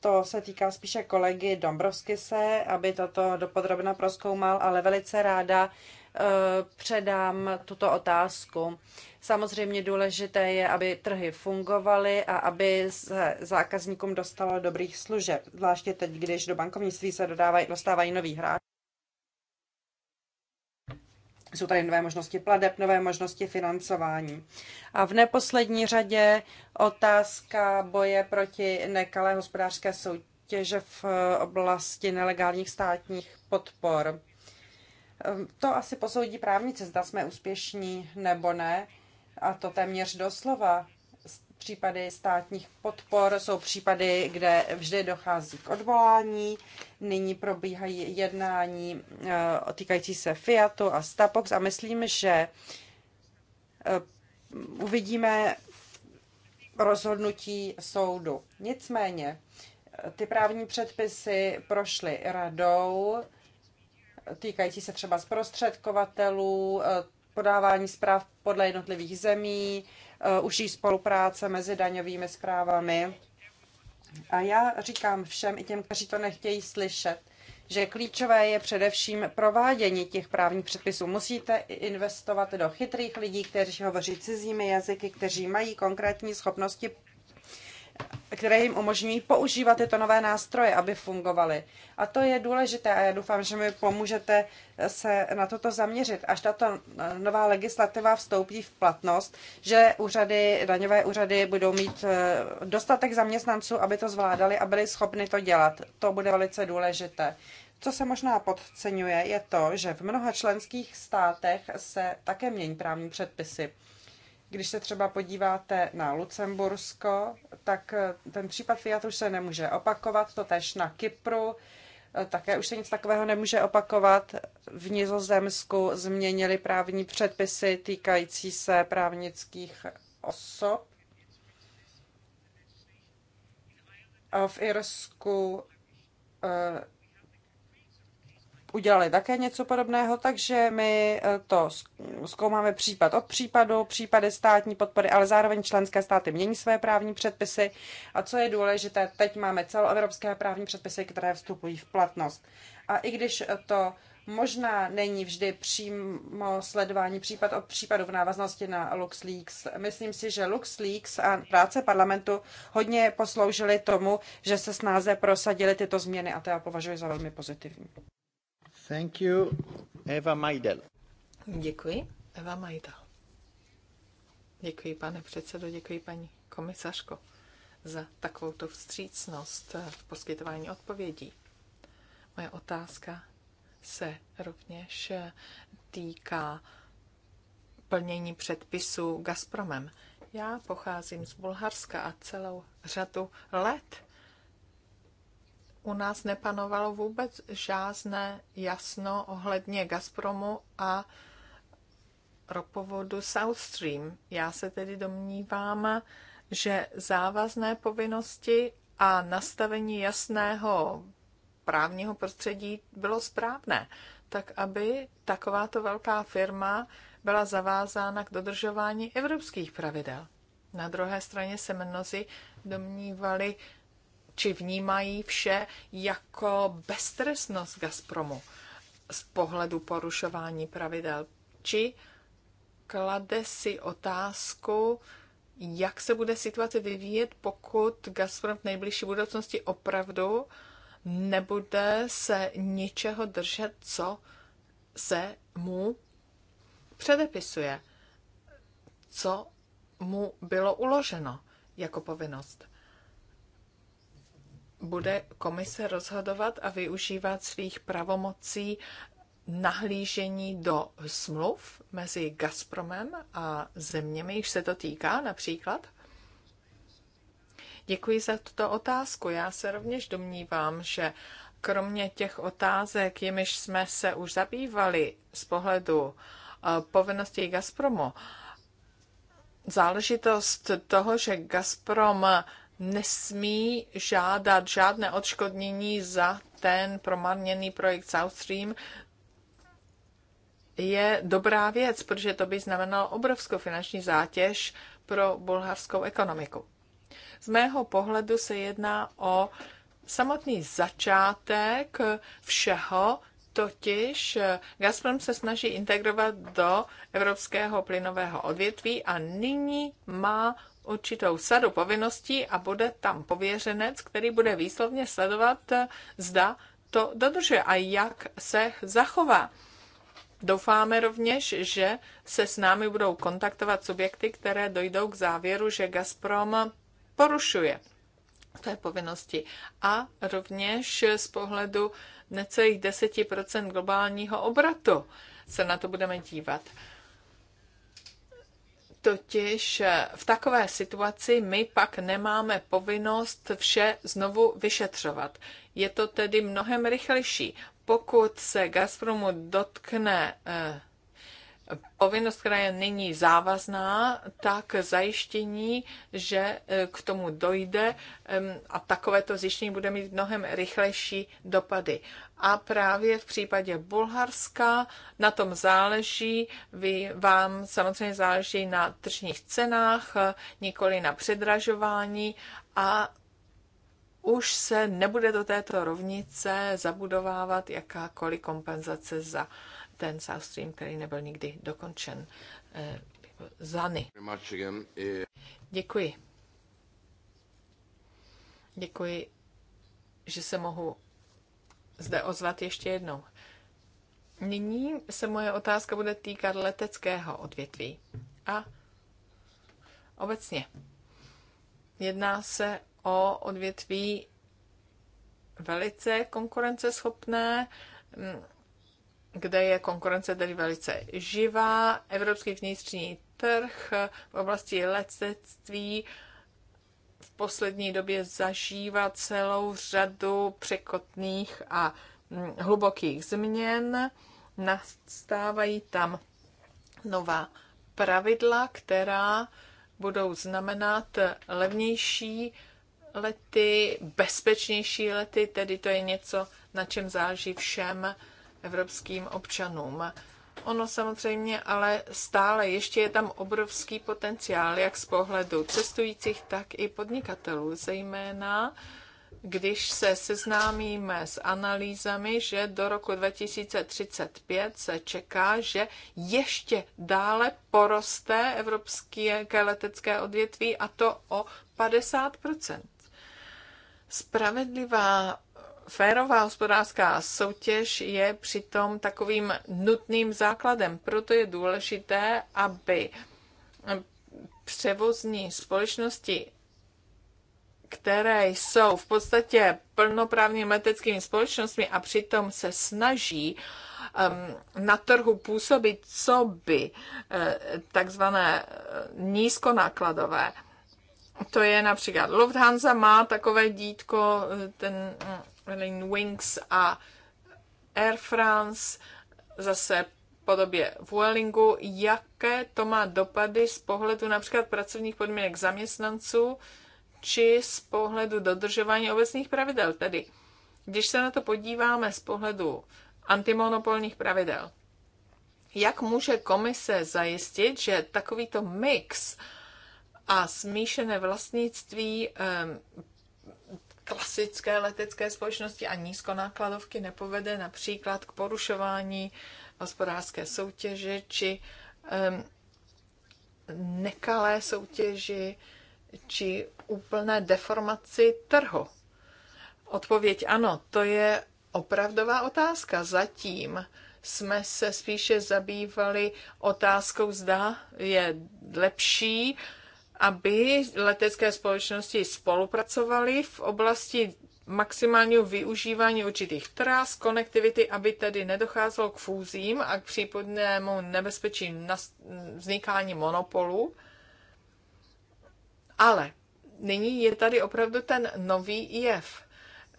to se týká spíše kolegy Dombrovskise, aby toto dopodrobna proskoumal, ale velice ráda eh, předám tuto otázku. Samozřejmě důležité je, aby trhy fungovaly a aby se zákazníkům dostalo dobrých služeb, zvláště teď, když do bankovnictví se dodávají, dostávají noví hráči. Jsou tady nové možnosti pladeb, nové možnosti financování. A v neposlední řadě otázka boje proti nekalé hospodářské soutěže v eh, oblasti nelegálních státních podpor. Ehm, to asi posoudí právnice, zda jsme úspěšní nebo ne. A to téměř doslova, případy státních podpor jsou případy, kde vždy dochází k odvolání. Nyní probíhají jednání eh, týkající se Fiatu a Stapox a myslím, že eh, uvidíme rozhodnutí soudu. Nicméně eh, ty právní předpisy prošly radou, týkající se třeba zprostředkovatelů, podávání zpráv podle jednotlivých zemí, Uh, užší spolupráce mezi daňovými zprávami. A já říkám všem, i těm, kteří to nechtějí slyšet, že klíčové je především provádění těch právních předpisů. Musíte investovat do chytrých lidí, kteří hovoří cizími jazyky, kteří mají konkrétní schopnosti které jim umožňují používat tyto nové nástroje, aby fungovaly. A to je důležité a já doufám, že mi pomůžete se na toto zaměřit, až tato nová legislativa vstoupí v platnost, že úřady, daňové úřady budou mít eh, dostatek zaměstnanců, aby to zvládali a byli schopni to dělat. To bude velice důležité. Co se možná podceňuje, je to, že v mnoha členských státech se také mění právní předpisy. Když se třeba podíváte na Lucembursko, tak eh, ten případ Fiat už se nemůže opakovat, to tež na Kypru, eh, také už se nic takového nemůže opakovat. V Nizozemsku změnili právní předpisy týkající se právnických osob. V Irsku eh, udělali také něco podobného, takže my eh, to zkoumáme případ od případu, případy státní podpory, ale zároveň členské státy mění své právní předpisy. A co je důležité, teď máme celoevropské právní předpisy, které vstupují v platnost. A i když to možná není vždy přímo sledování případ od případu v návaznosti na LuxLeaks. Myslím si, že LuxLeaks a práce parlamentu hodně posloužily tomu, že se snáze prosadily tyto změny a to já považuji za velmi pozitivní. Thank you, Eva Majdel. Děkuji, Eva Majdel. Děkuji, pane předsedo, děkuji, paní komisařko, za takovouto vstřícnost v poskytování odpovědí. Moje otázka se rovněž týká plnění předpisů Gazpromem. Já pocházím z Bulharska a celou řadu let u nás nepanovalo vůbec žádné jasno ohledně Gazpromu a ropovodu South Stream. Já se tedy domnívám, že závazné povinnosti a nastavení jasného právního prostředí bylo správné, tak aby takováto velká firma byla zavázána k dodržování evropských pravidel. Na druhé straně se mnozí domnívali, či vnímají vše jako beztresnost Gazpromu z pohledu porušování pravidel, či klade si otázku, jak se bude situace vyvíjet, pokud Gazprom v nejbližší budoucnosti opravdu nebude se ničeho držet, co se mu předepisuje, co mu bylo uloženo jako povinnost bude komise rozhodovat a využívat svých pravomocí nahlížení do smluv mezi Gazpromem a zeměmi, již se to týká například? Děkuji za tuto otázku. Já se rovněž domnívám, že kromě těch otázek, jimiž jsme se už zabývali z pohledu eh, povinností Gazpromu, záležitost toho, že Gazprom nesmí žádat žádné odškodnění za ten promarněný projekt South Stream, je dobrá věc, protože to by znamenalo obrovskou finanční zátěž pro bulharskou ekonomiku. Z mého pohledu se jedná o samotný začátek všeho, totiž eh, Gazprom se snaží integrovat do evropského plynového odvětví a nyní má určitou sadu povinností a bude tam pověřenec, který bude výslovně sledovat, zda to dodržuje a jak se zachová. Doufáme rovněž, že se s námi budou kontaktovat subjekty, které dojdou k závěru, že Gazprom porušuje té povinnosti. A rovněž z pohledu necelých 10 globálního obratu se na to budeme dívat. Totiž eh, v takové situaci my pak nemáme povinnost vše znovu vyšetřovat. Je to tedy mnohem rychlejší. Pokud se Gazpromu dotkne eh, povinnost, která je nyní závazná, tak zajištění, že e, k tomu dojde a takovéto zjištění bude mít mnohem rychlejší dopady. A právě v případě Bulharska na tom záleží, vy, vám samozřejmě záleží na tržních cenách, e, nikoli na předražování a už se nebude do této rovnice zabudovávat jakákoliv kompenzace za uh, ten South Stream, který nebyl nikdy dokončen. Eh, zany. Děkuji. Děkuji, že se mohu zde ozvat ještě jednou. Nyní se moje otázka bude týkat leteckého odvětví a obecně. Jedná se o odvětví velice konkurenceschopné, mm, kde je konkurence tedy velice živá. Evropský vnitřní trh v oblasti letectví v poslední době zažívá celou řadu překotných a mm, hlubokých změn. Nastávají tam nová pravidla, která budou znamenat levnější lety, bezpečnější lety, tedy to je něco, na čem záleží všem evropským občanům. Ono samozřejmě, ale stále ještě je tam obrovský potenciál, jak z pohledu cestujících, tak i podnikatelů, zejména když se seznámíme s analýzami, že do roku 2035 se čeká, že ještě dále poroste evropské letecké odvětví a to o 50 Spravedlivá férová hospodářská soutěž je přitom takovým nutným základem. Proto je důležité, aby převozní společnosti, které jsou v podstatě plnoprávnými leteckými společnostmi a přitom se snaží um, na trhu působit, co by eh, takzvané eh, nízkonákladové. To je například Lufthansa má takové dítko, eh, ten Wings a Air France, zase podobě Vuelingu, jaké to má dopady z pohledu například pracovních podmínek zaměstnanců či z pohledu dodržování obecných pravidel. Tedy, když se na to podíváme z pohledu antimonopolních pravidel, jak může komise zajistit, že takovýto mix a smíšené vlastnictví klasické letecké společnosti a nízkonákladovky nepovede například k porušování hospodářské soutěže či um, nekalé soutěži či úplné deformaci trhu? Odpověď ano, to je opravdová otázka. Zatím jsme se spíše zabývali otázkou, zda je lepší uh, aby letecké společnosti spolupracovaly v oblasti maximálního využívání určitých tras, konektivity, aby tedy nedocházelo k fúzím a k případnému nebezpečí na vznikání monopolu. Ale nyní je tady opravdu ten nový jev.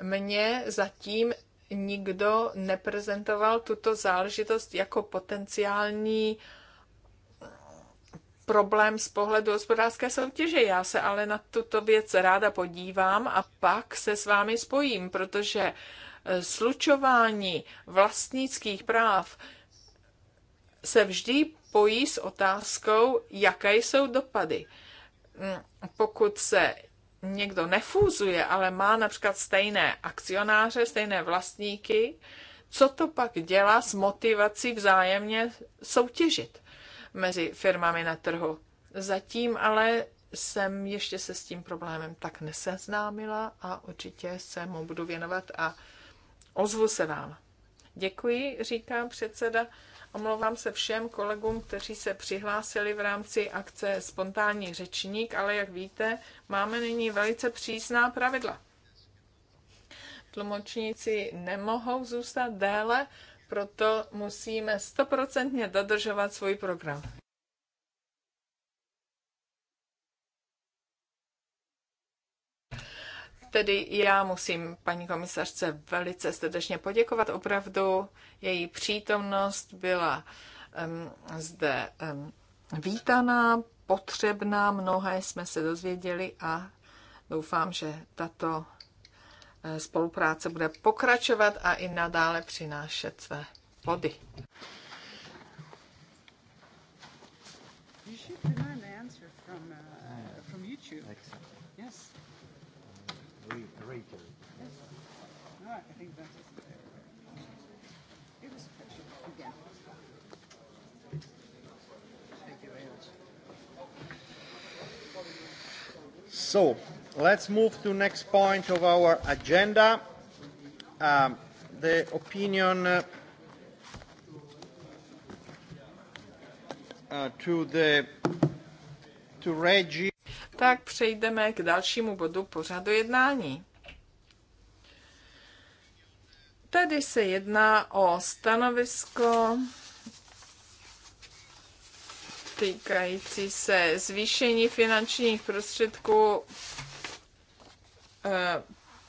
Mně zatím nikdo neprezentoval tuto záležitost jako potenciální uh, problém z pohledu hospodářské soutěže. Já se ale na tuto věc ráda podívám a pak se s vámi spojím, protože eh, slučování vlastnických práv se vždy pojí s otázkou, jaké jsou dopady. Mm, pokud se někdo nefúzuje, ale má například stejné akcionáře, stejné vlastníky, co to pak dělá s motivací vzájemně soutěžit? mezi firmami na trhu. Zatím ale jsem ještě se s tím problémem tak neseznámila a určitě se mu budu věnovat a ozvu se vám. Děkuji, říká předseda. Omlouvám se všem kolegům, kteří se přihlásili v rámci akce Spontánní řečník, ale jak víte, máme nyní velice přísná pravidla. Tlumočníci nemohou zůstat déle proto musíme stoprocentně dodržovat svůj program. Tedy já musím paní komisařce velice srdečně poděkovat. Opravdu její přítomnost byla um, zde um, vítaná, potřebná, mnohé jsme se dozvěděli a doufám, že tato spolupráce bude pokračovat a i nadále přinášet své plody. So, Let's move to next point of our agenda. Um, the opinion uh, uh, to the to Reggie. Tak přejdeme k dalšímu bodu pořadu jednání. Tady se jedná o stanovisko týkající se zvýšení finančních prostředků Eh,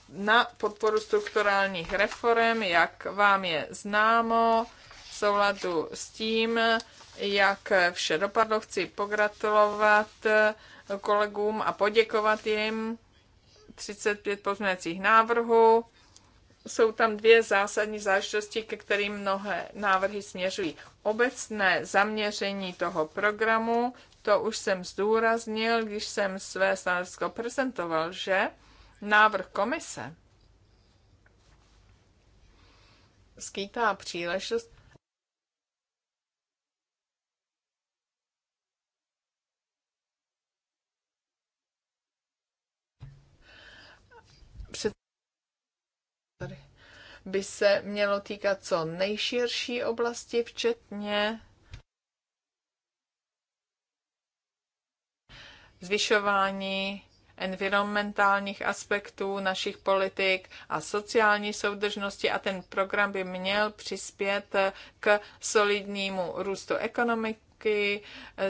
na podporu strukturálních reform, jak vám je známo, v souladu s tím, jak vše dopadlo, chci pogratulovat eh, kolegům a poděkovat jim. 35 pozměňovacích návrhů. Jsou tam dvě zásadní záležitosti, ke kterým mnohé návrhy směřují. Obecné zaměření toho programu, to už jsem zdůraznil, když jsem své stanovisko prezentoval, že Návrh komise skýtá příležitost by se mělo týkat co nejširší oblasti, včetně zvyšování environmentálních aspektů našich politik a sociální soudržnosti a ten program by měl přispět k solidnímu růstu ekonomiky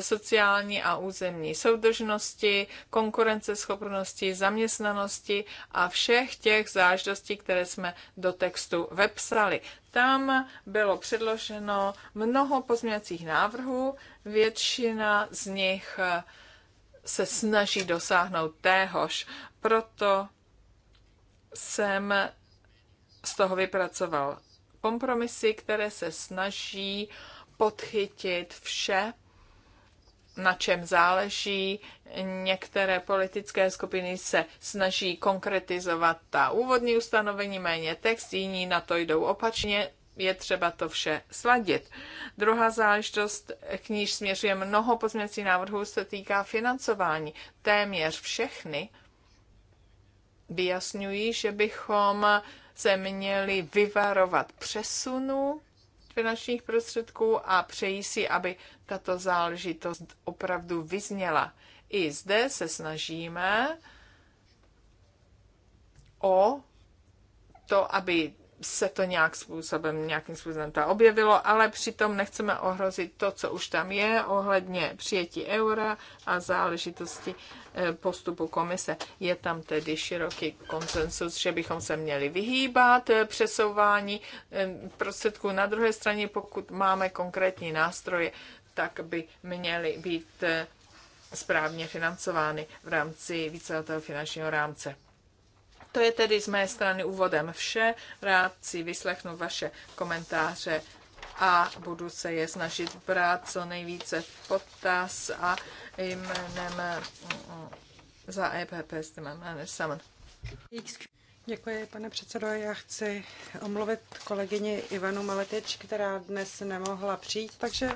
sociální a územní soudržnosti, konkurenceschopnosti, zaměstnanosti a všech těch záždostí, které jsme do textu vepsali. Tam bylo předloženo mnoho pozměňovacích návrhů, většina z nich se snaží dosáhnout téhož. Proto jsem z toho vypracoval kompromisy, které se snaží podchytit vše, na čem záleží. Některé politické skupiny se snaží konkretizovat ta úvodní ustanovení méně text, jiní na to jdou opačně je třeba to vše sladit. Druhá záležitost, k níž směřuje mnoho pozměňovacích návrhů, se týká financování. Téměř všechny vyjasňují, že bychom se měli vyvarovat přesunu finančních prostředků a přejí si, aby tato záležitost opravdu vyzněla. I zde se snažíme o to, aby se to nějak způsobem, nějakým způsobem ta objevilo, ale přitom nechceme ohrozit to, co už tam je ohledně přijetí eura a záležitosti eh, postupu komise. Je tam tedy široký konsensus, že bychom se měli vyhýbat eh, přesouvání eh, prostředků na druhé straně, pokud máme konkrétní nástroje, tak by měly být správně financovány v rámci víceletého finančního rámce. To je tedy z mé strany úvodem vše. Rád si vyslechnu vaše komentáře a budu se je snažit brát co nejvíce v potaz a jménem mm, mm, za EPP zde mám Samon. Děkuji, pane předsedo. Já chci omluvit kolegyni Ivanu Maletič, která dnes nemohla přijít, takže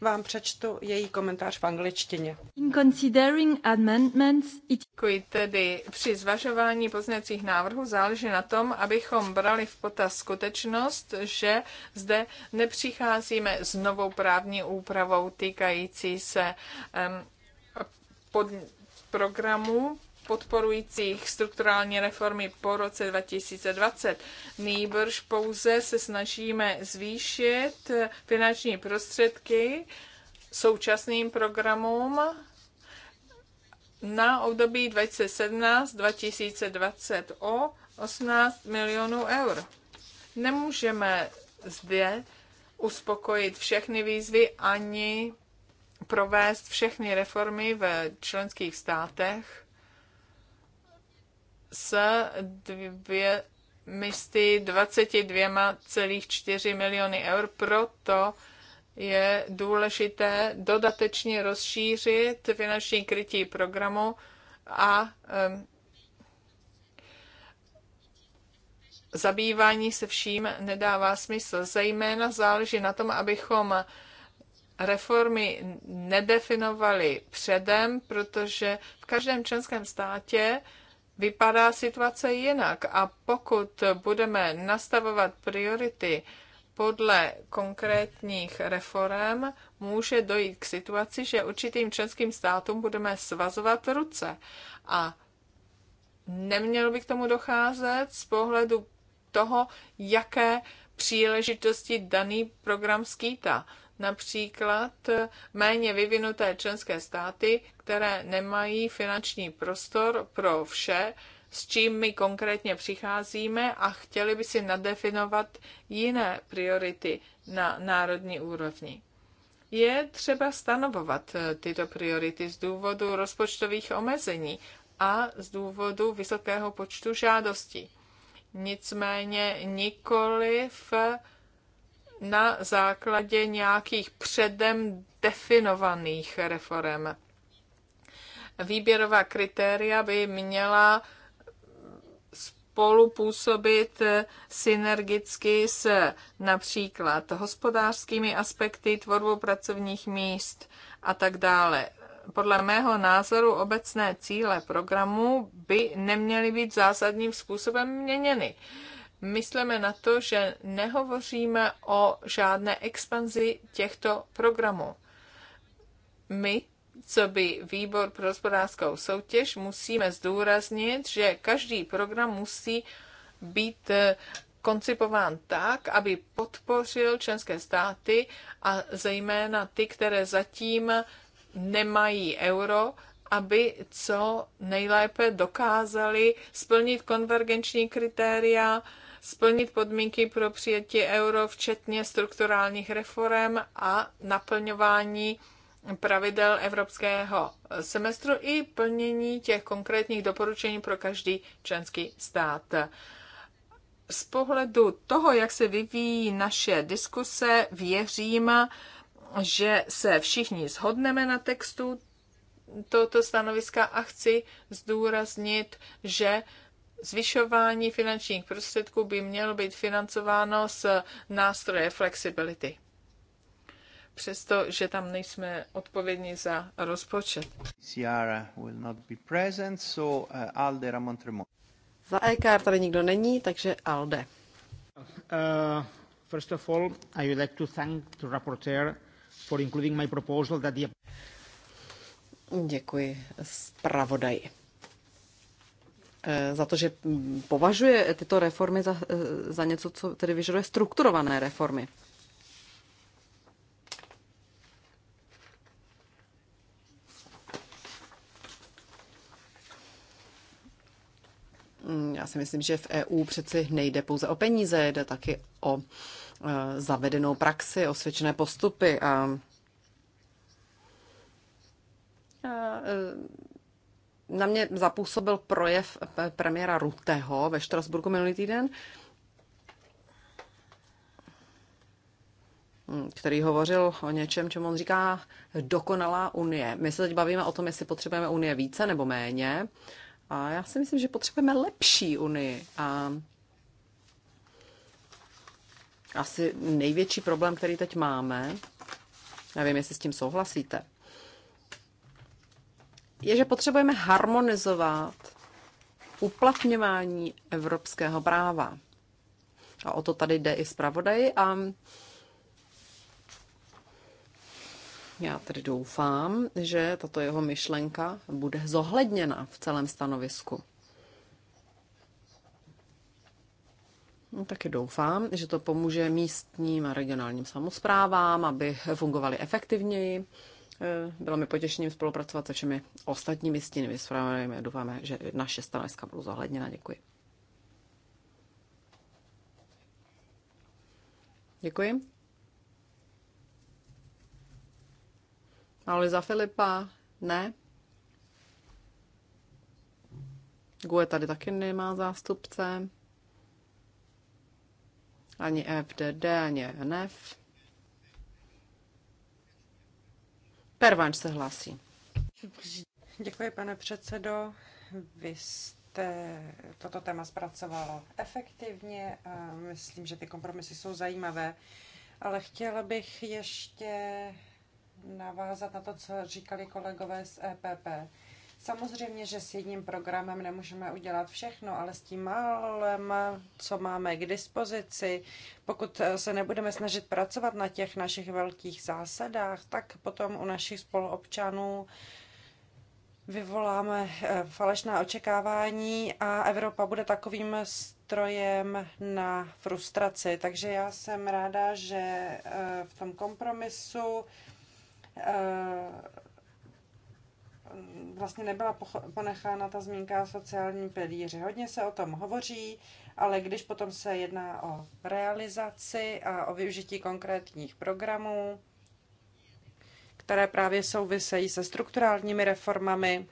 vám přečtu její komentář v angličtině. In considering amendments, it... Děkuji tedy. Při zvažování poznacích návrhů záleží na tom, abychom brali v potaz skutečnost, že zde nepřicházíme s novou právní úpravou týkající se um, pod programu podporujících strukturální reformy po roce 2020. Nýbrž pouze se snažíme zvýšit finanční prostředky současným programům na období 2017-2020 o 18 milionů eur. Nemůžeme zde uspokojit všechny výzvy ani provést všechny reformy ve členských státech s dvě, celých 22,4 miliony eur. Proto je důležité dodatečně rozšířit finanční krytí programu a um, zabývání se vším nedává smysl. Zejména záleží na tom, abychom reformy nedefinovali předem, protože v každém členském státě vypadá situace jinak a pokud budeme nastavovat priority podle konkrétních reform, může dojít k situaci, že určitým členským státům budeme svazovat ruce. A nemělo by k tomu docházet z pohledu toho, jaké příležitosti daný program skýtá například méně vyvinuté členské státy, které nemají finanční prostor pro vše, s čím my konkrétně přicházíme a chtěli by si nadefinovat jiné priority na národní úrovni. Je třeba stanovovat eh, tyto priority z důvodu rozpočtových omezení a z důvodu vysokého počtu žádostí. Nicméně nikoli v eh, na základě nějakých předem definovaných reform. Výběrová kritéria by měla spolupůsobit synergicky s například hospodářskými aspekty, tvorbou pracovních míst a tak dále. Podle mého názoru obecné cíle programu by neměly být zásadním způsobem měněny mysleme na to, že nehovoříme o žádné expanzi těchto programů. My, co by výbor pro hospodářskou soutěž, musíme zdůraznit, že každý program musí být eh, koncipován tak, aby podpořil členské státy a zejména ty, které zatím nemají euro, aby co nejlépe dokázali splnit konvergenční kritéria, splnit podmínky pro přijetí euro, včetně strukturálních reform a naplňování pravidel evropského semestru i plnění těch konkrétních doporučení pro každý členský stát. Z pohledu toho, jak se vyvíjí naše diskuse, věřím, že se všichni shodneme na textu tohoto stanoviska a chci zdůraznit, že zvyšování finančních prostředků by mělo být financováno z nástroje flexibility. Přestože tam nejsme odpovědní za rozpočet. Ciara will not be present, so uh, Alde Ramon Tremont. Za EKR tady nikdo není, takže Alde. Uh, first of all, I would like to thank the rapporteur for including my proposal that the... Děkuji zpravodaji Eh, za to, že mm, považuje tyto reformy za, eh, za něco, co tedy vyžaduje strukturované reformy. Mm, já si myslím, že v EU přeci nejde pouze o peníze, jde taky o eh, zavedenou praxi, osvědčené postupy a, a na mě zapůsobil projev premiéra Ruteho ve Štrasburku minulý týden, hm, který hovořil o něčem, čemu on říká dokonalá unie. My se teď bavíme o tom, jestli potřebujeme unie více nebo méně. A já si myslím, že potřebujeme lepší unii. A asi největší problém, který teď máme, nevím, jestli s tím souhlasíte, je, že potřebujeme harmonizovat uplatňování evropského práva. A o to tady jde i zpravodaji a já tedy doufám, že tato jeho myšlenka bude zohledněna v celém stanovisku. No, taky doufám, že to pomůže místním a regionálním samozprávám, aby fungovaly efektivněji Eh, bylo mi potěšením spolupracovat se všemi ostatními stínovými zpravodajmi a doufáme, že naše stanoviska budou zohledněna. Děkuji. Děkuji. Ale za Filipa ne. Gue tady taky nemá zástupce. Ani FDD, ani NF. Pervanč se hlásí. Děkuji, pane předsedo. Vy jste toto téma zpracovalo efektivně a myslím, že ty kompromisy jsou zajímavé. Ale chtěla bych ještě navázat na to, co říkali kolegové z EPP. Samozřejmě, že s jedním programem nemůžeme udělat všechno, ale s tím málem, co máme k dispozici, pokud eh, se nebudeme snažit pracovat na těch našich velkých zásadách, tak potom u našich spoluobčanů vyvoláme eh, falešná očekávání a Evropa bude takovým strojem na frustraci. Takže já jsem ráda, že eh, v tom kompromisu vlastně nebyla ponechána ta zmínka o sociální pilíři. Hodně se o tom hovoří, ale když potom se jedná o realizaci a o využití konkrétních programů, které právě souvisejí se strukturálními reformami,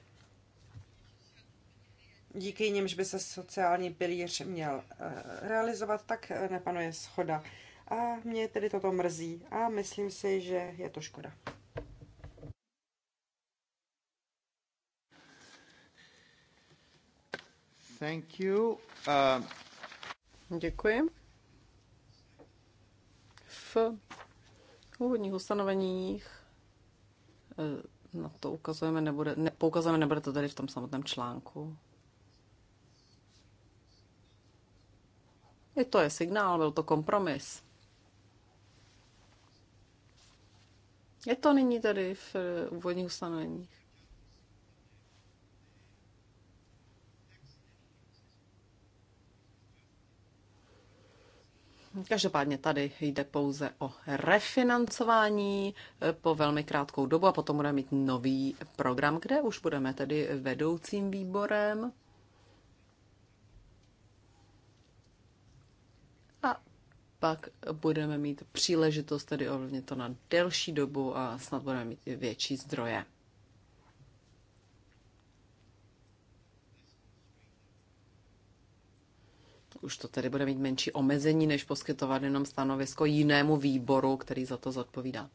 díky nimž by se sociální pilíř měl eh, realizovat, tak eh, nepanuje schoda. A mě tedy toto mrzí a myslím si, že je to škoda. Thank you. Uh... Děkuji. V úvodních ustanoveních eh, na to ukazujeme, nebude, ne, poukazujeme, nebude to tady v tom samotném článku. I to je signál, byl to kompromis. Je to nyní tady v úvodních ustanoveních. Každopádně tady jde pouze o refinancování e, po velmi krátkou dobu a potom budeme mít nový program, kde už budeme tedy vedoucím výborem. A pak budeme mít příležitost tedy ovlivnit to na delší dobu a snad budeme mít i větší zdroje. už to tedy bude mít menší omezení, než poskytovat jenom stanovisko jinému výboru, který za to zodpovídá.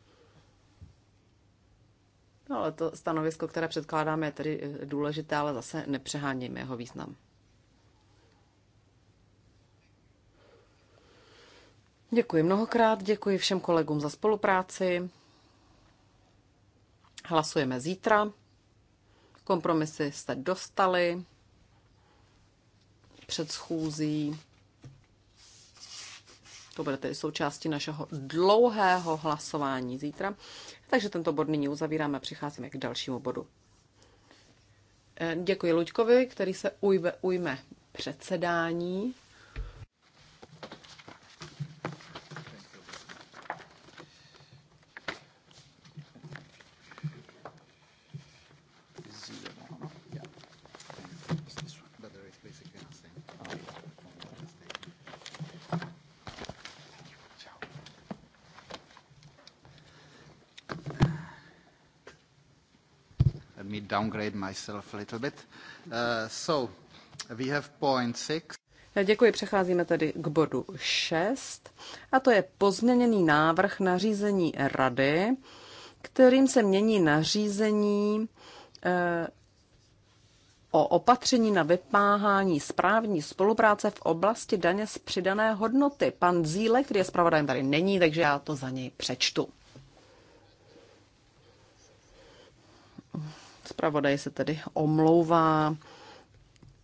No, ale to stanovisko, které předkládáme, je tedy eh, důležité, ale zase nepřehánějme jeho význam. Děkuji mnohokrát, děkuji všem kolegům za spolupráci. Hlasujeme zítra. Kompromisy jste dostali před schůzí. To bude tedy součástí našeho dlouhého hlasování zítra. Takže tento bod nyní uzavíráme a přicházíme k dalšímu bodu. Eh, děkuji Luďkovi, který se ujme, ujme předsedání. downgrade myself a little bit. Uh, so, we have point six. Eh, děkuji, přecházíme tedy k bodu 6, a to je pozměněný návrh nařízení Rady, kterým se mění nařízení eh, o opatření na vypáhání správní spolupráce v oblasti daně z přidané hodnoty. Pan Zíle, který je zpravodajem, tady není, takže já to za něj přečtu zpravodaj se tedy omlouvá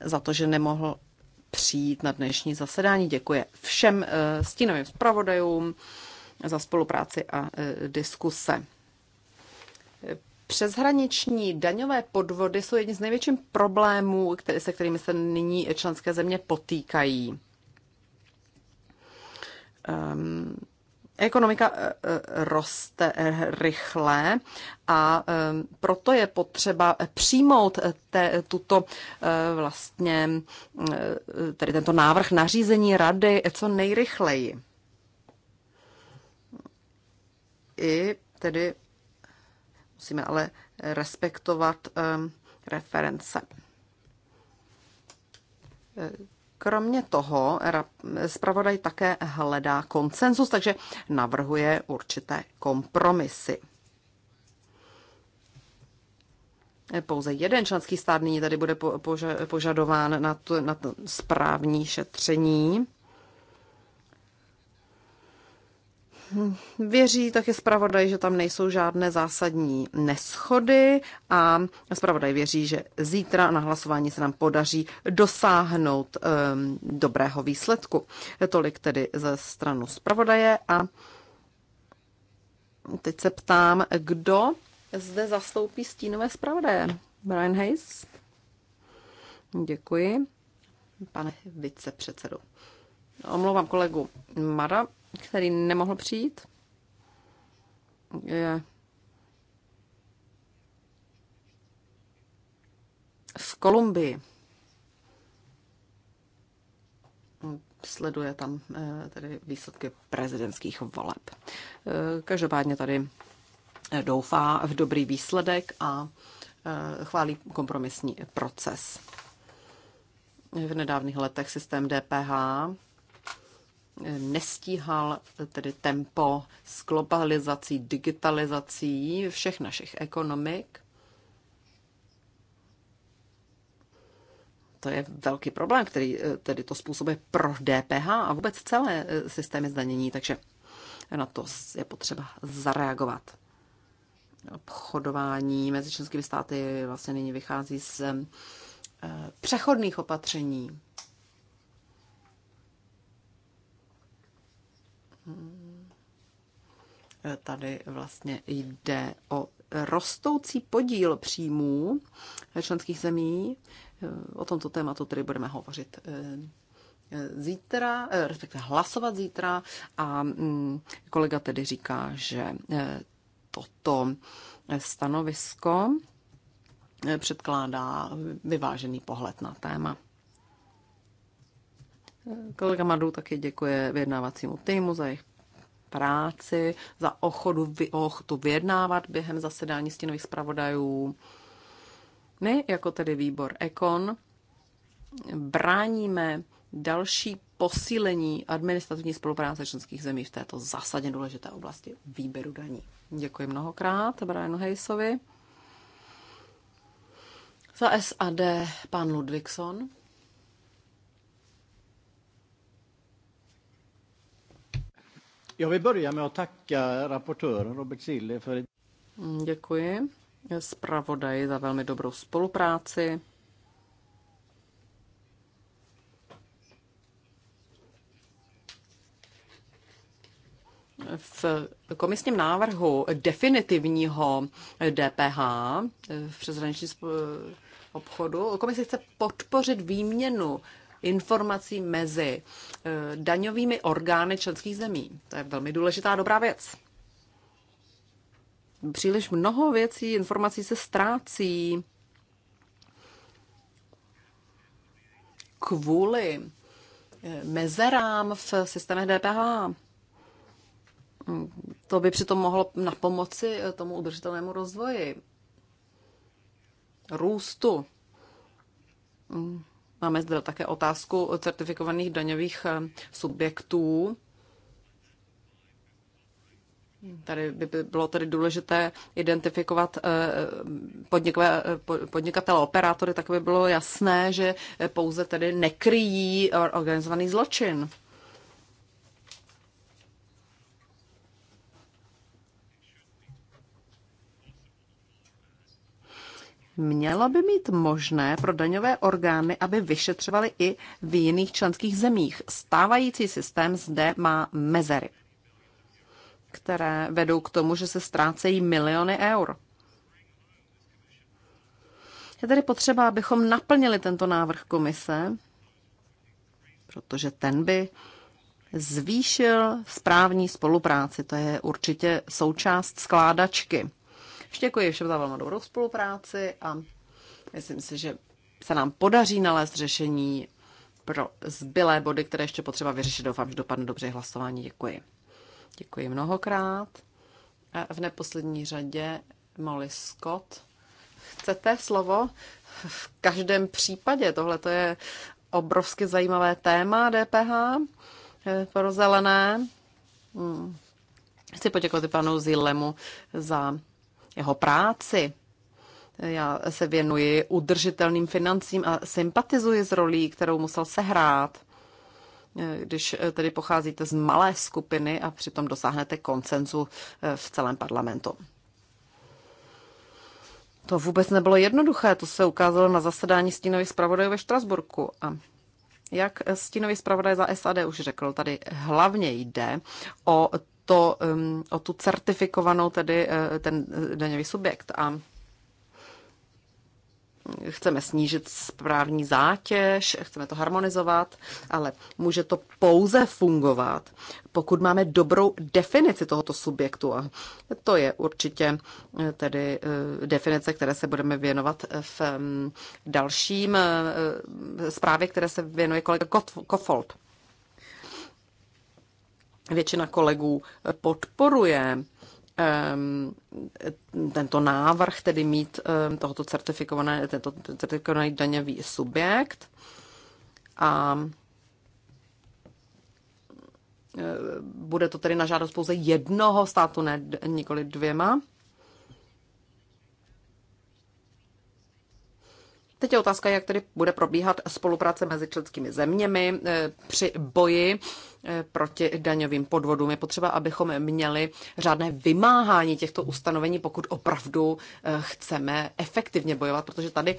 za to, že nemohl přijít na dnešní zasedání. Děkuje všem eh, stínovým zpravodajům za spolupráci a eh, diskuse. Přeshraniční daňové podvody jsou jedním z největších problémů, který, se kterými se nyní členské země potýkají. Um, Ekonomika eh, eh, roste eh, rychle a proto je potřeba přijmout te, tuto vlastně, tedy tento návrh nařízení rady co nejrychleji. I tedy musíme ale respektovat reference Kromě toho zpravodaj také hledá konsenzus, takže navrhuje určité kompromisy. Pouze jeden členský stát nyní tady bude požadován na, to, na to správní šetření. Věří také zpravodaj, že tam nejsou žádné zásadní neschody a zpravodaj věří, že zítra na hlasování se nám podaří dosáhnout um, dobrého výsledku. Tolik tedy ze stranu zpravodaje a teď se ptám, kdo zde zastoupí stínové zpravodaje. Brian Hayes? Děkuji. Pane vicepředsedu. Omlouvám kolegu Mara, který nemohl přijít. Je v Kolumbii. Sleduje tam eh, tedy výsledky prezidentských voleb. Eh, každopádně tady eh, doufá v dobrý výsledek a chválí kompromisní proces. V nedávných letech systém DPH nestíhal tedy tempo s globalizací, digitalizací všech našich ekonomik. To je velký problém, který eh, tedy to způsobuje pro DPH a vůbec celé eh, systémy zdanění, takže na to je potřeba zareagovat. Obchodování mezi členskými státy vlastně nyní vychází z eh, přechodných opatření, Hmm. Tady vlastně jde o rostoucí podíl příjmů členských zemí. O tomto tématu tedy budeme hovořit eh, zítra, eh, respektive hlasovat zítra a mm, kolega tedy říká, že eh, toto stanovisko předkládá vyvážený pohled na téma. Kolega Madu taky děkuje vyjednávacímu týmu za jejich práci, za ochodu, ochotu vyjednávat během zasedání stínových zpravodajů. My, jako tedy výbor Ekon, bráníme další posílení administrativní spolupráce členských zemí v této zásadně důležité oblasti výběru daní. Děkuji mnohokrát Brianu Hejsovi. Za SAD pan Ludvíkson. Jag vill börja med att tacka rapportören Robert Sille för... Děkuji Spravodaj za velmi dobrou spolupráci. v komisním návrhu definitivního DPH eh, v přeshraničním obchodu komise chce podpořit výměnu informací mezi eh, daňovými orgány členských zemí. To je velmi důležitá dobrá věc. Příliš mnoho věcí, informací se ztrácí kvůli eh, mezerám v systémech DPH. Mm, to by přitom mohlo na pomoci eh, tomu udržitelnému rozvoji, růstu. Mm. Máme zde také otázku certifikovaných daňových eh, subjektů. Tady by bylo tedy důležité identifikovat eh, eh, podnikatele, operátory, tak by bylo jasné, že pouze tedy nekryjí organizovaný zločin. Mělo by mít možné pro daňové orgány, aby vyšetřovali i v jiných členských zemích. Stávající systém zde má mezery, které vedou k tomu, že se ztrácejí miliony eur. Je tedy potřeba, abychom naplnili tento návrh komise, protože ten by zvýšil správní spolupráci. To je určitě součást skládačky. Ještě děkuji všem za velmi dobrou spolupráci a myslím si, že se nám podaří nalézt řešení pro zbylé body, které ještě potřeba vyřešit. Doufám, že dopadne dobře hlasování. Děkuji. Děkuji mnohokrát. A v neposlední řadě Molly Scott. Chcete slovo? V každém případě. Tohle to je obrovsky zajímavé téma DPH eh, pro zelené. Hmm. Chci poděkovat panu Zilemu za jeho práci. Já se věnuji udržitelným financím a sympatizuji s rolí, kterou musel sehrát. Když tedy pocházíte z malé skupiny a přitom dosáhnete koncenzu eh, v celém parlamentu. To vůbec nebylo jednoduché, to se ukázalo na zasedání stínových zpravodajů ve Štrasburku. A jak stínový zpravodaj za SAD už řekl, tady hlavně jde o to, um, o tu certifikovanou, tedy eh, ten eh, daňový subjekt. A chceme snížit správní zátěž, chceme to harmonizovat, ale může to pouze fungovat, pokud máme dobrou definici tohoto subjektu. A to je určitě eh, tedy definice, které se budeme věnovat v mm, dalším zprávě, které se věnuje kolega Kofold většina kolegů podporuje ehm, tento návrh, tedy mít ehm, tohoto certifikované, tento certifikovaný daňový subjekt. A e, bude to tedy na žádost pouze jednoho státu, ne nikoli dvěma. Teď je otázka, jak tedy bude probíhat spolupráce mezi členskými zeměmi eh, při boji eh, proti daňovým podvodům. Je potřeba, abychom měli řádné vymáhání těchto ustanovení, pokud opravdu eh, chceme efektivně bojovat, protože tady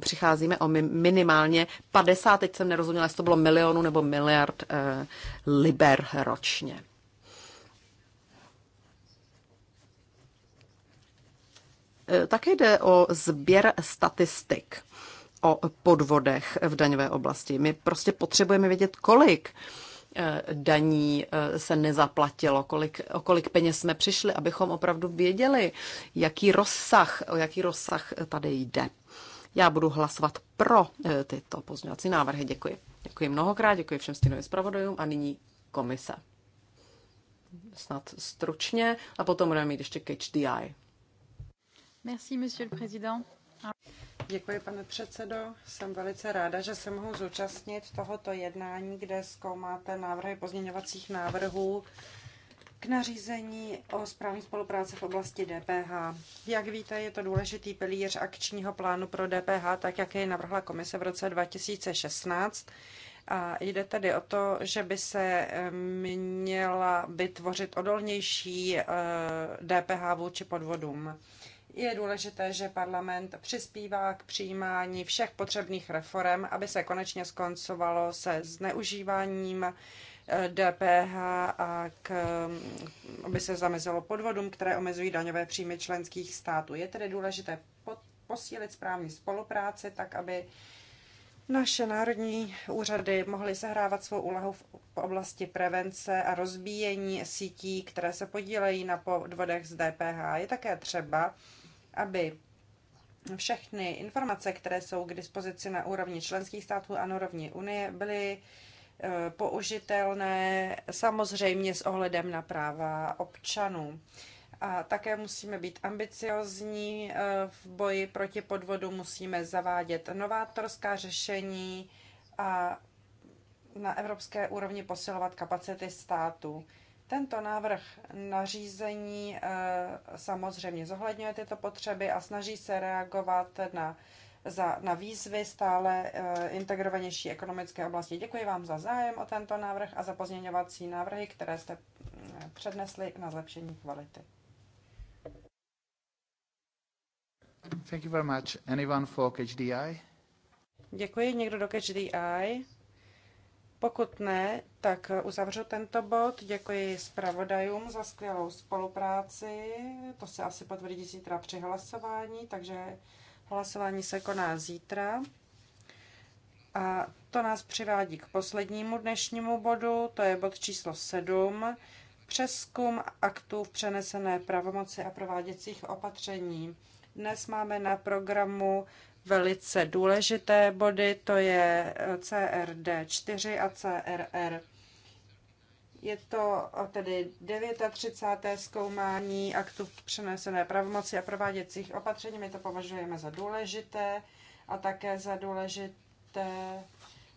přicházíme o minimálně 50, teď jsem nerozuměla, jestli to bylo milionů nebo miliard liber ročně. Eh, také jde o sběr statistik o podvodech v daňové oblasti. My prostě potřebujeme vědět, kolik eh, daní eh, se nezaplatilo, kolik, o kolik peněz jsme přišli, abychom opravdu věděli, jaký rozsah, o jaký rozsah tady jde. Já budu hlasovat pro tyto pozměňovací návrhy. Děkuji. Děkuji mnohokrát, děkuji všem stínovým zpravodajům a nyní komise. Snad stručně a potom budeme mít ještě catch the eye. Děkuji, pane předsedo. Jsem velice ráda, že se mohu zúčastnit tohoto jednání, kde zkoumáte návrhy pozměňovacích návrhů k nařízení o správní spolupráci v oblasti DPH. Jak víte, je to důležitý pilíř akčního plánu pro DPH, tak jak jej navrhla komise v roce 2016. A jde tedy o to, že by se eh, měla vytvořit odolnější DPH eh, vůči podvodům. Je důležité, že parlament přispívá k přijímání všech potřebných reform, aby se konečně skoncovalo se zneužíváním DPH eh, a k, mm, aby se zamezilo podvodům, které omezují daňové příjmy členských států. Je tedy důležité posílit správní spolupráci, tak aby naše národní úřady mohly sehrávat svou úlohu v oblasti prevence a rozbíjení sítí, které se podílejí na podvodech z DPH. Je také třeba, aby všechny informace, které jsou k dispozici na úrovni členských států a na úrovni Unie, byly eh, použitelné samozřejmě s ohledem na práva občanů. A také musíme být ambiciozní eh, v boji proti podvodu, musíme zavádět novátorská řešení a na evropské úrovni posilovat kapacity států. Tento návrh nařízení eh, samozřejmě zohledňuje tyto potřeby a snaží se reagovat na, za, na výzvy stále eh, integrovanější ekonomické oblasti. Děkuji vám za zájem o tento návrh a za pozměňovací návrhy, které jste eh, přednesli na zlepšení kvality. Thank you very much. Anyone for HDI? Děkuji. Někdo do HDI? Pokud ne, tak uzavřu tento bod. Děkuji zpravodajům za skvělou spolupráci. To se asi potvrdí zítra při hlasování, takže hlasování se koná zítra. A to nás přivádí k poslednímu dnešnímu bodu, to je bod číslo 7. Přeskum aktů v přenesené pravomoci a prováděcích opatření. Dnes máme na programu velice důležité body, to je eh, CRD4 a CRR. Je to eh, tedy 39. zkoumání aktu přenesené pravomoci a prováděcích opatření. My to považujeme za důležité a také za důležité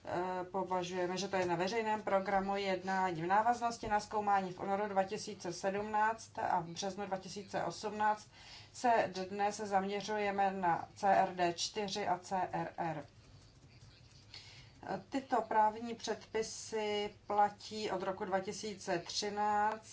Eh, považujeme, že to je na veřejném programu jednání v návaznosti na zkoumání v únoru 2017 a v březnu 2018 se dnes zaměřujeme na CRD4 a CRR. Eh, tyto právní předpisy platí od roku 2013.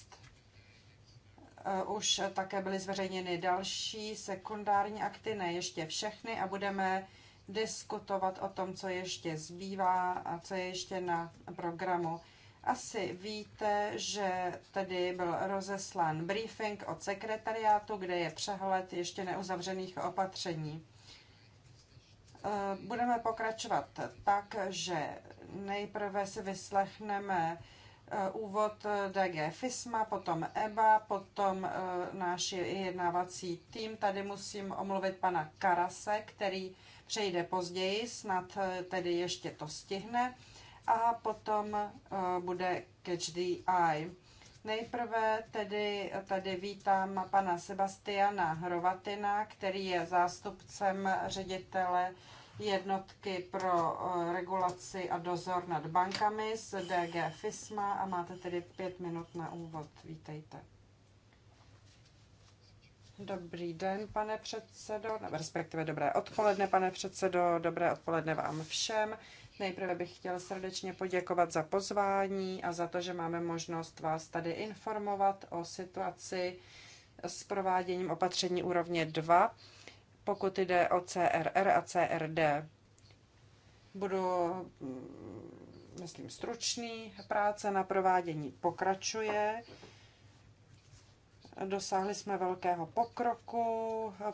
Eh, už také byly zveřejněny další sekundární akty, ne ještě všechny, a budeme diskutovat o tom, co ještě zbývá a co je ještě na programu. Asi víte, že tedy byl rozeslán briefing od sekretariátu, kde je přehled ještě neuzavřených opatření. Eh, budeme pokračovat tak, že nejprve si vyslechneme eh, úvod eh, DG FISMA, potom EBA, potom náš jednávací tým. Tady musím omluvit pana Karase, který přejde později, snad eh, tedy ještě to stihne. A potom eh, bude Catch the Eye. Nejprve tedy eh, tady vítám pana Sebastiana Hrovatina, který je zástupcem ředitele jednotky pro regulaci a dozor nad bankami z DG FISMA a máte tedy pět minut na úvod. Vítejte. Dobrý den, pane předsedo, respektive dobré odpoledne, pane předsedo, dobré odpoledne vám všem. Nejprve bych chtěl srdečně poděkovat za pozvání a za to, že máme možnost vás tady informovat o situaci s prováděním opatření úrovně 2, pokud jde o CRR a CRD. Budu, mm, myslím, stručný. Práce na provádění pokračuje. Dosáhli jsme velkého pokroku,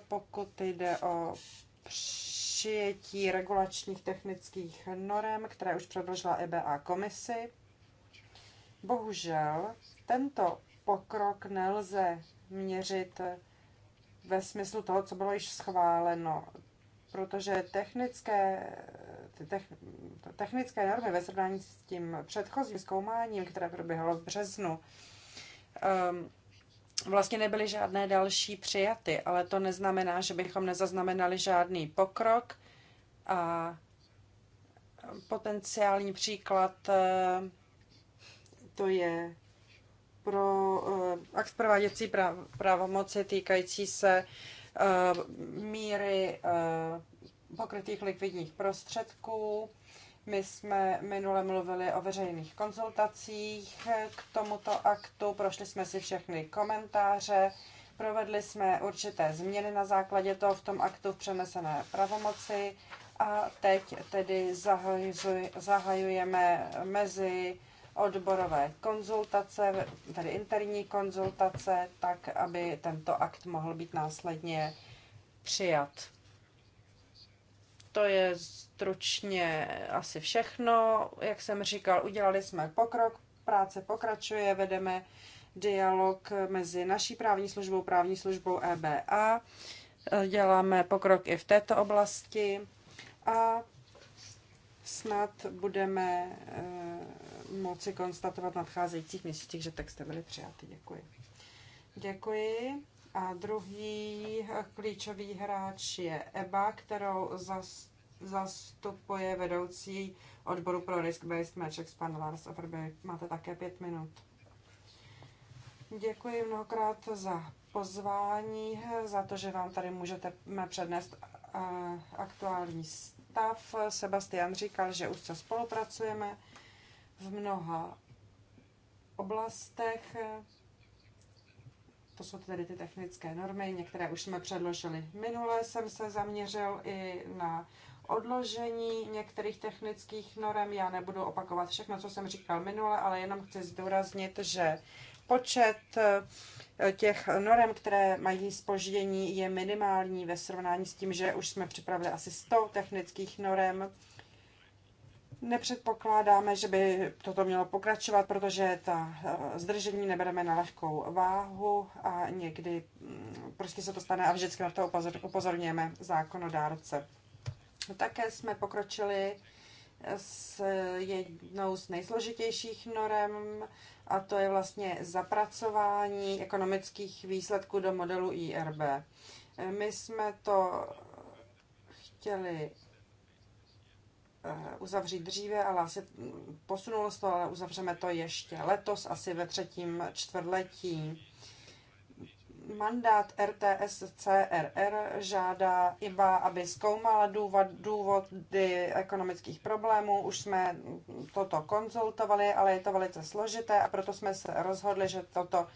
pokud jde o přijetí regulačních technických norem, které už předložila EBA komisi. Bohužel tento pokrok nelze měřit ve smyslu toho, co bylo již schváleno, protože technické, technické normy ve srovnání s tím předchozím zkoumáním, které proběhlo v březnu, um, vlastně nebyly žádné další přijaty, ale to neznamená, že bychom nezaznamenali žádný pokrok a potenciální příklad eh, to je pro eh, akt prováděcí práv, právomoci týkající se eh, míry pokrytých likvidních prostředků. My jsme minule mluvili o veřejných konzultacích k tomuto aktu, prošli jsme si všechny komentáře, provedli jsme určité změny na základě toho v tom aktu v přenesené pravomoci a teď tedy zahajujeme mezi odborové konzultace, tedy interní konzultace, tak aby tento akt mohl být následně přijat to je stručně asi všechno. Jak jsem říkal, udělali jsme pokrok, práce pokračuje, vedeme dialog mezi naší právní službou, právní službou EBA. Děláme pokrok i v této oblasti a snad budeme eh, moci konstatovat v nadcházejících měsících, že texty byly přijaty. Děkuji. Děkuji. A druhý klíčový hráč je EBA, kterou zas, zastupuje vedoucí odboru pro risk-based matches, pan Lars Overby. Máte také pět minut. Děkuji mnohokrát za pozvání, za to, že vám tady můžete přednést eh, aktuální stav. Sebastian říkal, že už se spolupracujeme v mnoha oblastech. To jsou tedy ty technické normy, některé už jsme předložili. Minule jsem se zaměřil i na odložení některých technických norem. Já nebudu opakovat všechno, co jsem říkal minule, ale jenom chci zdůraznit, že počet eh, těch norem, které mají spoždění, je minimální ve srovnání s tím, že už jsme připravili asi 100 technických norem Nepředpokládáme, že by toto mělo pokračovat, protože ta eh, zdržení nebereme na lehkou váhu a někdy mm, prostě se to stane a vždycky na to upozorňujeme zákonodárce. Také jsme pokročili eh, s jednou z nejsložitějších norem, a to je vlastně zapracování ekonomických výsledků do modelu IRB. Eh, my jsme to chtěli Eh, uzavřít dříve, ale asi mm, posunulo se to, ale uzavřeme to ještě letos, asi ve třetím čtvrtletí. Mandát RTS CRR žádá IBA, aby zkoumala důvod, důvody ekonomických problémů. Už jsme toto konzultovali, ale je to velice složité a proto jsme se rozhodli, že toto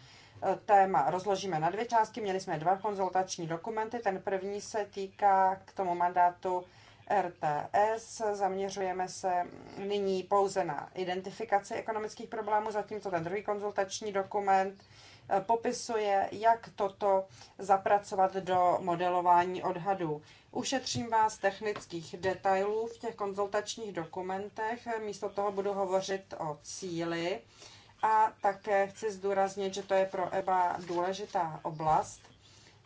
eh, téma rozložíme na dvě části. Měli jsme dva konzultační dokumenty. Ten první se týká k tomu mandátu RTS. Zaměřujeme se nyní pouze na identifikaci ekonomických problémů, zatímco ten druhý konzultační dokument eh, popisuje, jak toto zapracovat do modelování odhadů. Ušetřím vás technických detailů v těch konzultačních dokumentech, místo toho budu hovořit o cíli. A také chci zdůraznit, že to je pro EBA důležitá oblast,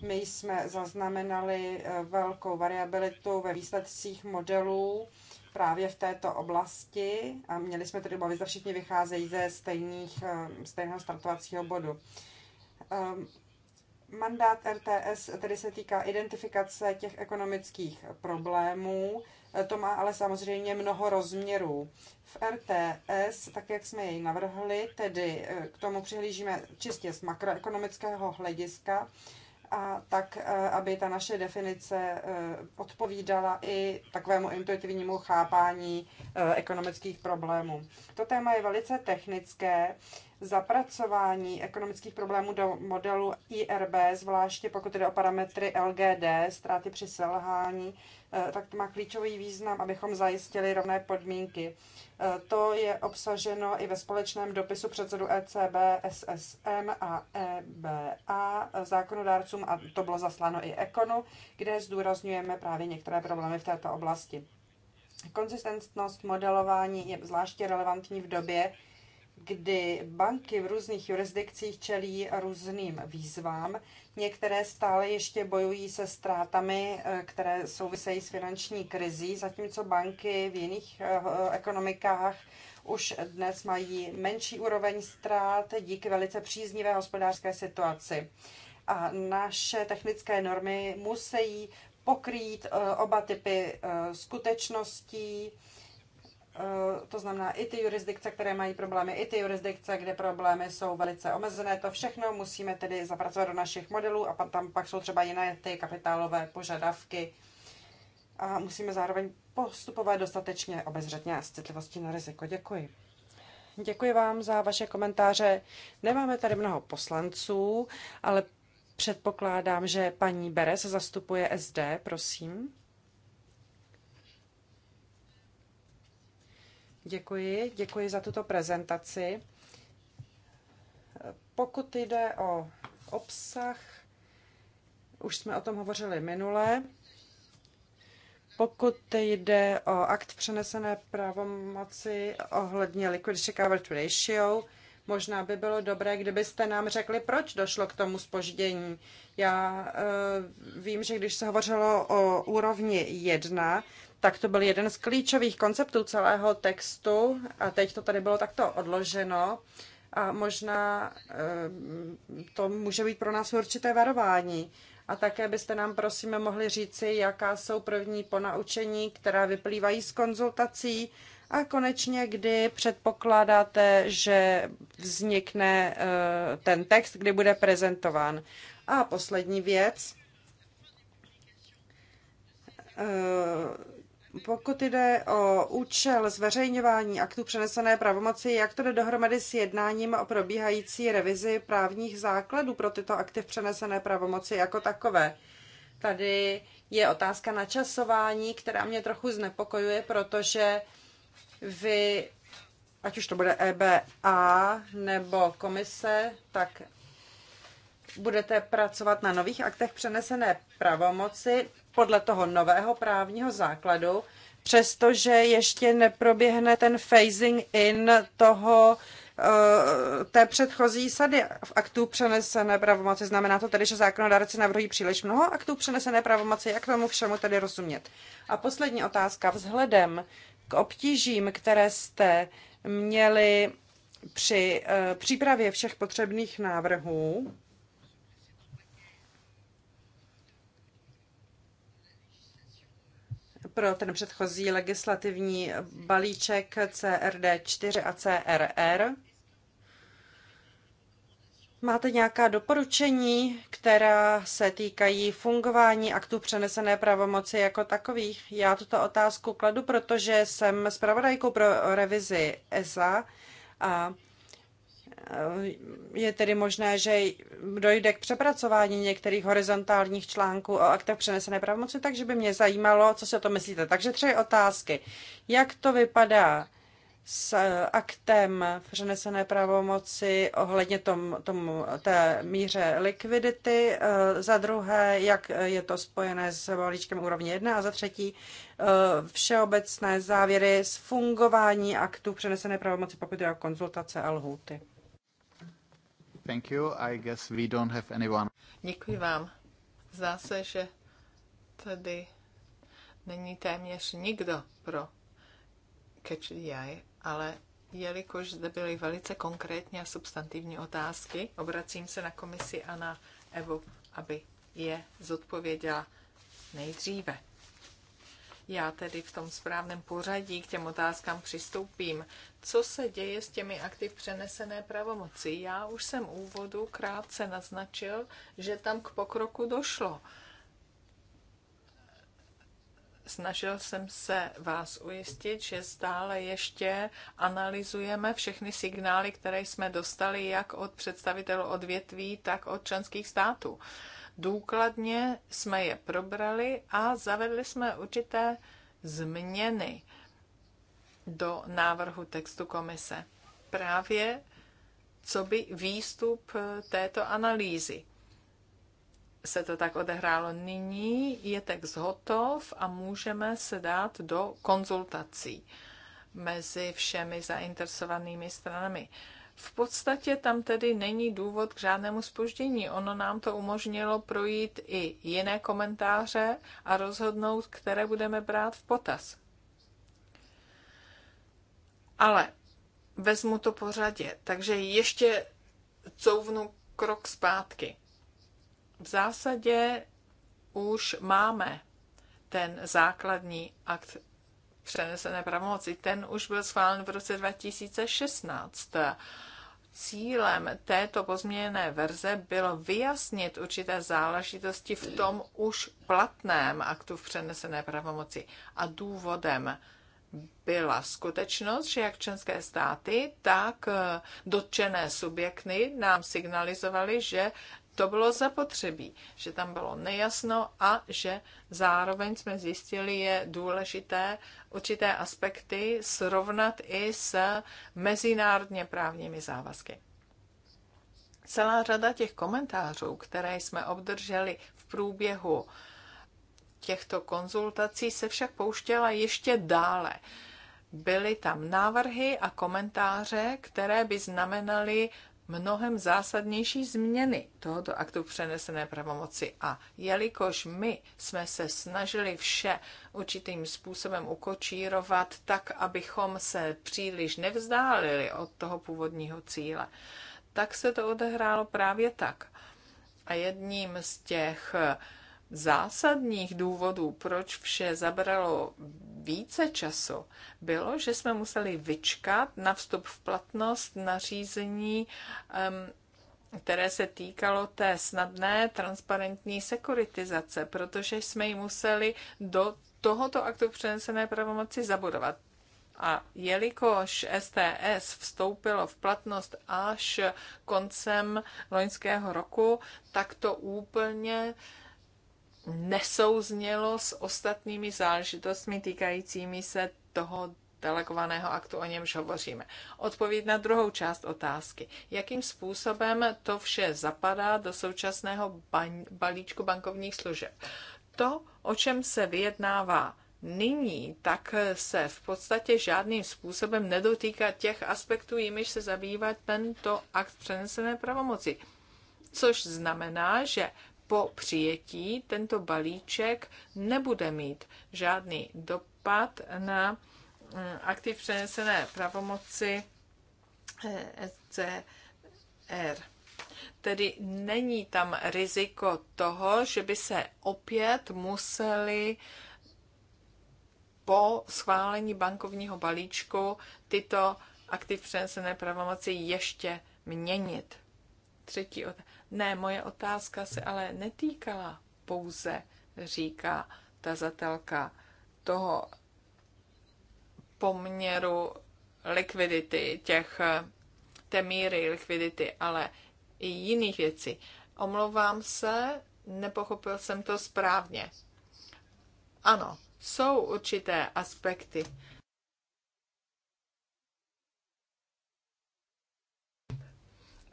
my jsme zaznamenali eh, velkou variabilitu ve výsledcích modelů právě v této oblasti a měli jsme tedy obavy, že všichni vycházejí ze stejných, eh, stejného startovacího bodu. Ehm, mandát RTS tedy se týká identifikace těch ekonomických problémů. Eh, to má ale samozřejmě mnoho rozměrů. V RTS, tak jak jsme jej navrhli, tedy k tomu přihlížíme čistě z makroekonomického hlediska, a tak, eh, aby ta naše definice eh, odpovídala i takovému intuitivnímu chápání eh, ekonomických problémů. To téma je velice technické zapracování ekonomických problémů do modelu IRB, zvláště pokud jde o parametry LGD, ztráty při selhání, eh, tak to má klíčový význam, abychom zajistili rovné podmínky. Eh, to je obsaženo i ve společném dopisu předsedu ECB, SSM a EBA eh, zákonodárcům, a to bylo zasláno i Ekonu, kde zdůrazňujeme právě některé problémy v této oblasti. Konzistentnost modelování je zvláště relevantní v době, kdy banky v různých jurisdikcích čelí různým výzvám. Některé stále ještě bojují se ztrátami, eh, které souvisejí s finanční krizí, zatímco banky v jiných eh, ekonomikách už dnes mají menší úroveň ztrát díky velice příznivé hospodářské situaci. A naše technické normy musí pokrýt eh, oba typy skutečností, Eh, to znamená i ty jurisdikce, které mají problémy, i ty jurisdikce, kde problémy jsou velice omezené, to všechno musíme tedy zapracovat do našich modelů a tam pak jsou třeba jiné ty kapitálové požadavky a musíme zároveň postupovat dostatečně obezřetně a s citlivostí na riziko. Děkuji. Děkuji vám za vaše komentáře. Nemáme tady mnoho poslanců, ale předpokládám, že paní Beres zastupuje SD, prosím. Děkuji, děkuji za tuto prezentaci. Pokud jde o obsah, už jsme o tom hovořili minule. Pokud jde o akt přenesené pravomoci ohledně liquidity coverage ratio, možná by bylo dobré, kdybyste nám řekli, proč došlo k tomu spoždění. Já e, vím, že když se hovořilo o úrovni 1, tak to byl jeden z klíčových konceptů celého textu a teď to tady bylo takto odloženo a možná eh, to může být pro nás určité varování. A také byste nám prosím mohli říci, jaká jsou první ponaučení, která vyplývají z konzultací a konečně, kdy předpokládáte, že vznikne eh, ten text, kdy bude prezentován. A poslední věc eh, pokud jde o účel zveřejňování aktů přenesené pravomoci, jak to jde dohromady s jednáním o probíhající revizi právních základů pro tyto akty v přenesené pravomoci jako takové? Tady je otázka načasování, která mě trochu znepokojuje, protože vy, ať už to bude EBA nebo komise, tak budete pracovat na nových aktech přenesené pravomoci podle toho nového právního základu, přestože ještě neproběhne ten phasing in toho eh, té předchozí sady v aktů přenesené pravomoci. Znamená to tedy, že zákonodárci navrhují příliš mnoho aktů přenesené pravomoci. Jak tomu všemu tedy rozumět? A poslední otázka. Vzhledem k obtížím, které jste měli při eh, přípravě všech potřebných návrhů, pro ten předchozí legislativní balíček CRD4 a CRR. Máte nějaká doporučení, která se týkají fungování aktů přenesené pravomoci jako takových? Já tuto otázku kladu, protože jsem zpravodajkou pro revizi ESA a je tedy možné, že dojde k přepracování některých horizontálních článků o aktech přenesené pravomoci, takže by mě zajímalo, co si o to myslíte. Takže tři otázky. Jak to vypadá s aktem přenesené pravomoci ohledně tom, tom, té míře likvidity, za druhé, jak je to spojené s balíčkem úrovně 1 a za třetí, všeobecné závěry z fungování aktu přenesené pravomoci, pokud je o konzultace a lhůty. Thank you. I guess we don't have anyone. Děkuji vám. Zdá se, že tady není téměř nikdo pro Catch the Eye, ale jelikož zde byly velice konkrétní a substantivní otázky, obracím se na komisi a na Evu, aby je zodpověděla nejdříve. Já tedy v tom správném pořadí k těm otázkám přistoupím. Co se děje s těmi akty přenesené pravomoci? Já už jsem úvodu krátce naznačil, že tam k pokroku došlo. Snažil jsem se vás ujistit, že stále ještě analyzujeme všechny signály, které jsme dostali jak od představitelů odvětví, tak od členských států Důkladně jsme je probrali a zavedli jsme určité změny do návrhu textu komise. Právě co by výstup této analýzy. Se to tak odehrálo nyní, je text hotov a můžeme se dát do konzultací mezi všemi zainteresovanými stranami. V podstatě tam tedy není důvod k žádnému spoždění. Ono nám to umožnilo projít i jiné komentáře a rozhodnout, které budeme brát v potaz. Ale vezmu to pořadě, takže ještě couvnu krok zpátky. V zásadě už máme ten základní akt přenesené pravomoci, ten už byl schválen v roce 2016. Cílem této pozměněné verze bylo vyjasnit určité záležitosti v tom už platném aktu v přenesené pravomoci. A důvodem byla skutečnost, že jak členské státy, tak eh, dotčené subjekty nám signalizovaly, že to bylo zapotřebí, že tam bylo nejasno a že zároveň jsme zjistili, je důležité určité aspekty srovnat i s mezinárodně právními závazky. Celá řada těch komentářů, které jsme obdrželi v průběhu těchto konzultací, se však pouštěla ještě dále. Byly tam návrhy a komentáře, které by znamenaly mnohem zásadnější změny tohoto aktu přenesené pravomoci. A jelikož my jsme se snažili vše určitým způsobem ukočírovat tak, abychom se příliš nevzdálili od toho původního cíle, tak se to odehrálo právě tak. A jedním z těch zásadních důvodů, proč vše zabralo více času, bylo, že jsme museli vyčkat na vstup v platnost nařízení, které se týkalo té snadné transparentní sekuritizace, protože jsme ji museli do tohoto aktu přenesené pravomoci zabudovat. A jelikož STS vstoupilo v platnost až koncem loňského roku, tak to úplně uh, nesouznělo s ostatními záležitostmi týkajícími se toho delegovaného aktu, o němž hovoříme. Odpověď na druhou část otázky. Jakým způsobem to vše zapadá do současného baň, balíčku bankovních služeb? To, o čem se vyjednává nyní, tak se v podstatě žádným způsobem nedotýká těch aspektů, jimiž se zabývá tento akt přenesené pravomoci. Což znamená, že po přijetí tento balíček nebude mít žádný dopad na mm, aktiv přenesené pravomoci eh, SCR. Tedy není tam riziko toho, že by se opět museli po schválení bankovního balíčku tyto aktiv přenesené pravomoci ještě měnit. Třetí otázka. Ne, moje otázka se ale netýkala pouze, říká tazatelka, toho poměru likvidity, těch, té míry likvidity, ale i jiných věcí. Omlouvám se, nepochopil jsem to správně. Ano, jsou určité aspekty.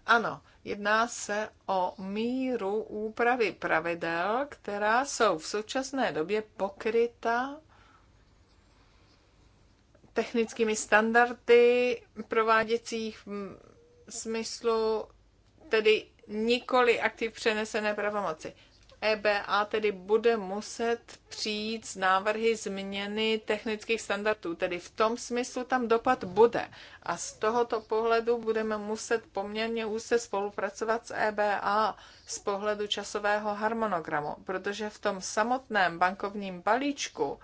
Ano, Jedná se o míru úpravy pravidel, která jsou v současné době pokryta technickými standardy prováděcích v smyslu, tedy nikoli aktiv přenesené pravomoci. EBA tedy bude muset přijít s návrhy změny technických standardů. Tedy v tom smyslu tam dopad bude. A z tohoto pohledu budeme muset poměrně úzce spolupracovat s EBA z pohledu časového harmonogramu, protože v tom samotném bankovním balíčku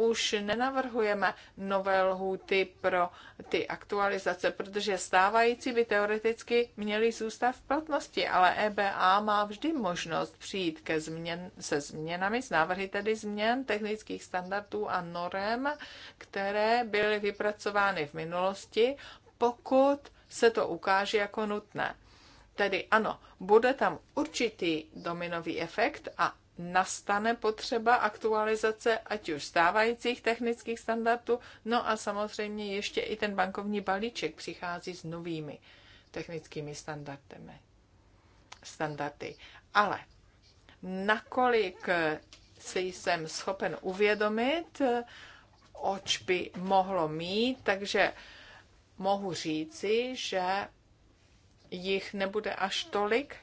už nenavrhujeme nové lhůty pro ty aktualizace, protože stávající by teoreticky měly zůstat v platnosti, ale EBA má vždy možnost přijít ke změn, se změnami, s návrhy tedy změn technických standardů a norem, které byly vypracovány v minulosti, pokud se to ukáže jako nutné. Tedy ano, bude tam určitý dominový efekt a nastane potřeba aktualizace ať už stávajících technických standardů, no a samozřejmě ještě i ten bankovní balíček přichází s novými technickými standardy. standardy. Ale nakolik si jsem schopen uvědomit, oč by mohlo mít, takže mohu říci, že jich nebude až tolik,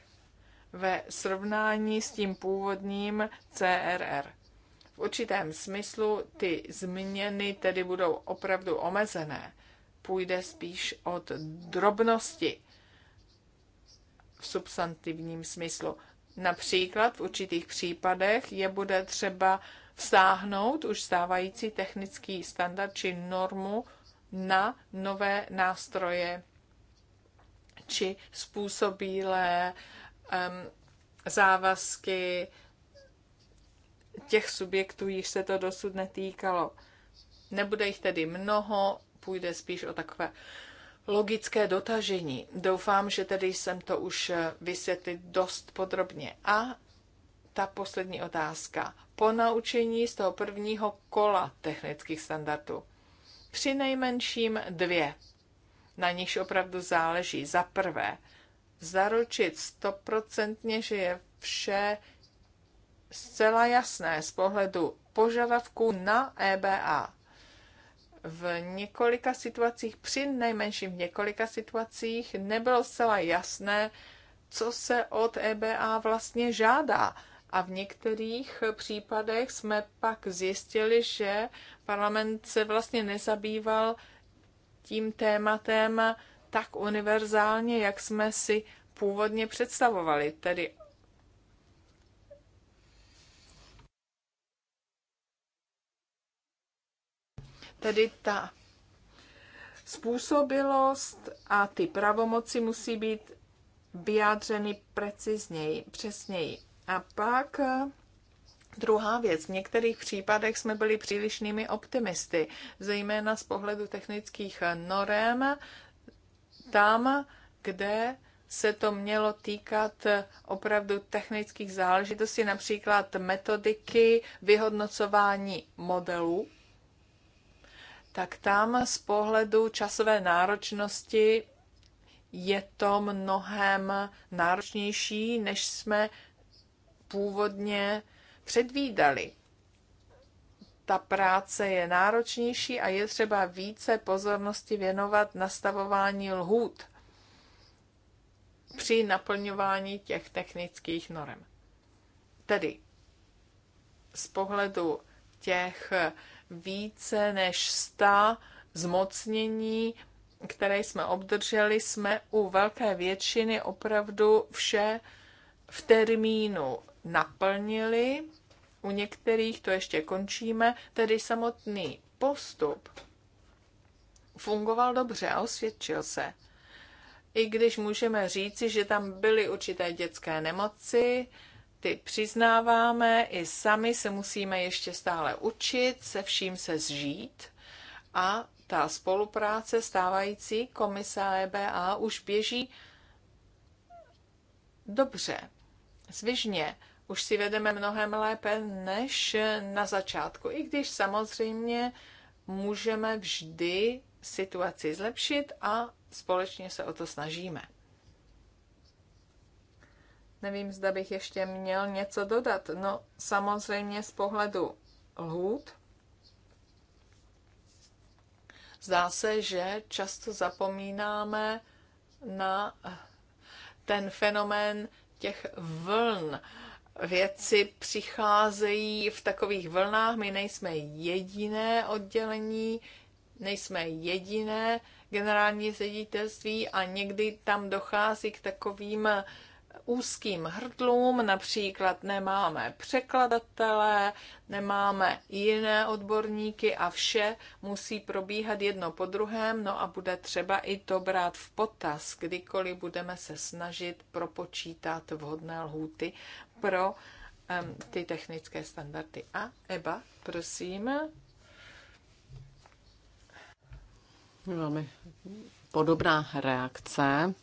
ve srovnání s tím původním CRR. V určitém smyslu ty změny tedy budou opravdu omezené. Půjde spíš od drobnosti v substantivním smyslu. Například v určitých případech je bude třeba vstáhnout už stávající technický standard či normu na nové nástroje či způsobilé závazky těch subjektů, již se to dosud netýkalo. Nebude jich tedy mnoho, půjde spíš o takové logické dotažení. Doufám, že tedy jsem to už eh, vysvětlit dost podrobně. A ta poslední otázka. Po naučení z toho prvního kola technických standardů. Při nejmenším dvě. Na nichž opravdu záleží. Za prvé, zaručit stoprocentně, že je vše zcela jasné z pohledu požadavků na EBA. V několika situacích, při nejmenším v několika situacích, nebylo zcela jasné, co se od EBA vlastně žádá. A v některých případech jsme pak zjistili, že parlament se vlastně nezabýval tím tématem tak univerzálně, jak jsme si původně představovali, tedy Tedy ta způsobilost a ty pravomoci musí být vyjádřeny precizněji, přesněji. A pak eh, Druhá věc, v některých případech jsme byli přílišnými optimisty, zejména z pohledu technických norem tam, kde se to mělo týkat opravdu technických záležitostí, například metodiky vyhodnocování modelů, tak tam z pohledu časové náročnosti je to mnohem náročnější, než jsme původně předvídali ta práce je náročnější a je třeba více pozornosti věnovat nastavování lhůt při naplňování těch technických norem. Tedy z pohledu těch více než 100 zmocnění, které jsme obdrželi, jsme u velké většiny opravdu vše v termínu naplnili u některých to ještě končíme, tedy samotný postup fungoval dobře a osvědčil se. I když můžeme říci, že tam byly určité dětské nemoci, ty přiznáváme, i sami se musíme ještě stále učit, se vším se zžít a ta spolupráce stávající komisa EBA už běží dobře, zvyžně už si vedeme mnohem lépe než na začátku. I když samozřejmě můžeme vždy situaci zlepšit a společně se o to snažíme. Nevím, zda bych ještě měl něco dodat. No, samozřejmě z pohledu lhůt. Zdá se, že často zapomínáme na ten fenomén těch vln věci přicházejí v takových vlnách. My nejsme jediné oddělení, nejsme jediné generální ředitelství a někdy tam dochází k takovým úzkým hrdlům, například nemáme překladatele, nemáme jiné odborníky a vše musí probíhat jedno po druhém, no a bude třeba i to brát v potaz, kdykoliv budeme se snažit propočítat vhodné lhůty pro um, ty technické standardy. A Eba, prosím. Velmi podobná reakce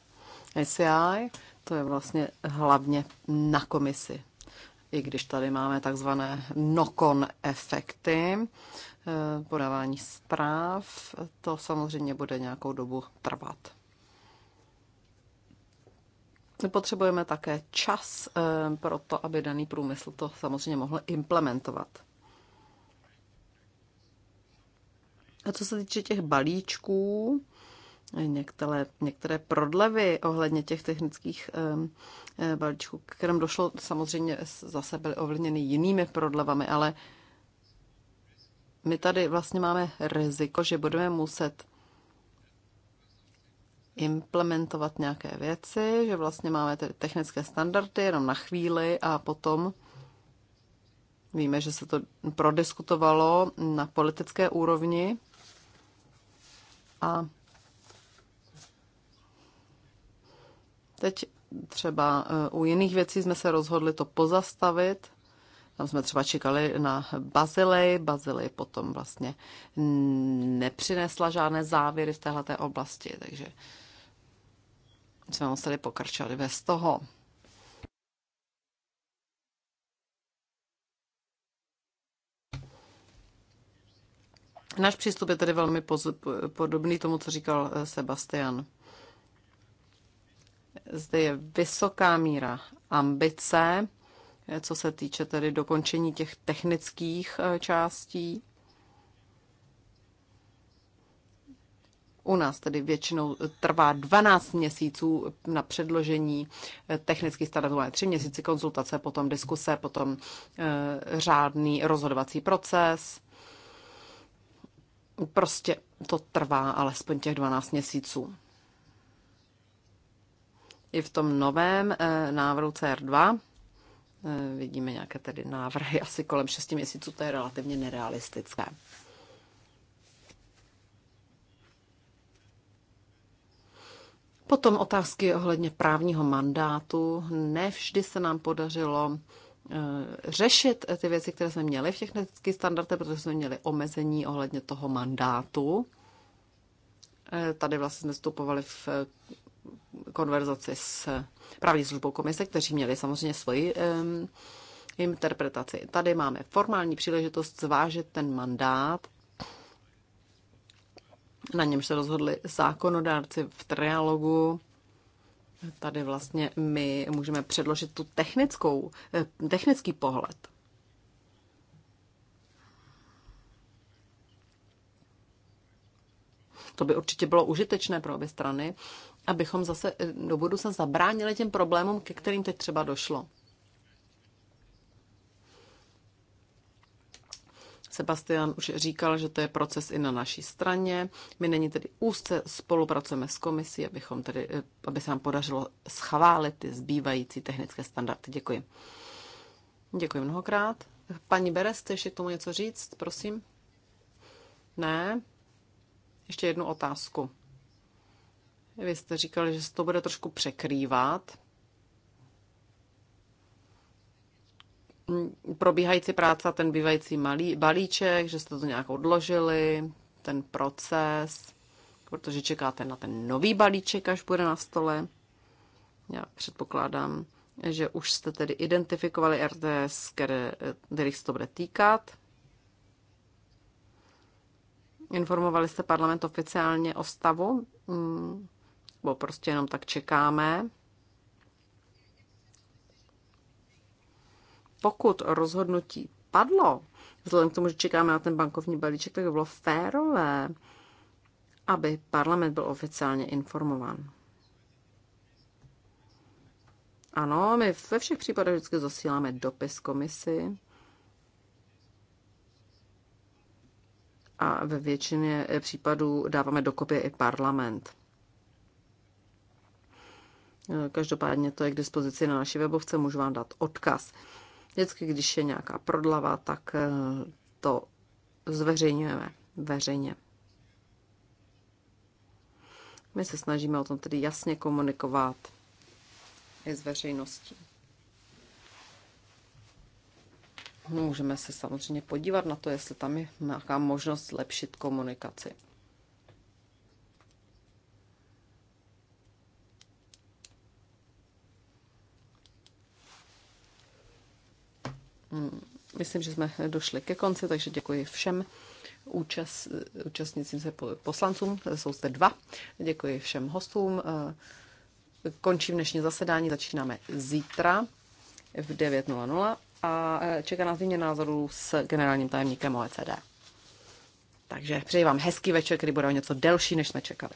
SCI, to je vlastně hlavně na komisi. I když tady máme takzvané nokon efekty, eh, podávání zpráv, to samozřejmě bude nějakou dobu trvat. Potřebujeme také čas eh, pro to, aby daný průmysl to samozřejmě mohl implementovat. A co se týče těch balíčků, některé, některé prodlevy ohledně těch technických ehm, eh, balíčků, k kterým došlo, samozřejmě zase byly ovlivněny jinými prodlevami, ale my tady vlastně máme riziko, že budeme muset implementovat nějaké věci, že vlastně máme tedy technické standardy jenom na chvíli a potom víme, že se to prodiskutovalo na politické úrovni a teď třeba eh, u jiných věcí jsme se rozhodli to pozastavit. Tam jsme třeba čekali na Bazilej. Bazilej potom vlastně nepřinesla žádné závěry v této oblasti, takže jsme museli pokračovat bez toho. Náš přístup je tedy velmi podobný tomu, co říkal eh, Sebastian. Zde je vysoká míra ambice, eh, co se týče tedy dokončení těch technických eh, částí. U nás tedy většinou trvá 12 měsíců na předložení eh, technických standardů, ale 3 měsíce konzultace, potom diskuse, potom eh, řádný rozhodovací proces. Prostě to trvá alespoň těch 12 měsíců. I v tom novém eh, návrhu CR2 vidíme nějaké tedy návrhy asi kolem 6 měsíců, to je relativně nerealistické. Potom otázky ohledně právního mandátu. Nevždy se nám podařilo eh, řešit ty věci, které jsme měli v technických standardech, protože jsme měli omezení ohledně toho mandátu. Eh, tady vlastně jsme vstupovali v eh, konverzaci s právní službou komise, kteří měli samozřejmě svoji interpretaci. Tady máme formální příležitost zvážit ten mandát na něm se rozhodli zákonodárci v trialogu. Tady vlastně my můžeme předložit tu technickou, eh, technický pohled. To by určitě bylo užitečné pro obě strany, abychom zase eh, do budoucna zabránili těm problémům, ke kterým teď třeba došlo. Sebastian už říkal, že to je proces i na naší straně. My není tedy úzce spolupracujeme s komisí, abychom tedy, eh, aby se nám podařilo schválit ty zbývající technické standardy. Děkuji. Děkuji mnohokrát. Paní Beres, chceš ještě k tomu něco říct, prosím? Ne? Ještě jednu otázku. Vy jste říkali, že se to bude trošku překrývat. Mm, probíhající práce, ten bývající malý balíček, že jste to nějak odložili, ten proces, protože čekáte na ten nový balíček, až bude na stole. Já předpokládám, že už jste tedy identifikovali RTS, které, kterých se to bude týkat. Informovali jste parlament oficiálně o stavu? Mm, bo prostě jenom tak čekáme? pokud rozhodnutí padlo, vzhledem k tomu, že čekáme na ten bankovní balíček, tak by bylo férové, aby parlament byl oficiálně informován. Ano, my ve všech případech vždycky zasíláme dopis komisi a ve většině případů dáváme dokopy i parlament. Každopádně to je k dispozici na naší webovce, můžu vám dát odkaz. Vždycky, když je nějaká prodlava, tak eh, to zveřejňujeme veřejně. My se snažíme o tom tedy jasně komunikovat i s veřejností. Můžeme se samozřejmě podívat na to, jestli tam je nějaká možnost zlepšit komunikaci. Mm, myslím, že jsme došli ke konci, takže děkuji všem účast, účastnicím se poslancům, jsou zde dva. Děkuji všem hostům. Eh, končím dnešní zasedání, začínáme zítra v 9.00 a eh, čeká nás výměna názorů s generálním tajemníkem OECD. Takže přeji vám hezký večer, který bude o něco delší, než jsme čekali.